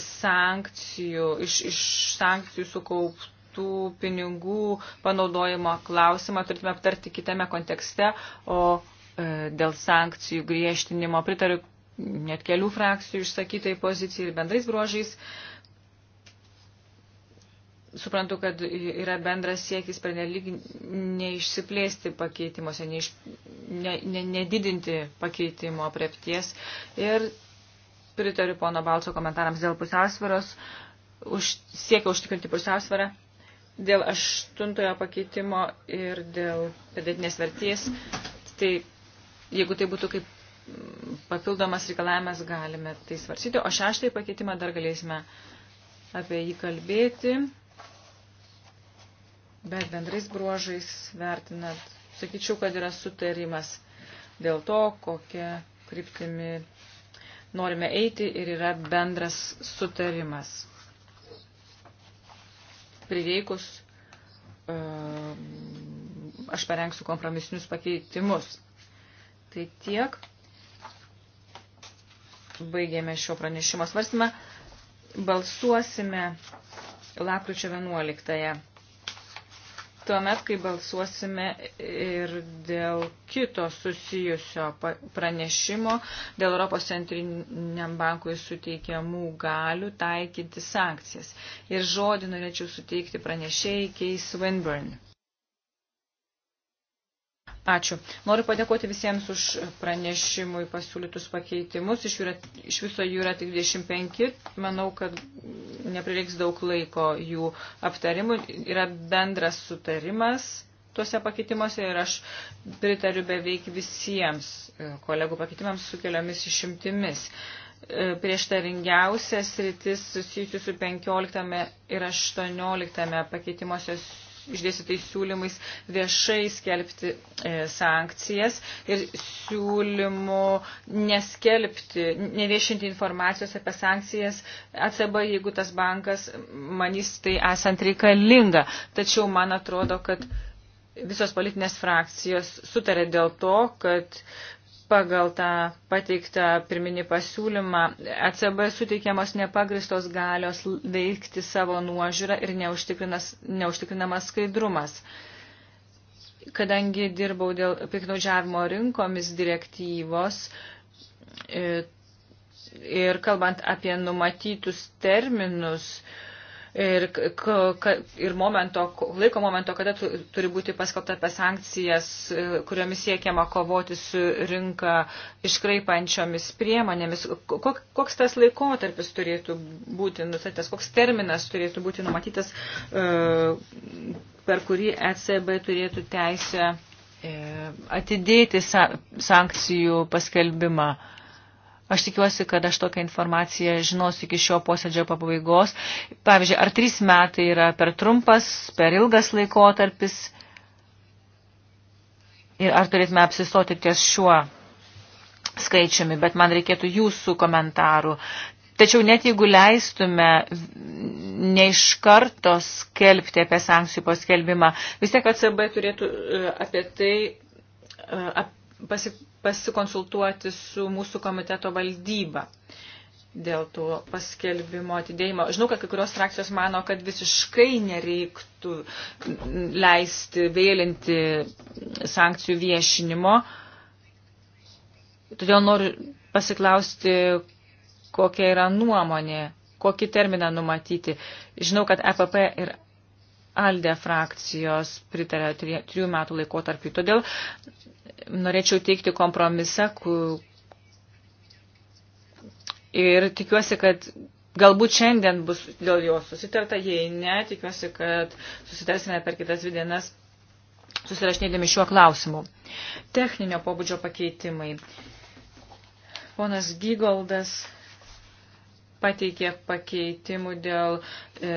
sankcijų, iš, iš sankcijų sukaupt skirtų pinigų panaudojimo klausimą turėtume aptarti kitame kontekste, o e, dėl sankcijų griežtinimo pritariu net kelių frakcijų išsakytai pozicijai ir bendrais bruožais. Suprantu, kad yra bendras siekis pernelyg neišsiplėsti pakeitimuose, neiš, ne, ne, nedidinti pakeitimo aprepties. Ir pritariu pono Balco komentarams dėl pusiausvėros, už, siekia užtikrinti pusiausvėrą dėl aštuntojo pakeitimo ir dėl pridėtinės vertės, tai jeigu tai būtų kaip mm, papildomas reikalavimas, galime tai svarsyti. O šeštąjį pakeitimą dar galėsime apie jį kalbėti, bet bendrais bruožais vertinat, sakyčiau, kad yra sutarimas dėl to, kokia kryptimi norime eiti ir yra bendras sutarimas prireikus e, aš parengsiu kompromisinius pakeitimus. Tai tiek. Baigėme šio pranešimo svarstymą. Balsuosime lapkričio 11. -ąją tuomet, kai balsuosime ir dėl kito susijusio pranešimo, dėl Europos centriniam bankui suteikiamų galių taikyti sankcijas. Ir žodį norėčiau suteikti pranešėjai Keis Winburn. Ačiū. Noriu padėkoti visiems už pranešimui pasiūlytus pakeitimus. Iš, yra, iš viso jų yra tik 25. Manau, kad neprireiks daug laiko jų aptarimui. Yra bendras sutarimas tuose pakeitimuose ir aš pritariu beveik visiems e, kolegų pakeitimams su keliomis išimtimis. E, Prieštaringiausias rytis susijusių su 15 ir 18 pakeitimuose išdėstytais siūlymais viešai skelbti e, sankcijas ir siūlymu neskelbti, neviešinti informacijos apie sankcijas ECB, jeigu tas bankas manys tai esant reikalinga. Tačiau man atrodo, kad visos politinės frakcijos sutarė dėl to, kad pagal tą pateiktą pirminį pasiūlymą ECB suteikiamos nepagristos galios veikti savo nuožiūrą ir neužtikrinamas skaidrumas. Kadangi dirbau dėl piknaudžiavimo rinkomis direktyvos e, ir kalbant apie numatytus terminus, ir, ir momento, laiko momento, kada turi būti paskelbta apie sankcijas, e, kuriomis siekiama kovoti su rinka iškraipančiomis priemonėmis. Koks tas laikotarpis turėtų būti nustatytas, koks terminas turėtų būti numatytas, e, per kurį ECB turėtų teisę e, atidėti sankcijų paskelbimą. Aš tikiuosi, kad aš tokią informaciją žinosiu iki šio posėdžio pabaigos. Pavyzdžiui, ar trys metai yra per trumpas, per ilgas laikotarpis ir ar turėtume apsistoti ties šiuo skaičiumi, bet man reikėtų jūsų komentarų. Tačiau net jeigu leistume ne iš karto skelbti apie sankcijų paskelbimą, vis tiek ACB turėtų e, apie tai, e, pasi, pasikonsultuoti su mūsų komiteto valdyba dėl to paskelbimo atidėjimo. Žinau, kad kai kurios frakcijos mano, kad visiškai nereiktų leisti vėlinti sankcijų viešinimo. Todėl noriu pasiklausti, kokia yra nuomonė, kokį terminą numatyti. Žinau, kad EPP ir ALDE frakcijos pritarė trijų metų laikotarpį. Todėl norėčiau teikti kompromisą ku... ir tikiuosi, kad galbūt šiandien bus dėl jo susitarta, jei ne, tikiuosi, kad susitarsime per kitas dvi dienas susirašinėdami šiuo klausimu. Techninio pobūdžio pakeitimai. Ponas Gygoldas pateikė pakeitimų dėl e,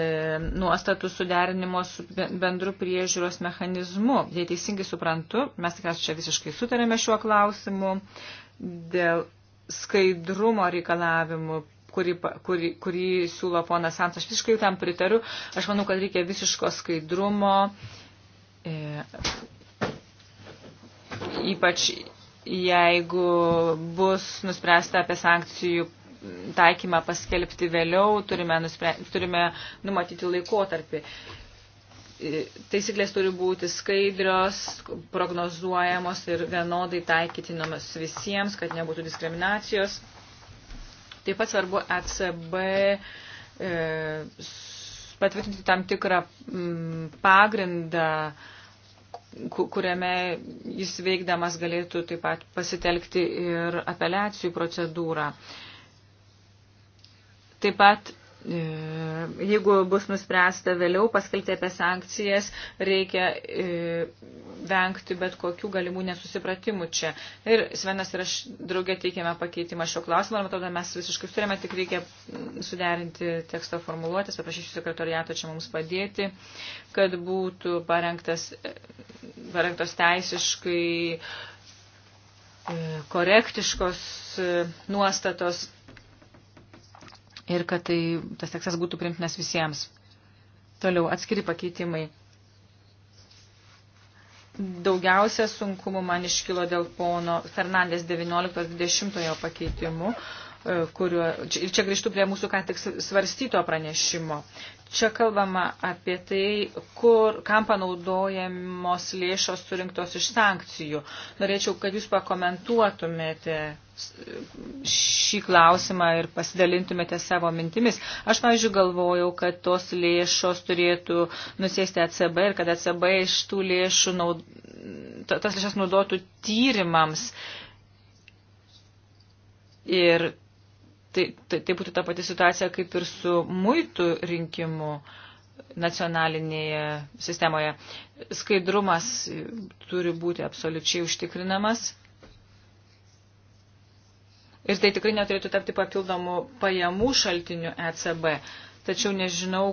nuostatų suderinimo su bendru priežiūros mechanizmu. Jei teisingai suprantu, mes tikriausiai čia visiškai sutarėme šiuo klausimu dėl skaidrumo reikalavimų kurį, kurį, kurį siūlo ponas Sams. Aš visiškai tam pritariu. Aš manau, kad reikia visiško skaidrumo, e, ypač jeigu bus nuspręsta apie sankcijų taikymą paskelbti vėliau, turime, nuspre, turime numatyti laikotarpį. E, taisyklės turi būti skaidrios, prognozuojamos ir vienodai taikytinomos visiems, kad nebūtų diskriminacijos. Taip pat svarbu ECB e, e patvirtinti tam tikrą m, pagrindą, kuriame jis veikdamas galėtų taip pat pasitelkti ir apeliacijų procedūrą. E, Taip pat, e, jeigu bus nuspręsta vėliau paskelbti apie sankcijas, reikia e, vengti bet kokių galimų nesusipratimų čia. Ir Svenas ir aš draugė teikėme pakeitimą šio klausimą, ir atrodo, mes visiškai turime, tik reikia mm, suderinti teksto formuluotės, paprašysiu sekretoriato čia mums padėti, kad būtų parengtas, e, parengtos teisiškai korektiškos nuostatos ir kad tai, tas tekstas būtų priimtinas visiems. Toliau atskiri pakeitimai. Daugiausia sunkumų man iškilo dėl pono Fernandės 19.20 pakeitimų, kurio, ir čia grįžtų prie mūsų ką tik svarstyto pranešimo. Čia kalbama apie tai, kur, kam panaudojamos lėšos surinktos iš sankcijų. Norėčiau, kad jūs pakomentuotumėte šį klausimą ir pasidalintumėte savo mintimis. Aš, pavyzdžiui, galvojau, kad tos lėšos turėtų nusėsti ECB ir kad ECB iš tų lėšų, naud... tas lėšas naudotų tyrimams. Ir tai, tai, tai būtų ta pati situacija kaip ir su muitų rinkimu nacionalinėje sistemoje. Skaidrumas turi būti absoliučiai užtikrinamas Ir tai tikrai neturėtų tapti papildomų pajamų šaltinių ECB. Tačiau nežinau,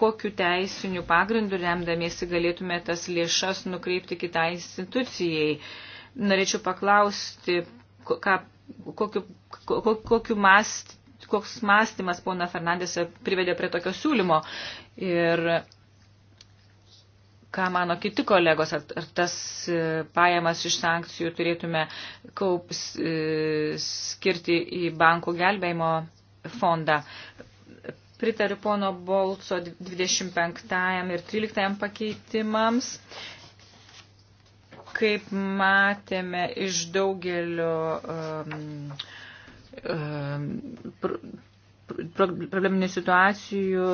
kokiu teisiniu pagrindu remdamiesi galėtume tas lėšas nukreipti kitai institucijai. Norėčiau paklausti, ką, kokiu, kokiu mąstymu koks mąstymas pona Fernandėse privedė prie tokio siūlymo. Ir ką mano kiti kolegos, ar, ar tas e, pajamas iš sankcijų turėtume kaups, e, skirti į bankų gelbėjimo fondą. Pritariu pono Bolco 25 ir 13 pakeitimams. Kaip matėme iš daugelio um, um, probleminių situacijų,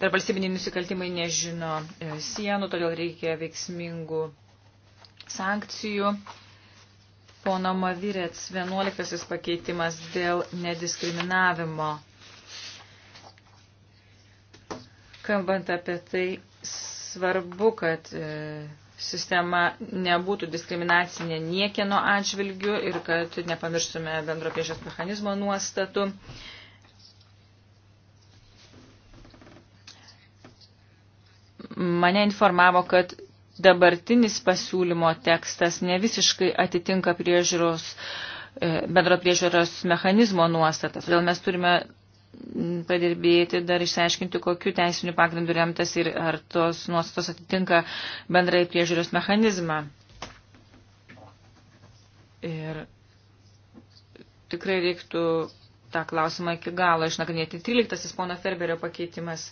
tarp valstybiniai nusikaltimai nežino e, sienų, todėl reikia veiksmingų sankcijų. Pono Mavirėts 11 pakeitimas dėl nediskriminavimo. Kalbant apie tai, svarbu, kad e, sistema nebūtų diskriminacinė niekieno atžvilgių ir kad nepamirštume bendro priežas mechanizmo nuostatų. E, mane informavo, kad dabartinis pasiūlymo tekstas ne visiškai atitinka priežiūros, e, bendro priežiūros mechanizmo nuostatas. Todėl mes turime padirbėti, dar išsiaiškinti, kokiu teisiniu pagrindu remtas ir ar tos nuostatos atitinka bendrai priežiūros mechanizmą. Ir tikrai reiktų tą klausimą iki galo išnagrinėti. 13. pono Ferberio pakeitimas.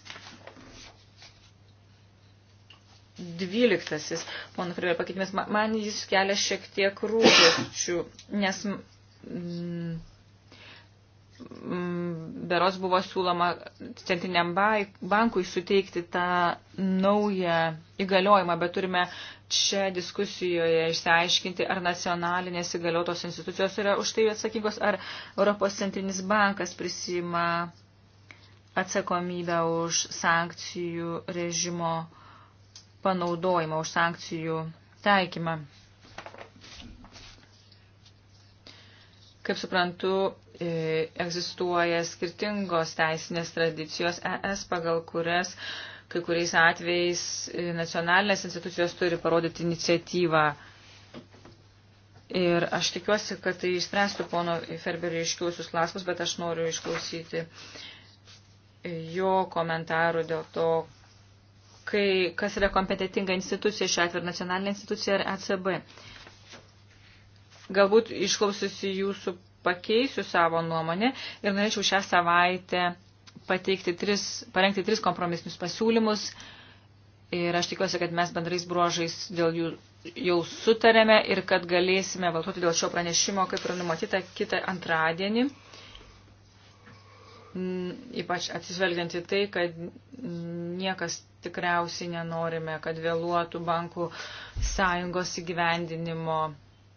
12. Mano krivė pakeitimas. Man jis kelia šiek tiek rūpesčių, nes mm, mm beros buvo siūloma centriniam bankui suteikti tą naują įgaliojimą, bet turime čia diskusijoje išsiaiškinti, ar nacionalinės įgaliotos institucijos yra už tai atsakingos, ar Europos centrinis bankas prisima atsakomybę už sankcijų režimo uh, panaudojimą, už sankcijų taikymą. Kaip suprantu, e, egzistuoja skirtingos teisinės tradicijos ES, pagal kurias kai kuriais atvejais e, nacionalinės institucijos turi parodyti iniciatyvą. Ir aš tikiuosi, kad tai išspręstų pono Ferberio iškiausius klausimus, bet aš noriu išklausyti jo komentarų dėl to, kai, kas yra kompetitinga institucija, šiuo atveju nacionalinė institucija ar ECB. Galbūt išklausiusi jūsų pakeisiu savo nuomonę ir norėčiau šią savaitę pateikti tris, parengti tris kompromisinius pasiūlymus ir aš tikiuosi, kad mes bendrais bruožais dėl jų jau sutarėme ir kad galėsime valtuoti dėl šio pranešimo, kaip ir numatyta, kitą antradienį ypač atsižvelgiant į tai, kad niekas tikriausiai nenorime, kad vėluotų bankų sąjungos įgyvendinimo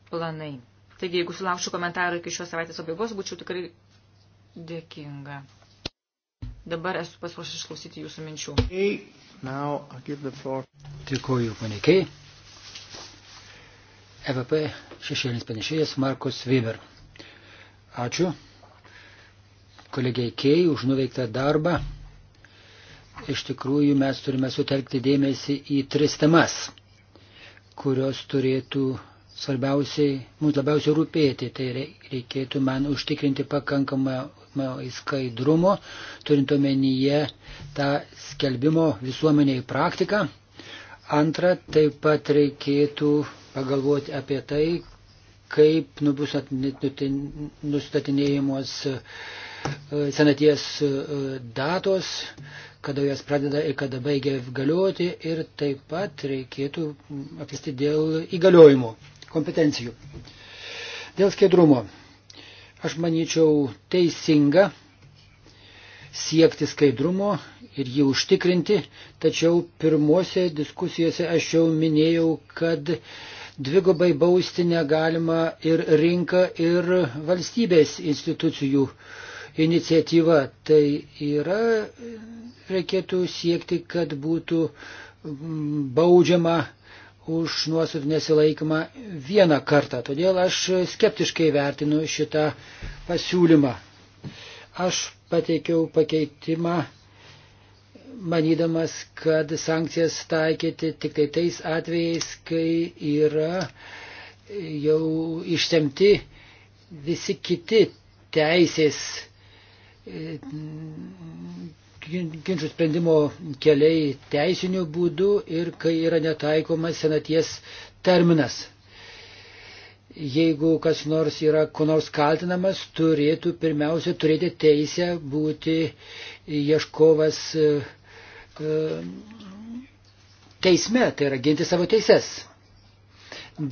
planai. Taigi, jeigu sulaukšiu komentarų iki šios savaitės pabaigos, būčiau tikrai dėkinga. Dabar esu pasiruošęs išklausyti jūsų minčių. Dėkuoju, panikiai. EVP šešėlinis panešėjas Markus Weber. Ačiū kolegiai Kei už nuveiktą darbą. Iš tikrųjų mes turime sutelkti dėmesį į tris temas, kurios turėtų svarbiausiai, mums labiausiai rūpėti. Tai reikėtų man užtikrinti pakankamą skaidrumo, turint omenyje tą skelbimo visuomeniai praktiką. Antra, taip pat reikėtų pagalvoti apie tai, kaip nu, bus nustatinėjimos E, senaties e, datos, kada jas pradeda ir kada baigia galioti ir taip pat reikėtų apsisti dėl įgaliojimo, kompetencijų. Dėl skaidrumo. Aš manyčiau teisinga siekti skaidrumo ir jį užtikrinti, tačiau pirmose diskusijose aš jau minėjau, kad dvigubai bausti negalima ir rinka, ir valstybės institucijų uh, iniciatyva. Tai yra, reikėtų siekti, kad būtų mm, baudžiama už nuostatų nesilaikymą vieną kartą. Todėl aš skeptiškai vertinu šitą pasiūlymą. Aš pateikiau pakeitimą manydamas, kad sankcijas taikyti tik tai tais atvejais, kai yra jau ištemti visi kiti teisės E, ginčių sprendimo keliai teisiniu būdu ir kai yra netaikomas senaties terminas. Jeigu kas nors yra kuo nors kaltinamas, turėtų pirmiausia turėti teisę būti ieškovas e, e, teisme, tai yra ginti savo teises.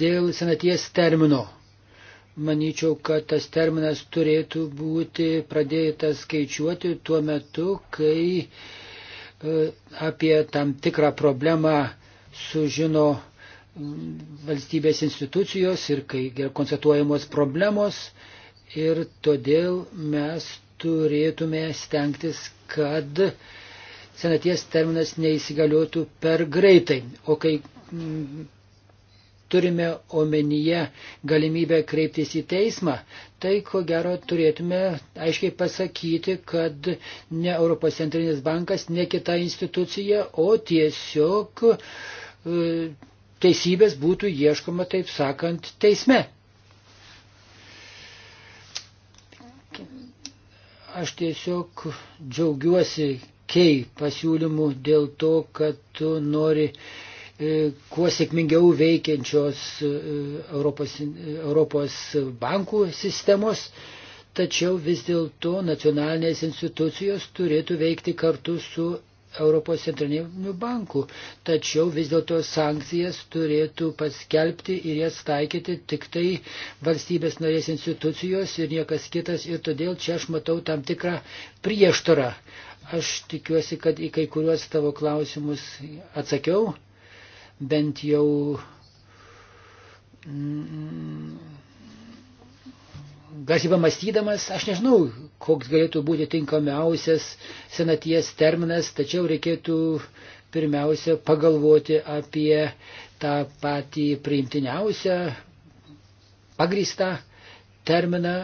Dėl senaties termino Manyčiau, kad tas terminas turėtų būti pradėtas skaičiuoti tuo metu, kai e, apie tam tikrą problemą sužino valstybės institucijos ir kai konstatuojamos problemos ir todėl mes turėtume stengtis, kad senaties terminas neįsigaliotų per greitai. O kai turime omenyje galimybę kreiptis į teismą, tai ko gero turėtume aiškiai pasakyti, kad ne Europos centrinis bankas, ne kita institucija, o tiesiog e, teisybės būtų ieškoma, taip sakant, teisme. Aš tiesiog džiaugiuosi kei pasiūlymų dėl to, kad tu nori uh, E, kuo sėkmingiau veikiančios e, Europos, e, Europos bankų sistemos, tačiau vis dėlto nacionalinės institucijos turėtų veikti kartu su Europos centrininiu banku, tačiau vis dėlto sankcijas turėtų paskelbti ir jas taikyti tik tai valstybės narės institucijos ir niekas kitas ir todėl čia aš matau tam tikrą prieštarą. Aš tikiuosi, kad į kai kuriuos tavo klausimus atsakiau bent jau mm, garsiai pamastydamas, aš nežinau, koks galėtų būti tinkamiausias senaties terminas, tačiau reikėtų pirmiausia pagalvoti apie tą patį priimtiniausią pagrįstą terminą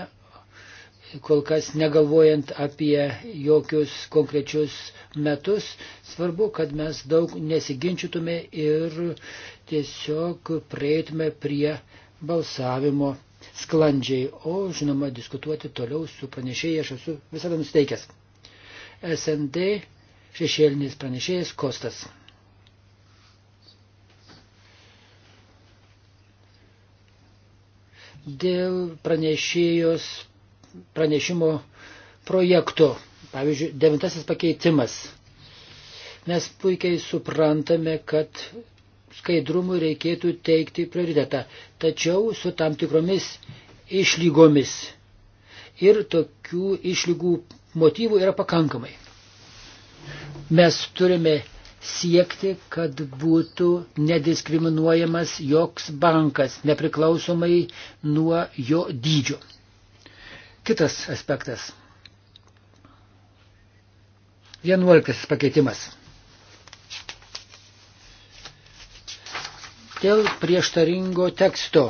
kol kas negalvojant apie jokius konkrečius metus. Svarbu, kad mes daug nesiginčytume ir tiesiog prieitume prie balsavimo sklandžiai, o žinoma diskutuoti toliau su pranešėjai aš esu visada nusteikęs. SND šešėlinis pranešėjas Kostas. Dėl pranešėjos pranešimo projektu. Pavyzdžiui, devintasis pakeitimas. Mes puikiai suprantame, kad skaidrumui reikėtų teikti prioritetą, tačiau su tam tikromis išlygomis. Ir tokių išlygų motyvų yra pakankamai. Mes turime siekti, kad būtų nediskriminuojamas joks bankas, nepriklausomai nuo jo dydžio. Kitas aspektas. Vienuolkas pakeitimas. Dėl prieštaringo teksto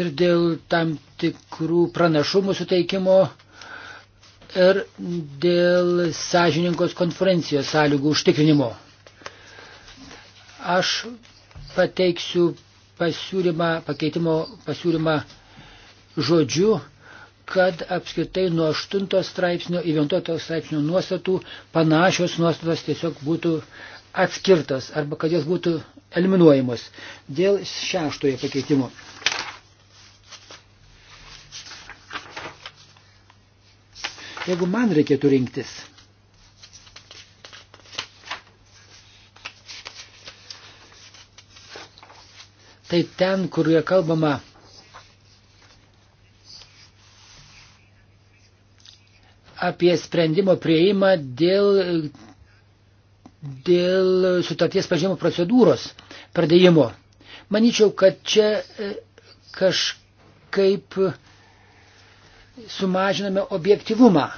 ir dėl tam tikrų pranašumų suteikimo ir dėl sąžininkos konferencijos sąlygų užtikrinimo. Aš pateiksiu pasiūlymą, pakeitimo pasiūlymą žodžiu, kad apskritai nuo 8 straipsnio į 11 straipsnio nuostatų panašios nuostatos tiesiog būtų atskirtas arba kad jos būtų eliminuojamos dėl šeštojo pakeitimo. Jeigu man reikėtų rinktis, tai ten, kurioje kalbama apie sprendimo prieimą dėl, dėl sutarties pažymimo procedūros pradėjimo. Maničiau, kad čia e, kažkaip sumažiname objektivumą.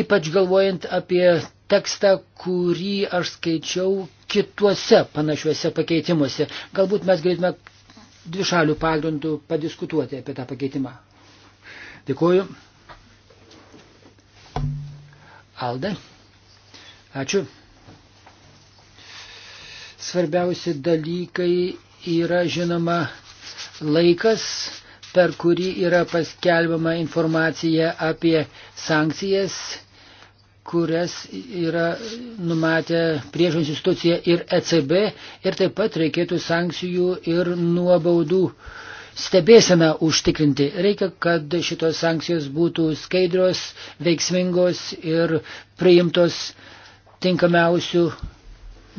Ypač galvojant apie tekstą, kurį aš skaičiau kituose panašiuose pakeitimuose. Galbūt mes galėtume dvišalių pagrindų padiskutuoti apie tą pakeitimą. Dėkuoju. Alde. Ačiū. Svarbiausi dalykai yra žinoma laikas, per kurį yra paskelbama informacija apie sankcijas, kurias yra numatę priežo institucija ir ECB ir taip pat reikėtų sankcijų ir nuobaudų uh, stebėseną užtikrinti. Reikia, kad šitos sankcijos būtų skaidrios, veiksmingos ir priimtos tinkamiausių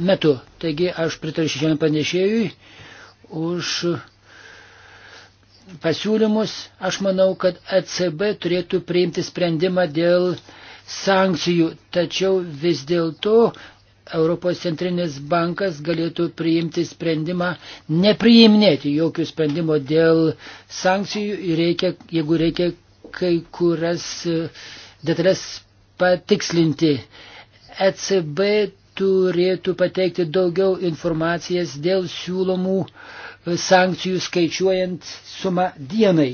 metų. Taigi aš pritariu šiandien panešėjui už pasiūlymus. Aš manau, kad ECB turėtų priimti sprendimą dėl sankcijų, tačiau vis dėlto Europos centrinis bankas galėtų priimti sprendimą, nepriiminėti jokių sprendimo dėl sankcijų ir reikia, jeigu reikia kai kurias e, detalės patikslinti. ECB turėtų pateikti daugiau informacijas dėl siūlomų e, sankcijų skaičiuojant sumą dienai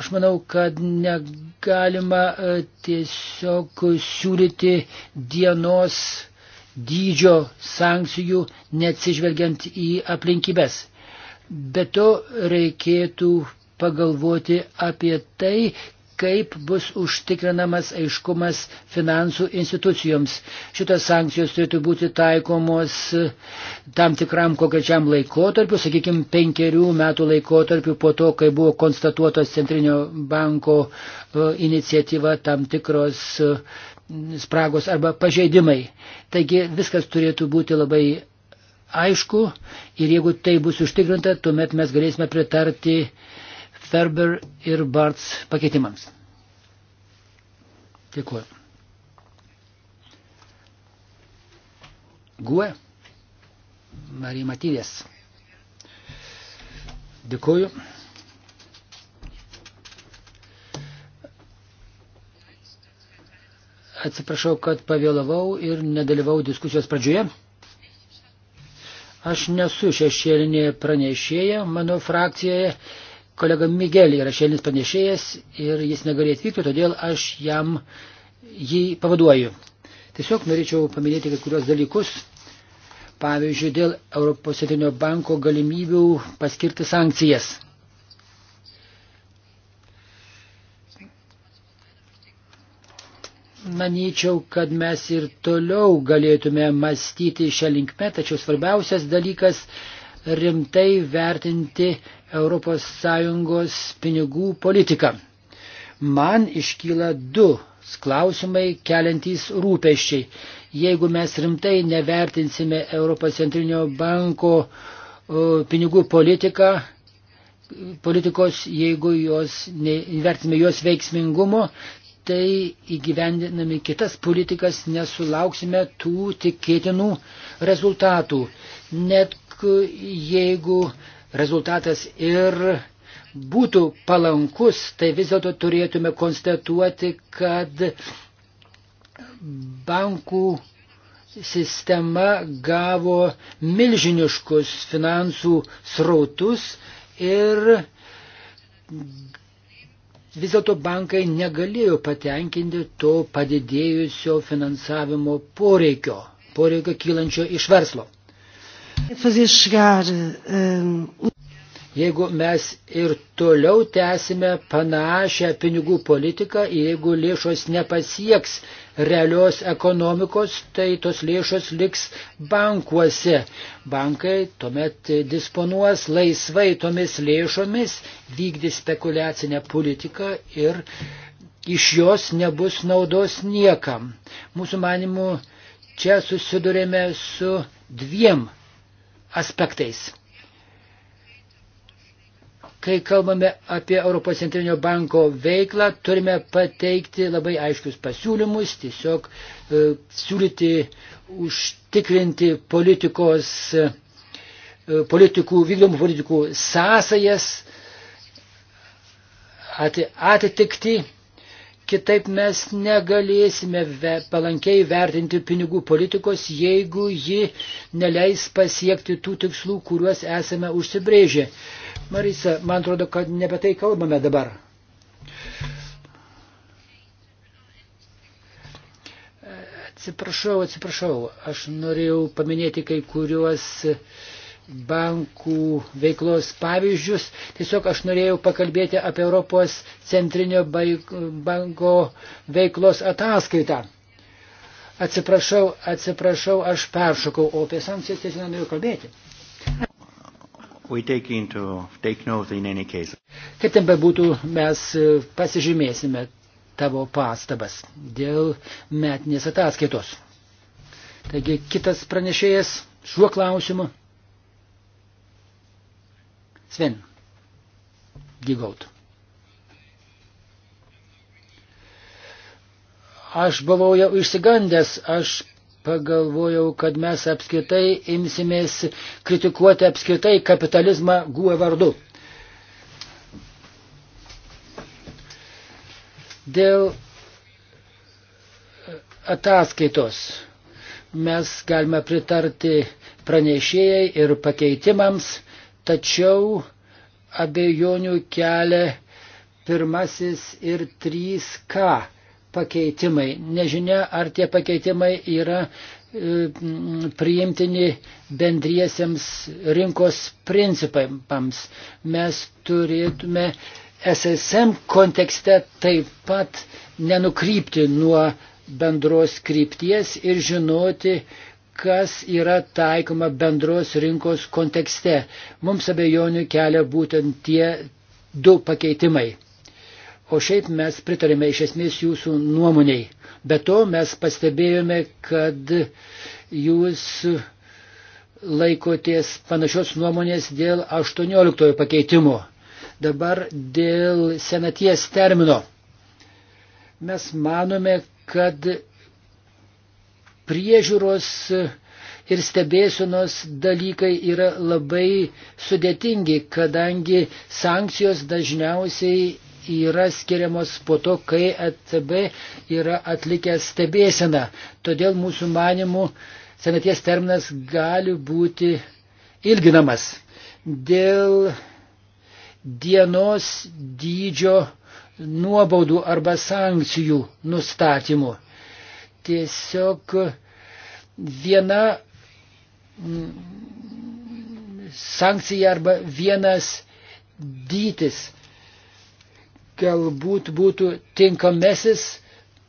Aš manau, kad negalima e, tiesiog siūlyti dienos dydžio sankcijų, neatsižvelgiant į aplinkybės. Bet to reikėtų pagalvoti apie tai, kaip bus užtikrinamas aiškumas finansų institucijoms. Šitos sankcijos turėtų būti taikomos e, tam tikram kokiačiam laikotarpiu, sakykime, penkerių metų laikotarpiu po to, kai buvo konstatuotos Centrinio banko e, iniciatyva tam tikros e, spragos arba pažeidimai. Taigi viskas turėtų būti labai aišku ir jeigu tai bus užtikrinta, tuomet mes galėsime pritarti Ferber ir Barts pakeitimams. Dėkuoju. Gue, Marija Matyvės. Dėkuoju. Atsiprašau, kad pavėlavau ir nedalyvau diskusijos pradžioje. Aš nesu šešėlinė pranešėja mano frakcijoje kolega Migelį yra šiandien panešėjas ir jis negalėjo atvykti, todėl aš jam jį pavaduoju. Tiesiog norėčiau paminėti kai kurios dalykus. Pavyzdžiui, dėl Europos Centrinio banko galimybių paskirti sankcijas. Manyčiau, kad mes ir toliau galėtume mąstyti šią linkmę, tačiau svarbiausias dalykas rimtai vertinti ES pinigų politiką. Man iškyla du klausimai keliantys rūpeščiai. Jeigu mes rimtai nevertinsime Europos centrinio banko pinigų politiką, politikos, jeigu jos nevertime jos veiksmingumo, tai įgyvendinami kitas politikas nesulauksime tų tikėtinų rezultatų. Net jeigu rezultatas ir būtų palankus, tai vis dėlto turėtume konstatuoti, kad bankų sistema gavo milžiniškus finansų srautus ir vis dėlto bankai negalėjo patenkinti to padidėjusio finansavimo poreikio, poreikio kylančio iš verslo. Jeigu mes ir toliau tęsime panašią pinigų politiką, jeigu lėšos nepasieks realios ekonomikos, tai tos lėšos liks bankuose. Bankai tuomet disponuos laisvai tomis lėšomis, vykdys spekulacinę politiką ir iš jos nebus naudos niekam. Mūsų manimu, čia susidurėme su dviem aspektais. Kai kalbame apie Europos centrinio banko veiklą, turime pateikti labai aiškius pasiūlymus, tiesiog e, siūlyti užtikrinti politikos, e, politikų, vykdomų politikų sąsajas, atitikti. Ati Kitaip mes negalėsime ve, palankiai vertinti pinigų politikos, jeigu ji neleis pasiekti tų tikslų, kuriuos esame užsibrėžę. Marisa, man atrodo, kad ne apie tai kalbame dabar. Atsiprašau, atsiprašau, aš norėjau paminėti kai kuriuos uh, bankų veiklos pavyzdžius. Tiesiog aš norėjau pakalbėti apie Europos centrinio banko veiklos ataskaitą. Atsiprašau, atsiprašau, aš peršokau, o apie sankcijas tiesiog norėjau kalbėti. Into, Kaip ten bebūtų, mes e, pasižymėsime tavo pastabas dėl metinės ataskaitos. Taigi kitas pranešėjas šiuo klausimu. Sven Gigaut. Aš buvau jau išsigandęs, aš pagalvojau, kad mes apskritai imsimės kritikuoti apskritai kapitalizmą guo vardu. Dėl ataskaitos mes galime pritarti pranešėjai ir pakeitimams Tačiau abejonių kelia pirmasis ir 3K pakeitimai. Nežinia, ar tie pakeitimai yra e, priimtini bendriesiems rinkos principams. Mes turėtume SSM kontekste taip pat nenukrypti nuo bendros krypties ir žinoti, kas yra taikoma bendros rinkos kontekste. Mums abejonių kelia būtent tie du pakeitimai. O šiaip mes pritarėme iš esmės jūsų nuomoniai. Be to mes pastebėjome, kad jūs laikotės panašios nuomonės dėl 18 pakeitimo. Dabar dėl senaties termino. Mes manome, kad priežiūros ir stebėsinos dalykai yra labai sudėtingi, kadangi sankcijos dažniausiai yra skiriamos po to, kai ECB yra atlikęs stebėseną. Todėl mūsų manimų senaties terminas gali būti ilginamas. Dėl dienos dydžio nuobaudų arba sankcijų nustatymų tiesiog viena sankcija arba vienas dytis galbūt būtų tinkamesis,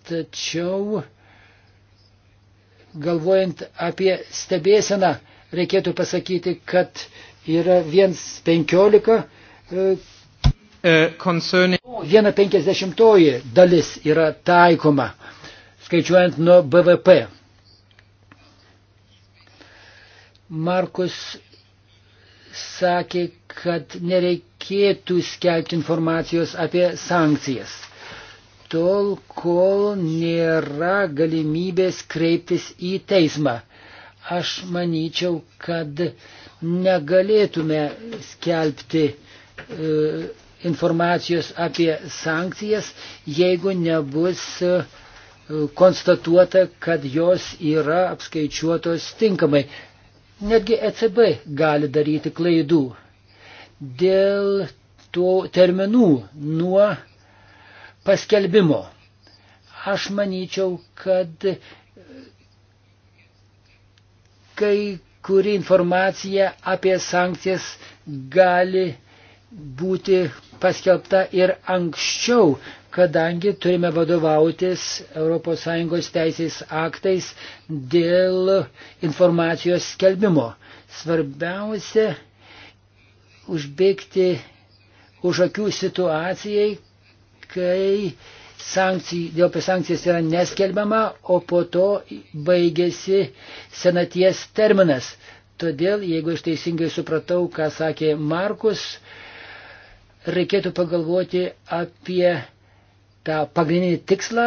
tačiau galvojant apie stebėseną, reikėtų pasakyti, kad yra 1.15. E, uh, viena penkioliktoji dalis yra taikoma skaičiuojant nuo BVP. Markus sakė, kad nereikėtų skelbti informacijos apie sankcijas. Tol, kol nėra galimybės kreiptis į teismą. Aš manyčiau, kad negalėtume skelbti e, informacijos apie sankcijas, jeigu nebus e, konstatuota, kad jos yra apskaičiuotos tinkamai. Netgi ECB gali daryti klaidų. Dėl tų terminų nuo paskelbimo. Aš manyčiau, kad kai kuri informacija apie sankcijas gali būti paskelbta ir anksčiau, kadangi turime vadovautis ES teisės aktais dėl informacijos skelbimo. Svarbiausia užbėgti už akių situacijai, kai sankcijų, dėl apie sankcijas yra neskelbiama, o po to baigėsi senaties terminas. Todėl, jeigu aš teisingai supratau, ką sakė Markus, reikėtų pagalvoti apie tą pagrindinį tikslą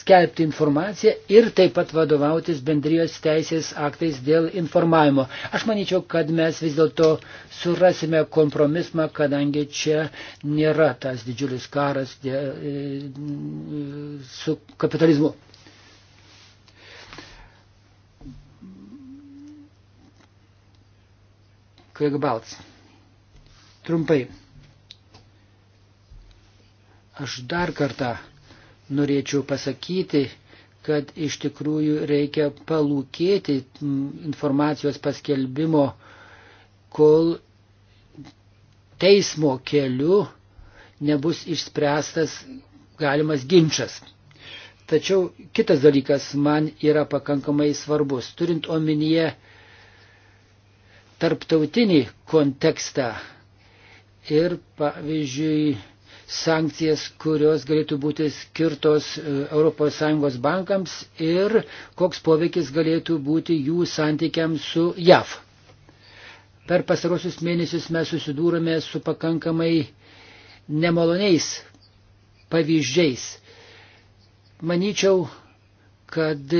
skelbti informaciją ir taip pat vadovautis bendrijos teisės aktais dėl informavimo. Aš manyčiau, kad mes vis dėlto surasime kompromismą, kadangi čia nėra tas didžiulis karas e, su kapitalizmu. Kolega Balts. Trumpai. Aš dar kartą norėčiau pasakyti, kad iš tikrųjų reikia palūkėti informacijos paskelbimo, kol teismo keliu nebus išspręstas galimas ginčas. Tačiau kitas dalykas man yra pakankamai svarbus, turint omenyje tarptautinį kontekstą ir, pavyzdžiui, sankcijas, kurios galėtų būti skirtos ES bankams ir koks poveikis galėtų būti jų santykiams su JAV. Per pastarosius mėnesius mes susidūrome su pakankamai nemaloniais pavyzdžiais. Manyčiau, kad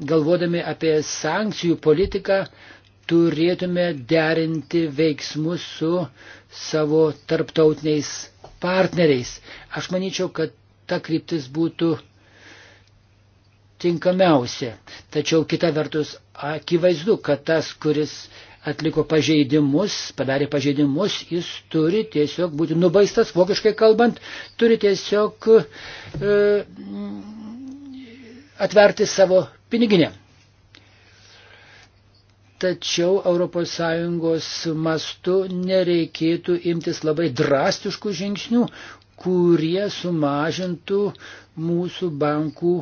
galvodami apie sankcijų politiką turėtume derinti veiksmus su savo tarptautiniais partneriais. Aš manyčiau, kad ta kryptis būtų tinkamiausia. Tačiau kita vertus akivaizdu, kad tas, kuris atliko pažeidimus, padarė pažeidimus, jis turi tiesiog būti nubaistas, vokiškai kalbant, turi tiesiog e, atverti savo piniginę. Tačiau ES mastu nereikėtų imtis labai drastiškų žingsnių, kurie sumažintų mūsų bankų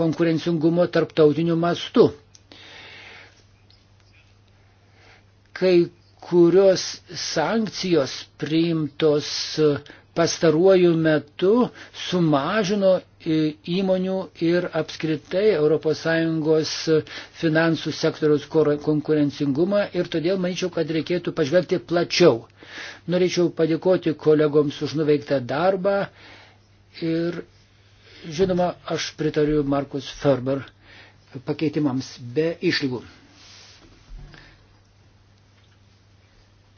konkurencingumo tarptautiniu mastu. Kai kurios sankcijos priimtos pastaruoju metu sumažino įmonių ir apskritai ES finansų sektoriaus konkurencingumą ir todėl manyčiau, kad reikėtų pažvelgti plačiau. Norėčiau padėkoti kolegoms už nuveiktą darbą ir žinoma, aš pritariu Markus Ferber pakeitimams be išlygų.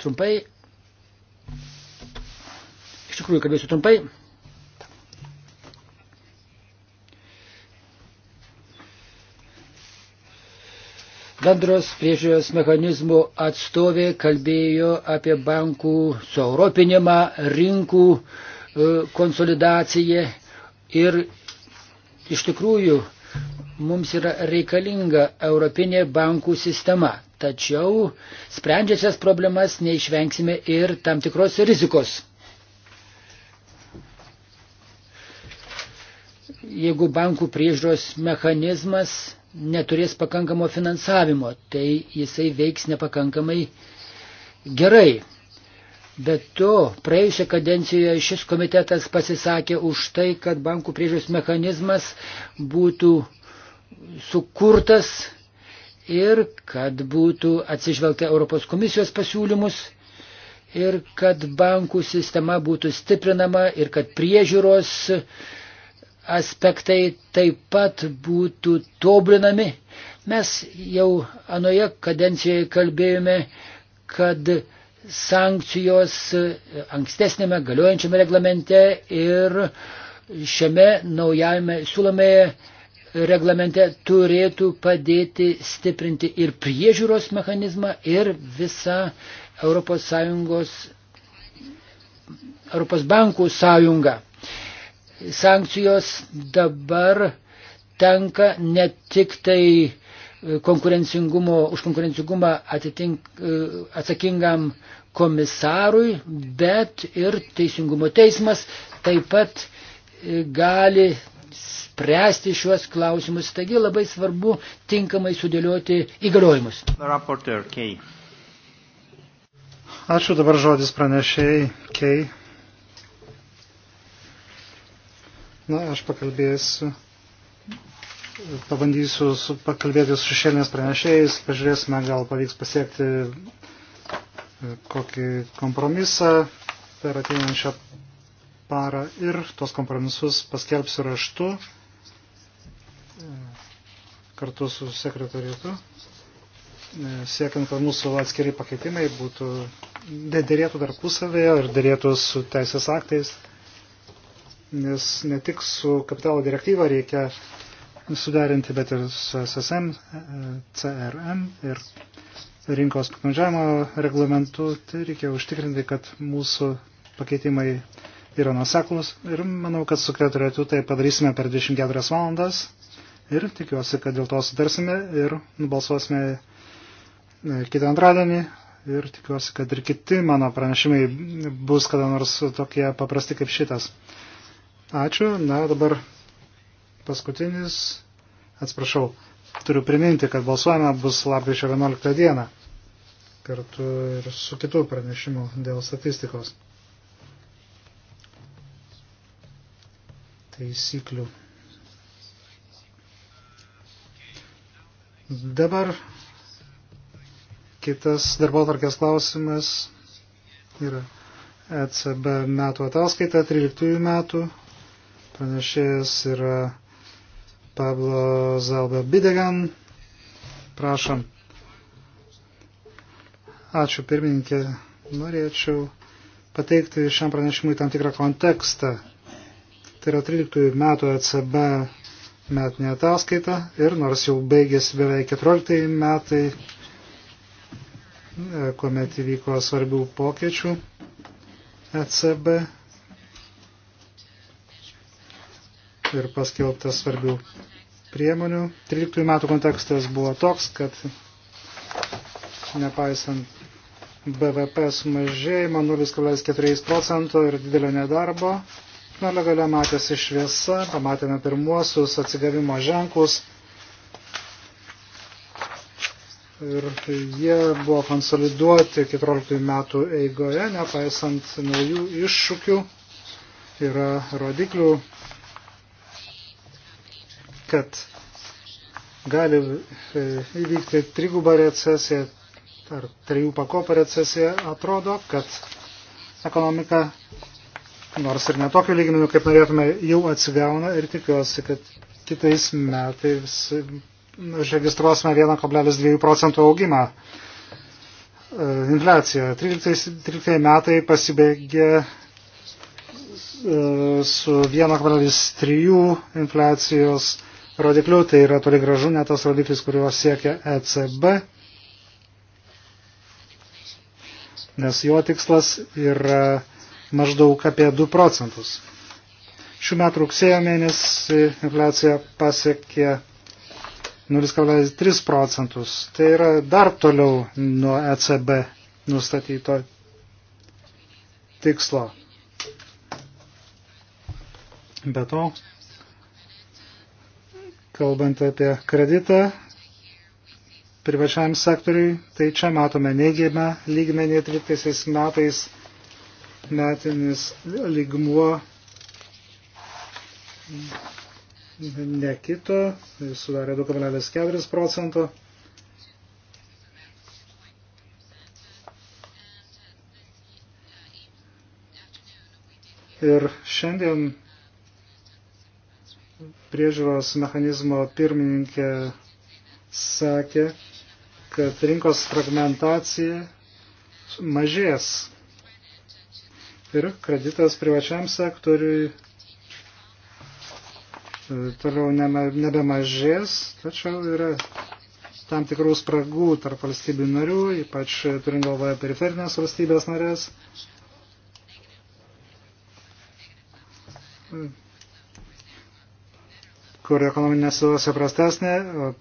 Trumpai, iš tikrųjų kalbėsiu trumpai. bendros priežiūros mechanizmų atstovė kalbėjo apie bankų sueuropinimą, rinkų e, konsolidaciją ir iš tikrųjų mums yra reikalinga europinė bankų sistema. Tačiau sprendžiasias problemas neišvengsime ir tam tikros rizikos. Jeigu bankų priežiūros mechanizmas neturės pakankamo finansavimo, tai jisai veiks nepakankamai gerai. Bet to praėjusią kadenciją šis komitetas pasisakė už tai, kad bankų priežiūros mechanizmas būtų sukurtas ir kad būtų atsižvelgta Europos komisijos pasiūlymus ir kad bankų sistema būtų stiprinama ir kad priežiūros uh, aspektai taip pat būtų tobulinami. Mes jau anoje kadencijoje kalbėjome, kad sankcijos ankstesnėme galiojančiame reglamente ir šiame naujame siūlome reglamente turėtų padėti stiprinti ir priežiūros mechanizmą ir visą ES Europos bankų sąjungą sankcijos dabar tenka ne tik tai e, konkurencingumo, už konkurencingumą atitink, e, atsakingam komisarui, bet ir teisingumo teismas taip pat e, gali spręsti šiuos klausimus. Taigi labai svarbu tinkamai sudėlioti įgaliojimus. Ačiū dabar žodis pranešėjai Kei. Na, aš pakalbėsiu, pabandysiu su, pakalbėti su šešėlinės pranešėjais, pažiūrėsime, gal pavyks pasiekti e, kokį kompromisą per ateinančią parą ir tuos kompromisus paskelbsiu raštu e, kartu su sekretorietu, e, siekiant, kad mūsų atskiri pakeitimai būtų dėrėtų tarpusavėje ir dėrėtų su teisės aktais nes ne tik su kapitalo direktyva reikia suderinti, bet ir su SSM, CRM ir rinkos piknaudžiavimo reglamentu. Tai reikia užtikrinti, kad mūsų pakeitimai yra nuseklus ir manau, kad su keturiatu tai padarysime per 24 valandas ir tikiuosi, kad dėl to sutarsime ir nubalsuosime e, kitą antradienį ir tikiuosi, kad ir kiti mano pranešimai bus kada nors tokie paprasti kaip šitas. Ačiū. Na, dabar paskutinis. Atsiprašau, turiu priminti, kad balsuojama bus lapkričio 11 dieną. Kartu ir su kitų pranešimų dėl statistikos. Taisyklių. Dabar kitas darbo tarkės klausimas yra ECB metų ataskaita 13 metų Pranešėjas yra Pablo Zalba Bidegan. Prašom. Ačiū pirmininkė. Norėčiau pateikti šiam pranešimui tam tikrą kontekstą. Tai yra 13 metų ECB metinė ataskaita ir nors jau baigėsi beveik 14 metai, e, kuomet įvyko svarbių pokyčių ECB ir paskelbtas svarbių priemonių. 13 metų kontekstas buvo toks, kad nepaisant BVP sumažėjimo 0,4 procento ir didelio nedarbo, finale gale matėsi šviesa, pamatėme pirmuosius atsigavimo ženklus ir jie buvo konsoliduoti 14 metų eigoje, nepaisant naujų iššūkių, yra rodiklių kad gali e, įvykti trigubą recesiją ar trijų pakopą recesiją, atrodo, kad ekonomika, nors ir netokiu lygmeniu, kaip norėtume, jau atsigauna ir tikiuosi, kad kitais metais užregistruosime 1,2 procentų augimą. E, infliacija. 13, 13 metai pasibaigė e, su 1,3 infliacijos rodiklių, tai yra toli gražu ne tas rodiklis, kuriuos siekia ECB, nes jo tikslas yra maždaug apie 2 procentus. Šių metų rugsėjo mėnesį infliacija pasiekė 0,3 procentus. Tai yra dar toliau nuo ECB nustatyto tikslo. Be to, Kalbant apie kreditą privačiam sektoriui, tai čia matome neigiamą lygmenį 13 metais metinis lygmuo nekito, jis sudarė 2,4 procento. Ir šiandien priežiūros mechanizmo pirmininkė sakė, kad rinkos fragmentacija mažės ir kreditas privačiam sektoriui e, toliau nebemažės, tačiau yra tam tikrų spragų tarp valstybių narių, ypač turint galvoje periferinės valstybės narės kur ekonominė situacija prastesnė,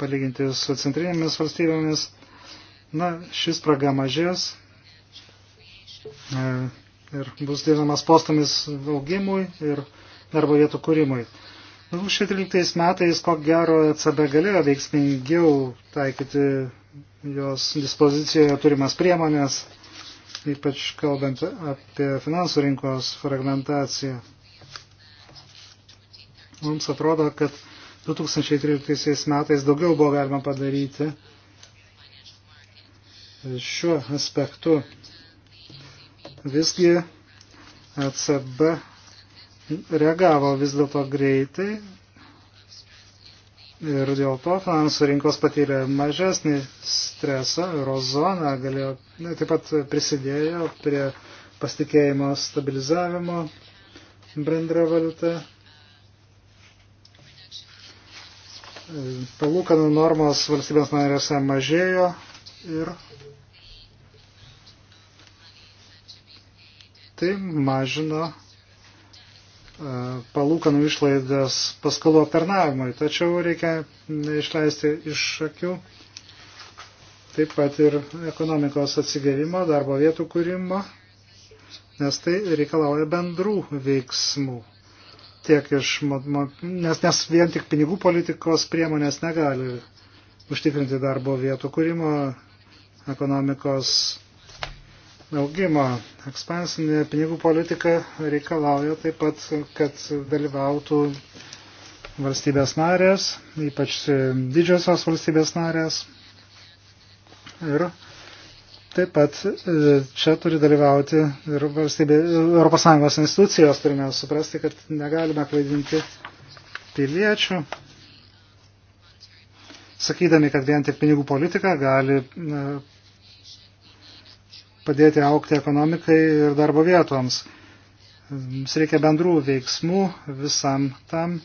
palyginti su centrinėmis valstybėmis. Na, šis praga mažės e, ir bus didinamas postumis augimui ir darbo vietų kūrimui. 2013 metais, ko gero, ECB galėjo veiksmingiau taikyti jos dispozicijoje turimas priemonės, ypač kalbant apie finansų rinkos fragmentaciją. Mums atrodo, kad 2013 metais daugiau buvo galima padaryti šiuo aspektu. Visgi ECB reagavo vis dėlto greitai ir dėl to finansų rinkos patyrė mažesnį stresą, eurozona galėjo, ne, taip pat prisidėjo prie pasitikėjimo stabilizavimo bendra valiuta palūkanų normos valstybės narėse mažėjo ir tai mažino e, palūkanų išlaidas paskolų aptarnavimui. Tačiau reikia neišleisti iš akių taip pat ir ekonomikos atsigavimo, darbo vietų kūrimo, nes tai reikalauja bendrų veiksmų tiek iš, nes, nes vien tik pinigų politikos priemonės negali užtikrinti darbo vietų kūrimo, ekonomikos augimo. Ekspansinė pinigų politika reikalauja taip pat, kad dalyvautų valstybės narės, ypač didžiosios valstybės narės. Ir Taip pat e, čia turi dalyvauti ir valstybė, Europos Sąjungos institucijos, turime suprasti, kad negalime klaidinti piliečių, sakydami, kad vien tik pinigų politika gali e, padėti aukti ekonomikai ir darbo vietoms. Mums reikia bendrų veiksmų visam tam.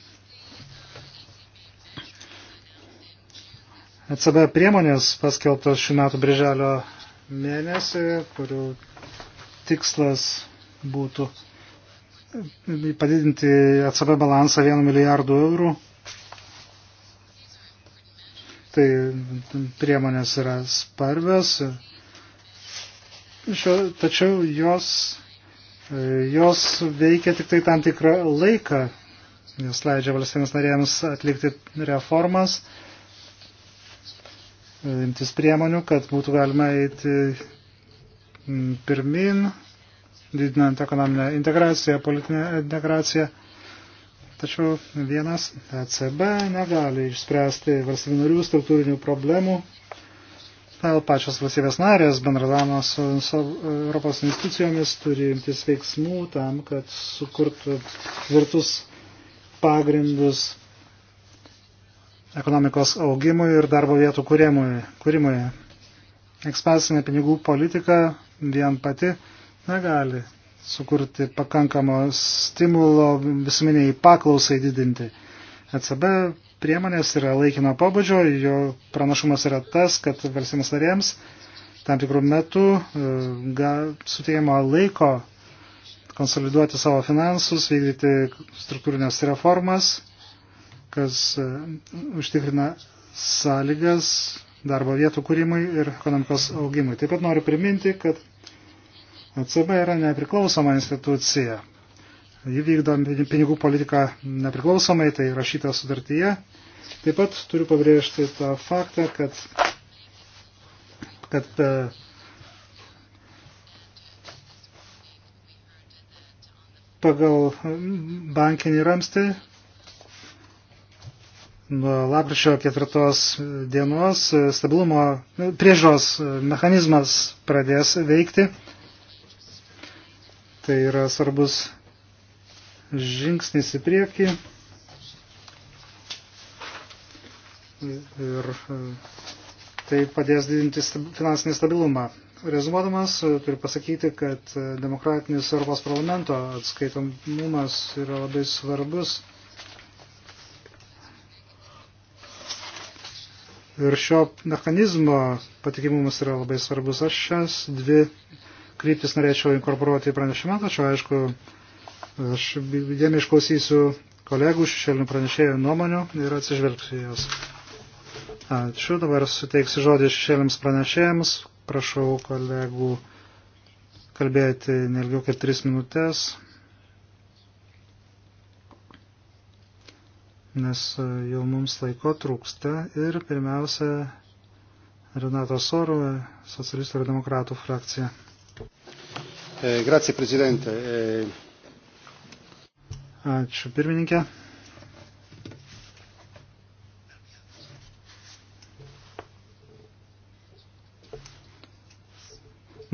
ECB priemonės paskelbtos šių metų brželio mėnesį, kurių tikslas būtų padidinti ECB balansą 1 milijardų eurų. Tai priemonės yra sparvės, šio, tačiau jos, jos veikia tik tai tam tikrą laiką, nes leidžia valstybės narėms atlikti reformas imtis priemonių, kad būtų galima eiti mm, pirmin, didinant ekonominę integraciją, politinę integraciją. Tačiau vienas ECB negali išspręsti valstybių narių struktūrinių problemų. Todėl pačios valstybės narės bendradama su, su Europos institucijomis turi imtis veiksmų tam, kad sukurtų tvirtus pagrindus ekonomikos augimui ir darbo vietų kūrimui. Ekspansinė pinigų politika vien pati negali sukurti pakankamo stimulo visuomeniai paklausai didinti. ECB priemonės yra laikino pobūdžio, jo pranašumas yra tas, kad valstybės narėms tam tikrų metų e, suteikiama laiko konsoliduoti savo finansus, vykdyti struktūrinės reformas kas e, užtikrina sąlygas darbo vietų kūrimui ir ekonomikos augimui. Taip pat noriu priminti, kad ECB yra nepriklausoma institucija. Ji vykdo pinigų politiką nepriklausomai, tai rašyta sutartyje. Taip pat turiu pabrėžti tą faktą, kad, kad e, pagal bankinį ramstį nuo lapkričio ketvirtos dienos stabilumo priežos mechanizmas pradės veikti. Tai yra svarbus žingsnis į priekį. Ir e, tai padės didinti finansinį stabilumą. Rezumuodamas, e, turiu pasakyti, kad e, demokratinis Europos parlamento atskaitomumas yra labai svarbus Ir šio mechanizmo patikimumas yra labai svarbus. Aš šias dvi kryptis norėčiau inkorporuoti į pranešimą, tačiau aišku, aš dėmė išklausysiu kolegų šešėlinių pranešėjų nuomonių ir atsižvelgsiu jos. Ačiū, dabar suteiksiu žodį šešėlėms pranešėjams. Prašau kolegų kalbėti nelgiau kaip tris minutės. nes e, jau mums laiko trūksta ir pirmiausia Renato Soru, socialistų ir demokratų frakcija. E, grazie, prezidente. E, Ačiū, pirmininkė.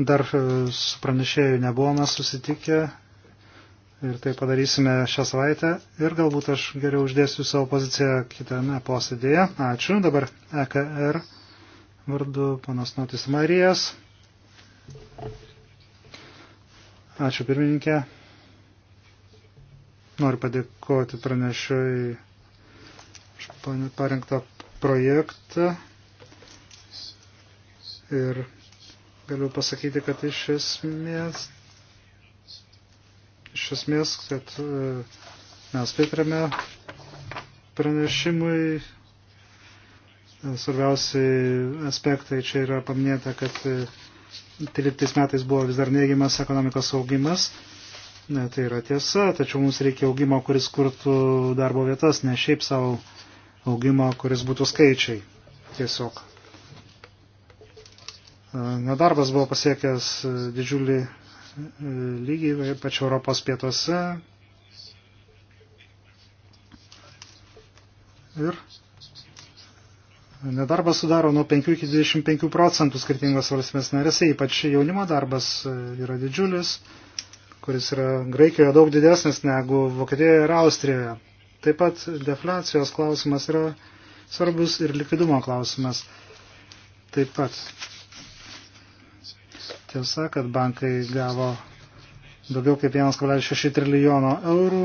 Dar su pranešėjų nebuvome susitikę ir tai padarysime šią savaitę ir galbūt aš geriau uždėsiu savo poziciją kitame posėdėje. Ačiū. Dabar EKR vardu panas Notis Marijas. Ačiū pirmininkė. Noriu padėkoti pranešiui už parengtą projektą. Ir galiu pasakyti, kad iš esmės iš esmės, kad e, mes pritarėme pranešimui. Svarbiausiai aspektai čia yra paminėta, kad 13 e, metais buvo vis dar neigiamas ekonomikos augimas. Ne, tai yra tiesa, tačiau mums reikia augimo, kuris kurtų darbo vietas, ne šiaip savo augimo, kuris būtų skaičiai. Tiesiog. E, nedarbas buvo pasiekęs didžiulį lygiai pačio Europos pietuose. Ir nedarbas sudaro nuo 5 iki 25 procentų skirtingos valstybės narėse, ypač jaunimo darbas e, yra didžiulis, kuris yra Graikijoje daug didesnis negu Vokietijoje ir Austrijoje. Taip pat defliacijos klausimas yra svarbus ir likvidumo klausimas taip pat. Tiesa, kad bankai gavo daugiau kaip 1,6 trilijono eurų,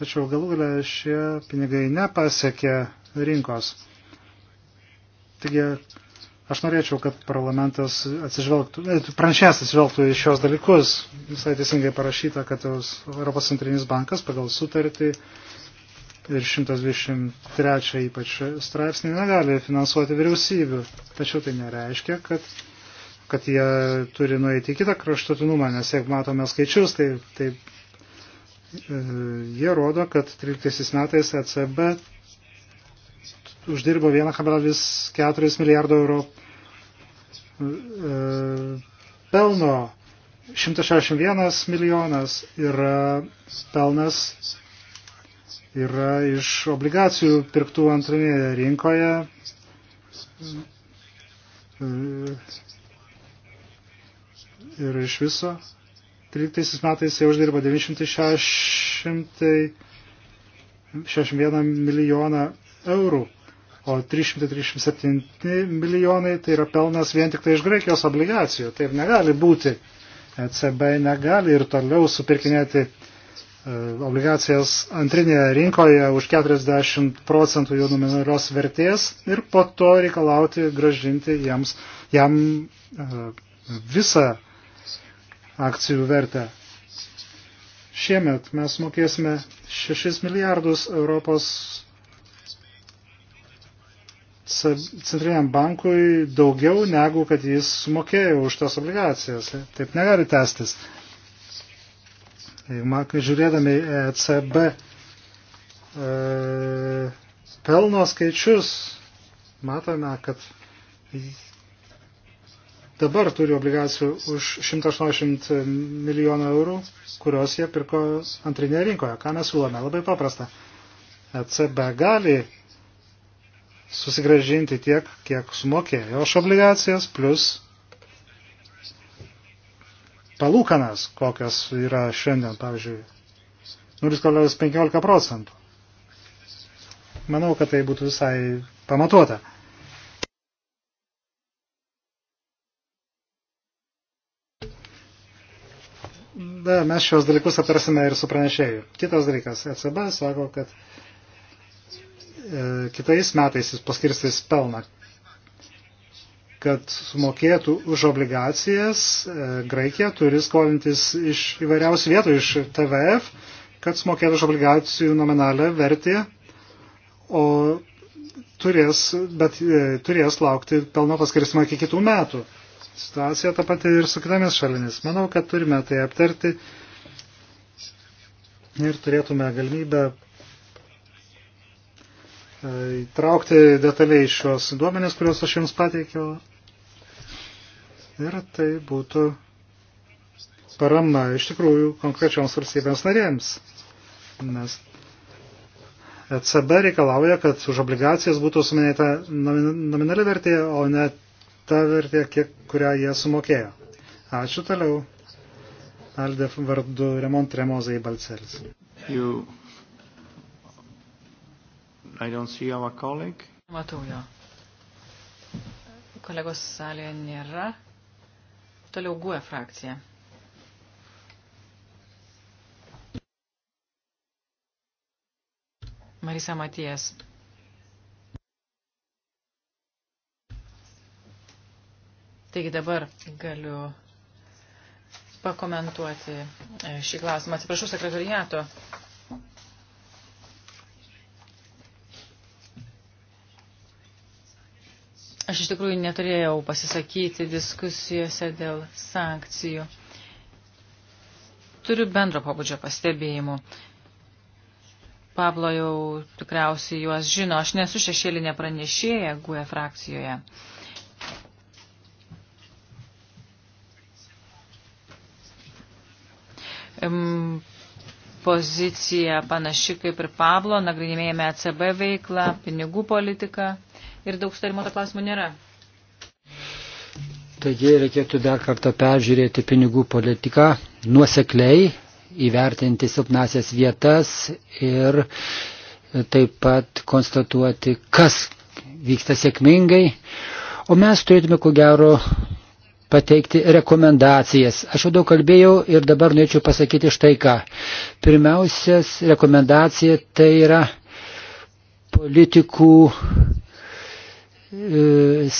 tačiau galų galę šie pinigai nepasiekė rinkos. Taigi aš norėčiau, kad parlamentas atsižvelgtų, e, pranešęs atsižvelgtų į šios dalykus. Visai teisingai parašyta, kad Europos centrinis bankas pagal sutartį ir 123 ypač straipsnį negali finansuoti vyriausybių. Tačiau tai nereiškia, kad kad jie turi nueiti į kitą kraštutinumą, nes jeigu matome skaičius, tai, tai e, jie rodo, kad 13 metais ECB uždirbo 1,4 milijardo eurų e, pelno. 161 milijonas yra pelnas yra iš obligacijų pirktų antrinėje rinkoje. E, ir iš viso 13 metais jau uždirba 961 milijoną eurų, o 337 milijonai tai yra pelnas vien tik tai iš Graikijos obligacijų. Taip negali būti. ECB negali ir toliau supirkinėti e, obligacijas antrinėje rinkoje už 40 procentų jų nominalios vertės ir po to reikalauti gražinti jiems, jam e, visą akcijų vertę. Šiemet mes mokėsime 6 milijardus Europos centriniam bankui daugiau negu kad jis sumokėjo už tas obligacijas. Taip negali tęstis. Jeigu žiūrėdami ECB e, pelno skaičius, matome, kad dabar turi obligacijų už 180 milijonų eurų, kurios jie pirko antrinėje rinkoje. Ką mes siūlome? Labai paprasta. ECB gali susigražinti tiek, kiek sumokėjo už obligacijas, plus palūkanas, kokias yra šiandien, pavyzdžiui, 0,15 procentų. Manau, kad tai būtų visai pamatuota. Na, mes šios dalykus aptarsime ir su pranešėju. Kitas dalykas, ECB sako, kad e, kitais metais jis paskirstys pelną, kad sumokėtų už obligacijas, e, Graikija turi skolintis iš įvairiausių vietų, iš TVF, kad sumokėtų už obligacijų nominalę vertį, o turės, bet e, turės laukti pelno paskirstimo iki kitų metų. Situacija ta pati ir su kitomis šalimis. Manau, kad turime tai aptarti ir turėtume galimybę e, įtraukti detaliai šios duomenės, kuriuos aš jums pateikiau. Ir tai būtų parama iš tikrųjų konkrečioms valstybėms narėms. Nes ECB reikalauja, kad už obligacijas būtų suminėta nominali vertė, o ne ta vertė, kiek, kurią jie sumokėjo. Ačiū toliau. Alde vardu Remont Remozai Balcelis. You... I don't see our colleague. Matau jo. Kolegos salėje nėra. Toliau guoja e frakcija. Marisa Matijas. Taigi dabar galiu pakomentuoti e, šį klausimą. Atsiprašau sekretariato. Aš iš tikrųjų neturėjau pasisakyti diskusijose dėl sankcijų. Turiu bendro pabudžio pastebėjimų. Pablo jau tikriausiai juos žino. Aš nesu šešėlinė pranešėja GUE frakcijoje. pozicija panaši kaip ir Pablo, nagrinėjame ECB veiklą, pinigų politiką ir daug starimo to klausimų nėra. Taigi reikėtų dar kartą peržiūrėti pinigų politiką nuosekliai, įvertinti silpnasias vietas ir taip pat konstatuoti, kas vyksta sėkmingai. O mes turėtume ko gero pateikti rekomendacijas. Aš jau daug kalbėjau ir dabar norėčiau pasakyti štai ką. Pirmiausias rekomendacija tai yra politikų e,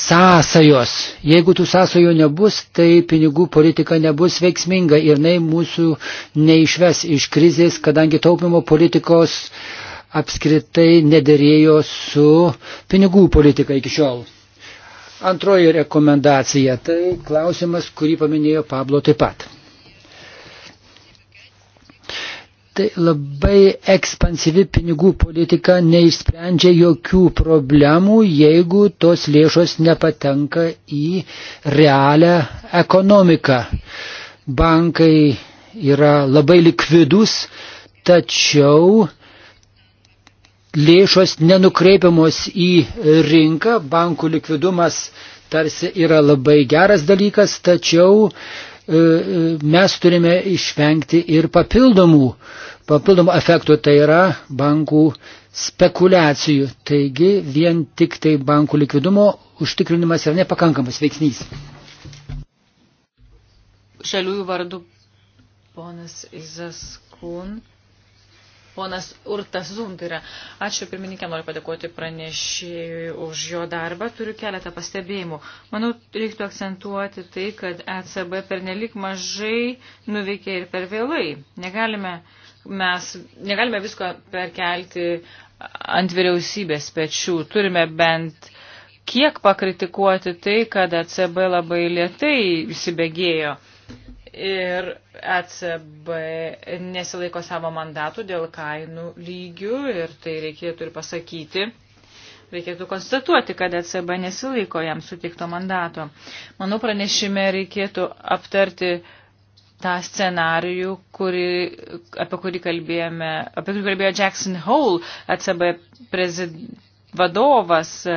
sąsajos. Jeigu tų sąsajų nebus, tai pinigų politika nebus veiksminga ir jinai mūsų neišves iš krizės, kadangi taupimo politikos apskritai nederėjo su pinigų politika iki šiol. Antroji rekomendacija - tai klausimas, kurį paminėjo Pablo taip pat. Tai labai ekspansyvi pinigų politika neišsprendžia jokių problemų, jeigu tos lėšos nepatenka į realią ekonomiką. Bankai yra labai likvidus, tačiau lėšos nenukreipiamos į rinką, bankų likvidumas tarsi yra labai geras dalykas, tačiau e, e, mes turime išvengti ir papildomų, papildomų efektų, tai yra bankų spekulacijų. Taigi vien tik tai bankų likvidumo užtikrinimas yra nepakankamas veiksnys. Žaliųjų vardu ponas Izas Kun ponas Urtas Zundira. Ačiū pirmininkė, noriu padėkoti pranešėjui už jo darbą. Turiu keletą pastebėjimų. Manau, reiktų akcentuoti tai, kad ECB pernelik mažai nuveikė ir per vėlai. Negalime, mes, negalime visko perkelti ant vyriausybės pečių. Turime bent kiek pakritikuoti tai, kad ECB labai lietai įsibėgėjo ir ECB nesilaiko savo mandatų dėl kainų lygių ir tai reikėtų ir pasakyti. Reikėtų konstatuoti, kad ECB nesilaiko jam sutikto mandato. Manau, pranešime reikėtų aptarti tą scenarijų, kuri, apie kurį kalbėjome, apie kurį kalbėjo Jackson Hole, ECB prezid, vadovas, e,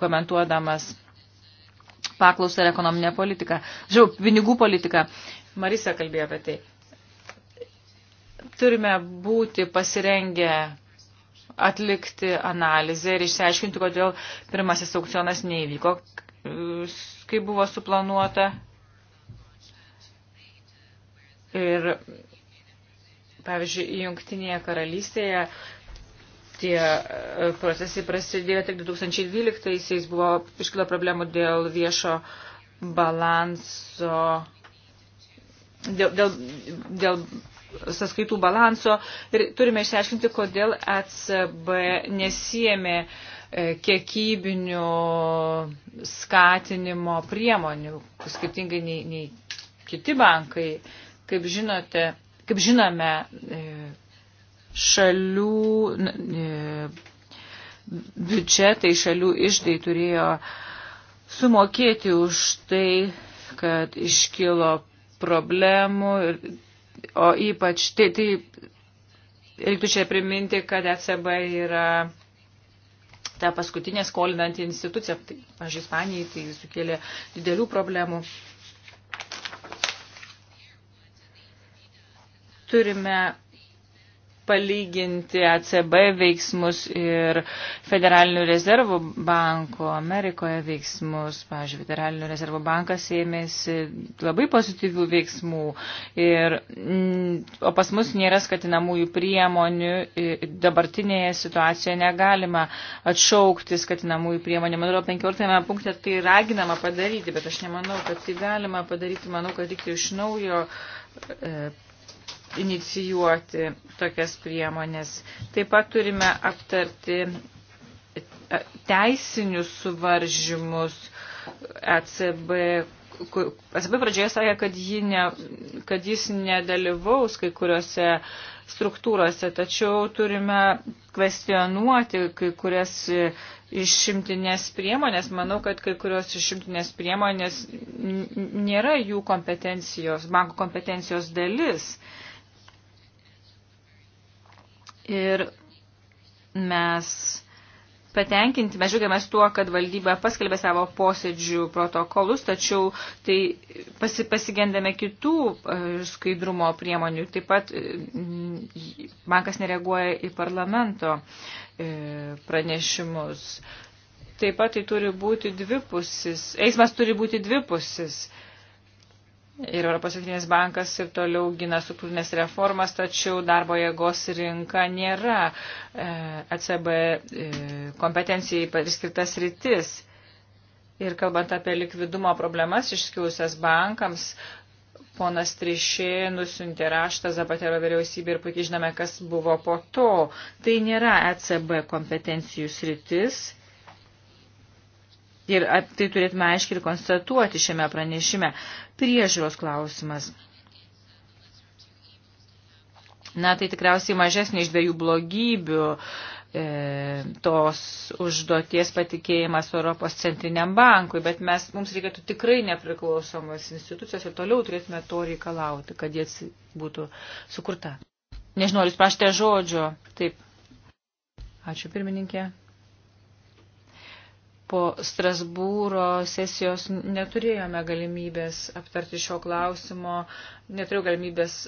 komentuodamas paklausą ir ekonominę politiką. Žiūrėjau, pinigų politiką. Marisa kalbėjo apie tai. Turime būti pasirengę atlikti analizę ir išsiaiškinti, kodėl pirmasis aukcionas neįvyko, kaip buvo suplanuota. Ir, pavyzdžiui, Jungtinėje karalystėje tie e, procesai prasidėjo tik 2012-aisiais, buvo iškilo problemų dėl viešo balanso, dėl, dėl, dėl sąskaitų balanso ir turime išsiaiškinti, kodėl ECB nesijėmė e, kiekybinių skatinimo priemonių, skirtingai nei, nei kiti bankai. Kaip žinote, kaip žinome, e, šalių e, biudžetai, šalių išdai turėjo sumokėti už tai, kad iškilo problemų, o ypač tai, tai reiktų čia priminti, kad ECB yra ta paskutinė skolinanti institucija. Tai, pažiūrėjau, Ispanijai tai sukėlė didelių problemų. Turime palyginti ACB veiksmus ir federalinių rezervų banko Amerikoje veiksmus. Pavyzdžiui, federalinių rezervų bankas ėmėsi labai pozityvių veiksmų, ir, mm, o pas mus nėra skatinamųjų priemonių. Dabartinėje situacijoje negalima atšaukti skatinamųjų priemonių. Man atrodo, 15 punkte tai raginama padaryti, bet aš nemanau, kad tai galima padaryti. Manau, kad reikia iš naujo e, inicijuoti tokias priemonės. Taip pat turime aptarti teisinius suvaržymus ECB. ECB pradžioje sakė, kad, ji ne, kad jis nedalyvaus kai kuriuose struktūrose, tačiau turime kvestionuoti kai kurias išimtinės priemonės. Manau, kad kai kurios išimtinės priemonės nėra jų kompetencijos, banko kompetencijos dalis. Uh, Ir mes patenkinti, mes žiūrėjomės tuo, kad valdyba paskelbė savo posėdžių protokolus, tačiau tai pasi, pasigendame kitų e, skaidrumo priemonių. Taip pat bankas e, nereaguoja į parlamento e, pranešimus. Taip pat tai turi būti dvipusis, eismas turi būti dvipusis ir Europos Centrinis bankas ir toliau gina struktūrinės reformas, tačiau darbo jėgos rinka nėra ECB e, kompetencijai priskirtas rytis. Ir kalbant apie likvidumo problemas iškilusias bankams, ponas Trišė nusintė raštą Zapatero vyriausybė ir puikiai žinome, kas buvo po to. Tai nėra ECB kompetencijų sritis Ir tai turėtume aiškiai konstatuoti šiame pranešime. Priežiūros klausimas. Na, tai tikriausiai mažesnė iš dviejų blogybių e, tos užduoties patikėjimas Europos centriniam bankui, bet mes, mums reikėtų tikrai nepriklausomos institucijos ir toliau turėtume to reikalauti, kad jie būtų sukurta. Nežinau, jūs prašėte žodžio. Taip. Ačiū pirmininkė po Strasbūro sesijos neturėjome galimybės aptarti šio klausimo, neturėjau galimybės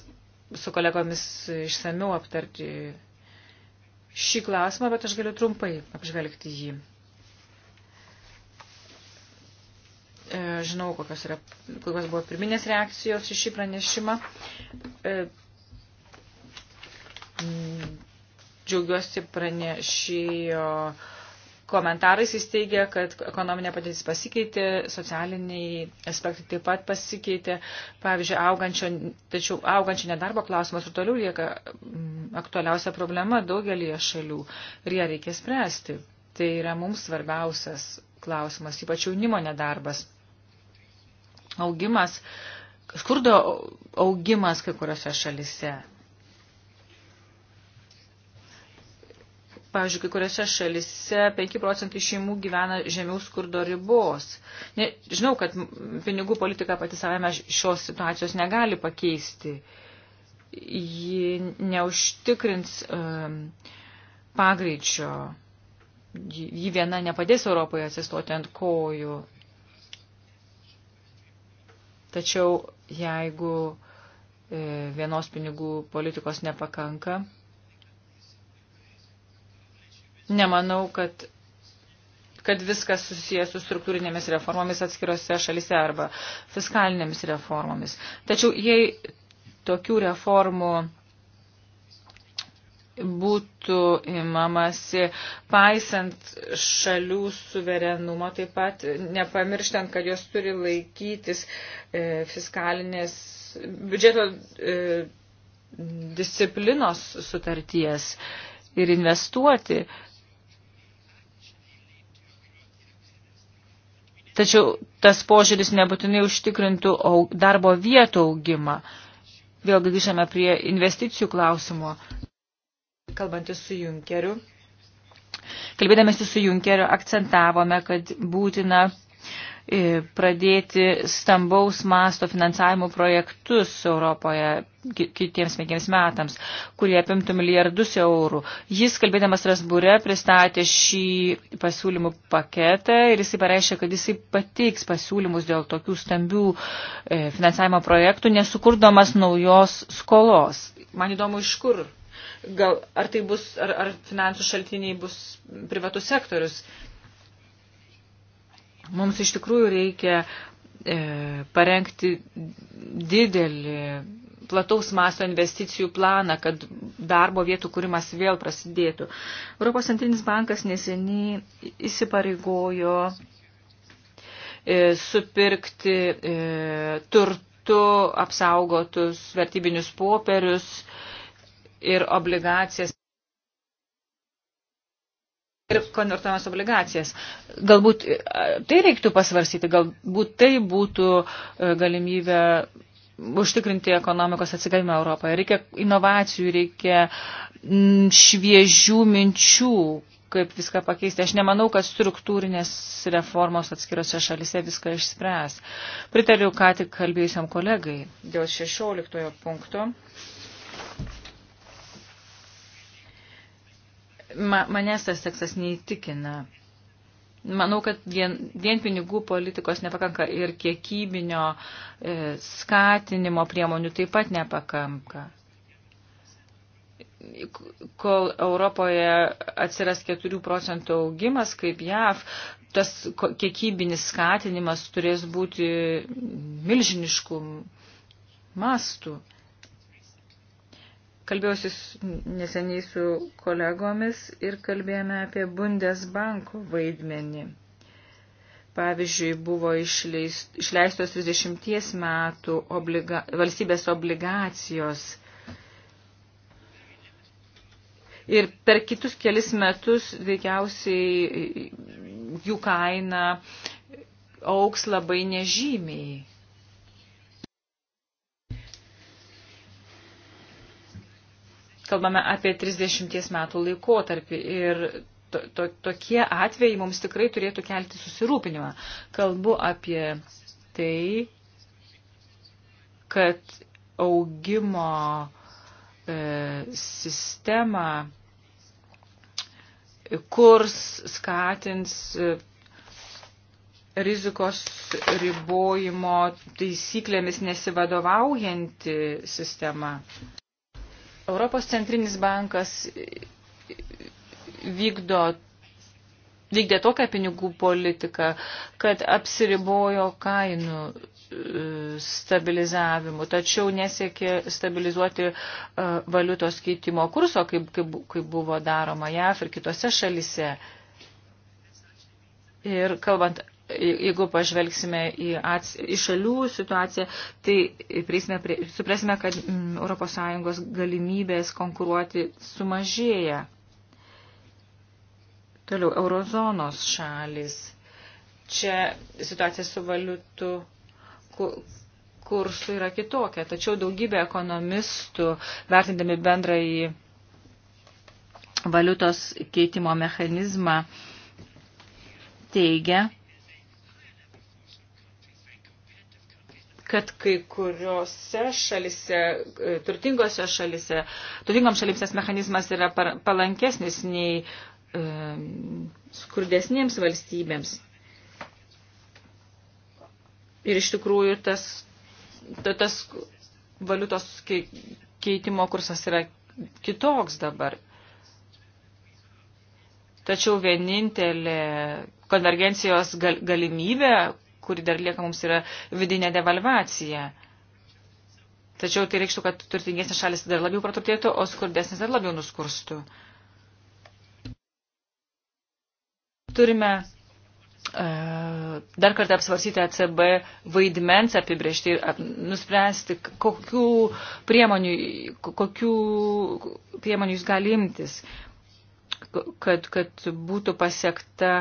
su kolegomis išsamiau aptarti šį klausimą, bet aš galiu trumpai apžvelgti jį. E, žinau, kokios, yra, kokios buvo pirminės reakcijos į šį pranešimą. E, džiaugiuosi pranešėjo komentarais jis teigia, kad ekonominė padėtis pasikeitė, socialiniai aspektai taip pat pasikeitė. Pavyzdžiui, augančio, tačiau augančio nedarbo klausimas ir toliau lieka mm, aktualiausia problema daugelie šalių ir ją reikia spręsti. Tai yra mums svarbiausias klausimas, ypač jaunimo nedarbas. Augimas, skurdo augimas kai kuriuose šalise Pavyzdžiui, kai kuriuose šalise 5 procentai šeimų gyvena žemiau skurdo ribos. Ne, žinau, kad pinigų politika pati savame šios situacijos negali pakeisti. Ji neužtikrins um, pagreičio. Ji viena nepadės Europoje atsistoti ant kojų. Tačiau jeigu e, vienos pinigų politikos nepakanka, Nemanau, kad kad viskas susijęs su struktūrinėmis reformomis atskirose šalise arba fiskalinėmis reformomis. Tačiau jei tokių reformų būtų imamasi, paisant šalių suverenumo, taip pat nepamirštant, kad jos turi laikytis e, fiskalinės biudžeto e, disciplinos sutarties ir investuoti. E, Tačiau tas požiūris nebūtinai užtikrintų darbo vietų augimą. Vėlgi grįžame prie investicijų klausimo, kalbantis su Junkeriu. Kalbėdamėsi su Junkeriu akcentavome, kad būtina E, pradėti stambaus masto finansavimo projektus Europoje kitiems penkiems metams, kurie apimtų milijardus eurų. Jis, kalbėdamas Rasbūre, pristatė šį pasiūlymų paketą ir jisai pareiškė, kad jisai patiks pasiūlymus dėl tokių stambių e, finansavimo projektų, nesukurdamas naujos skolos. Man įdomu, iš kur gal ar tai bus, ar, ar finansų šaltiniai bus privatus sektorius. Mums iš tikrųjų reikia e, parengti didelį plataus masto investicijų planą, kad darbo vietų kūrimas vėl prasidėtų. Europos centrinis bankas neseniai įsipareigojo e, supirkti e, turtu apsaugotus vertybinius popierius ir obligacijas ir konvertuojamas obligacijas. Galbūt e, tai reiktų pasvarsyti, galbūt tai būtų e, galimybė užtikrinti ekonomikos atsigavimą Europoje. Reikia inovacijų, reikia šviežių minčių, kaip viską pakeisti. Aš nemanau, kad struktūrinės reformos atskirose šalise viską išspręs. Pritariu ką tik kalbėjusiam kolegai dėl 16 punkto. ma, manęs tas seksas neįtikina. Manau, kad vien, vien pinigų politikos nepakanka ir kiekybinio e, skatinimo priemonių taip pat nepakanka. Kol Europoje atsiras 4 procentų augimas, kaip JAV, tas kiekybinis skatinimas turės būti milžiniškų mastų. E, Kalbėjausi neseniai su kolegomis ir kalbėjome apie Bundesbanko vaidmenį. Pavyzdžiui, buvo išleistos 30 metų obliga, valstybės obligacijos. Ir per kitus kelis metus veikiausiai jų kaina auks labai nežymiai. kalbame apie 30 metų laikotarpį ir to, to, tokie atvejai mums tikrai turėtų kelti susirūpinimą. Kalbu apie tai, kad augimo e, sistema kurs skatins e, rizikos ribojimo taisyklėmis nesivadovaujanti sistema. Europos centrinis bankas vykdo, vykdė tokią pinigų politiką, kad apsiribojo kainų e, stabilizavimu, tačiau nesiekė stabilizuoti e, valiutos keitimo kurso, kaip, kaip, kaip buvo daroma JAF ir kitose šalise. Ir kalbant jeigu pažvelgsime į, ats, į šalių situaciją, tai prie, suprasime, kad mm, ES galimybės konkuruoti sumažėja. Toliau, eurozonos šalis. Čia situacija su valiutų kursu yra kitokia, tačiau daugybė ekonomistų, vertindami bendrąjį valiutos keitimo mechanizmą, teigia, kad kai kuriuose šalise, e, turtingose šalise, turtingom šalims tas mechanizmas yra palankesnis nei e, skurdesnėms valstybėms. Ir iš tikrųjų tas, ta, tas valiutos keitimo kursas yra kitoks dabar. Tačiau vienintelė konvergencijos gal, galimybė, kuri dar lieka mums yra vidinė devalvacija. Tačiau tai reikštų, kad turtingesnės šalis dar labiau praturtėtų, o skurdesnės dar labiau nuskurstų. Turime e, dar kartą apsvarsyti ACB vaidmens apibriežti ir nuspręsti, kokių priemonių, kokių priemonių jis gali imtis, kad, kad būtų pasiekta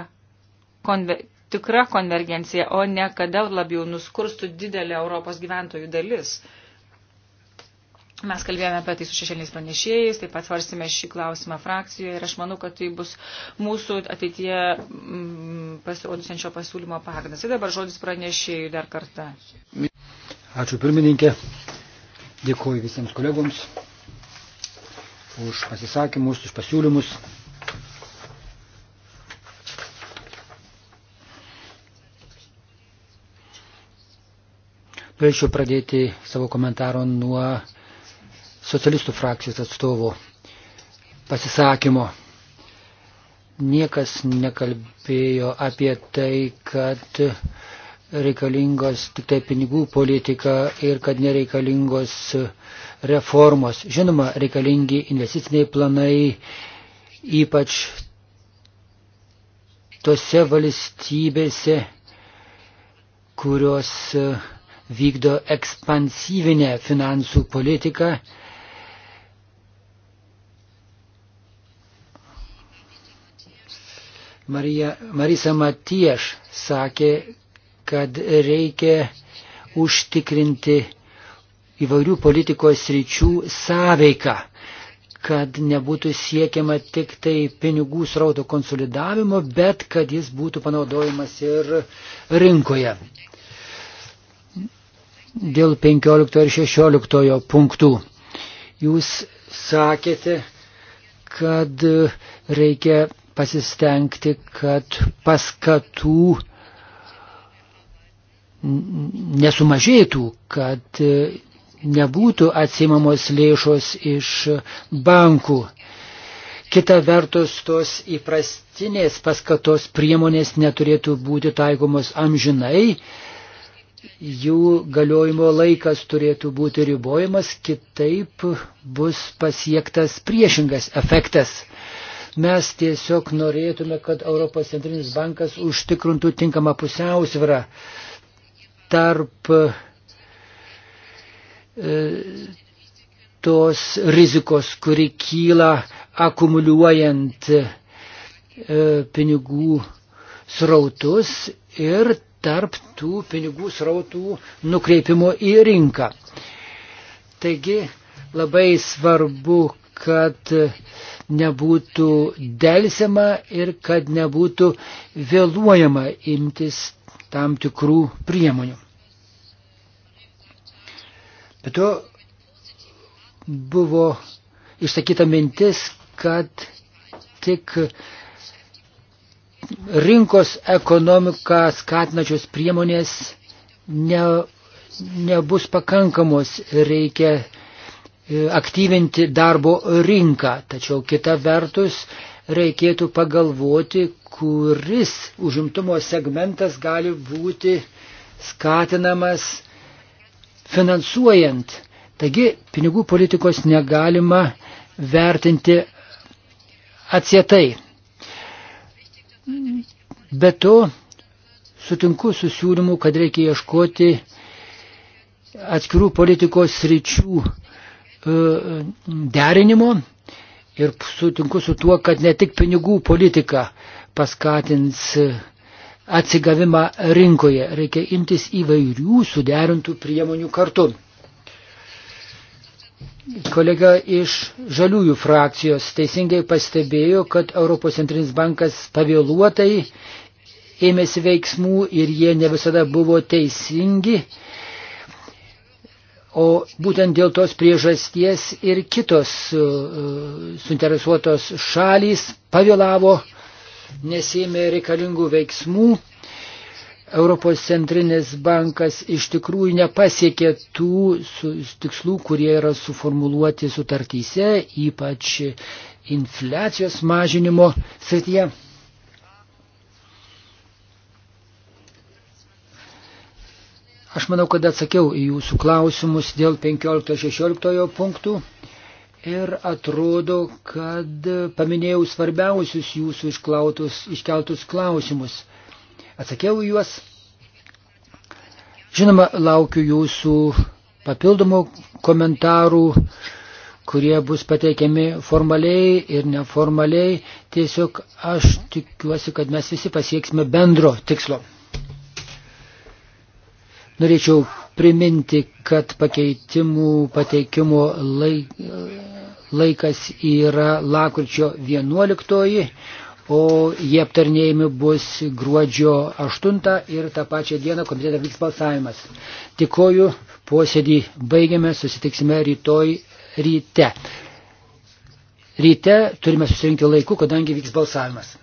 konve, tikra konvergencija, o ne kada labiau nuskurstų didelė Europos gyventojų dalis. Mes kalbėjome apie tai su šešėliniais pranešėjais, taip pat svarstėme šį klausimą frakcijoje ir aš manau, kad tai bus mūsų ateitie mm, pasirodusiančio pasiūlymo pagrindas. Ir dabar žodis pranešėjai dar kartą. Ačiū pirmininkė, dėkuoju visiems kolegoms už pasisakymus, už pasiūlymus. Galėčiau pradėti savo komentaro nuo socialistų frakcijos atstovo pasisakymo. Niekas nekalbėjo apie tai, kad reikalingos tik tai pinigų politika ir kad nereikalingos reformos. Žinoma, reikalingi investiciniai planai, ypač tose valstybėse, kurios uh, vykdo ekspansyvinę finansų politiką. Marija, Marisa Matieš sakė, kad reikia užtikrinti įvairių politikos ryčių sąveiką, kad nebūtų siekiama tik tai pinigų srauto konsolidavimo, bet kad jis būtų panaudojamas ir rinkoje dėl 15 ir 16 punktų. Jūs sakėte, kad reikia pasistengti, kad paskatų nesumažėtų, kad nebūtų atsimamos lėšos iš bankų. Kita vertus, tos įprastinės paskatos priemonės neturėtų būti taikomos amžinai, jų galiojimo laikas turėtų būti ribojamas, kitaip bus pasiektas priešingas efektas. Mes tiesiog norėtume, kad Europos centrinis bankas užtikrintų tinkamą pusiausvyrą tarp e, tos rizikos, kuri kyla akumuliuojant e, pinigų srautus ir tarp tų pinigų srautų nukreipimo į rinką. Taigi labai svarbu, kad nebūtų dėlsiama ir kad nebūtų vėluojama imtis tam tikrų priemonių. Bet to buvo išsakyta mintis, kad tik rinkos ekonomiką skatinačios priemonės ne, nebus pakankamos, reikia e, aktyvinti darbo rinką. Tačiau kita vertus reikėtų pagalvoti, kuris užimtumo segmentas gali būti skatinamas finansuojant. Taigi pinigų politikos negalima vertinti atsietai. Be to, sutinku su siūlymu, kad reikia ieškoti atskirų politikos sričių e, derinimo ir sutinku su tuo, kad ne tik pinigų politika paskatins atsigavimą rinkoje, reikia imtis įvairių suderintų priemonių kartu. Kolega iš žaliųjų frakcijos teisingai pastebėjo, kad Europos centrinis bankas pavėluotai ėmėsi veiksmų ir jie ne visada buvo teisingi. O būtent dėl tos priežasties ir kitos e, suinteresuotos šalys pavėlavo, nesėmė reikalingų veiksmų Europos centrinis bankas iš tikrųjų nepasiekė tų tikslų, kurie yra suformuluoti sutartyse, ypač infliacijos mažinimo srityje. Aš manau, kad atsakiau į jūsų klausimus dėl 15-16 punktų ir atrodo, kad paminėjau svarbiausius jūsų išklautus, iškeltus klausimus atsakiau juos. Žinoma, laukiu jūsų papildomų komentarų, kurie bus pateikiami formaliai ir neformaliai. Tiesiog aš tikiuosi, kad mes visi pasieksime bendro tikslo. Norėčiau priminti, kad pakeitimų pateikimo laik, laikas yra lakurčio 11 o jie aptarnėjami bus gruodžio 8 ir tą pačią dieną komitete vyks balsavimas. Tikoju, posėdį baigiame, susitiksime rytoj ryte. Ryte turime susirinkti laiku, kadangi vyks balsavimas.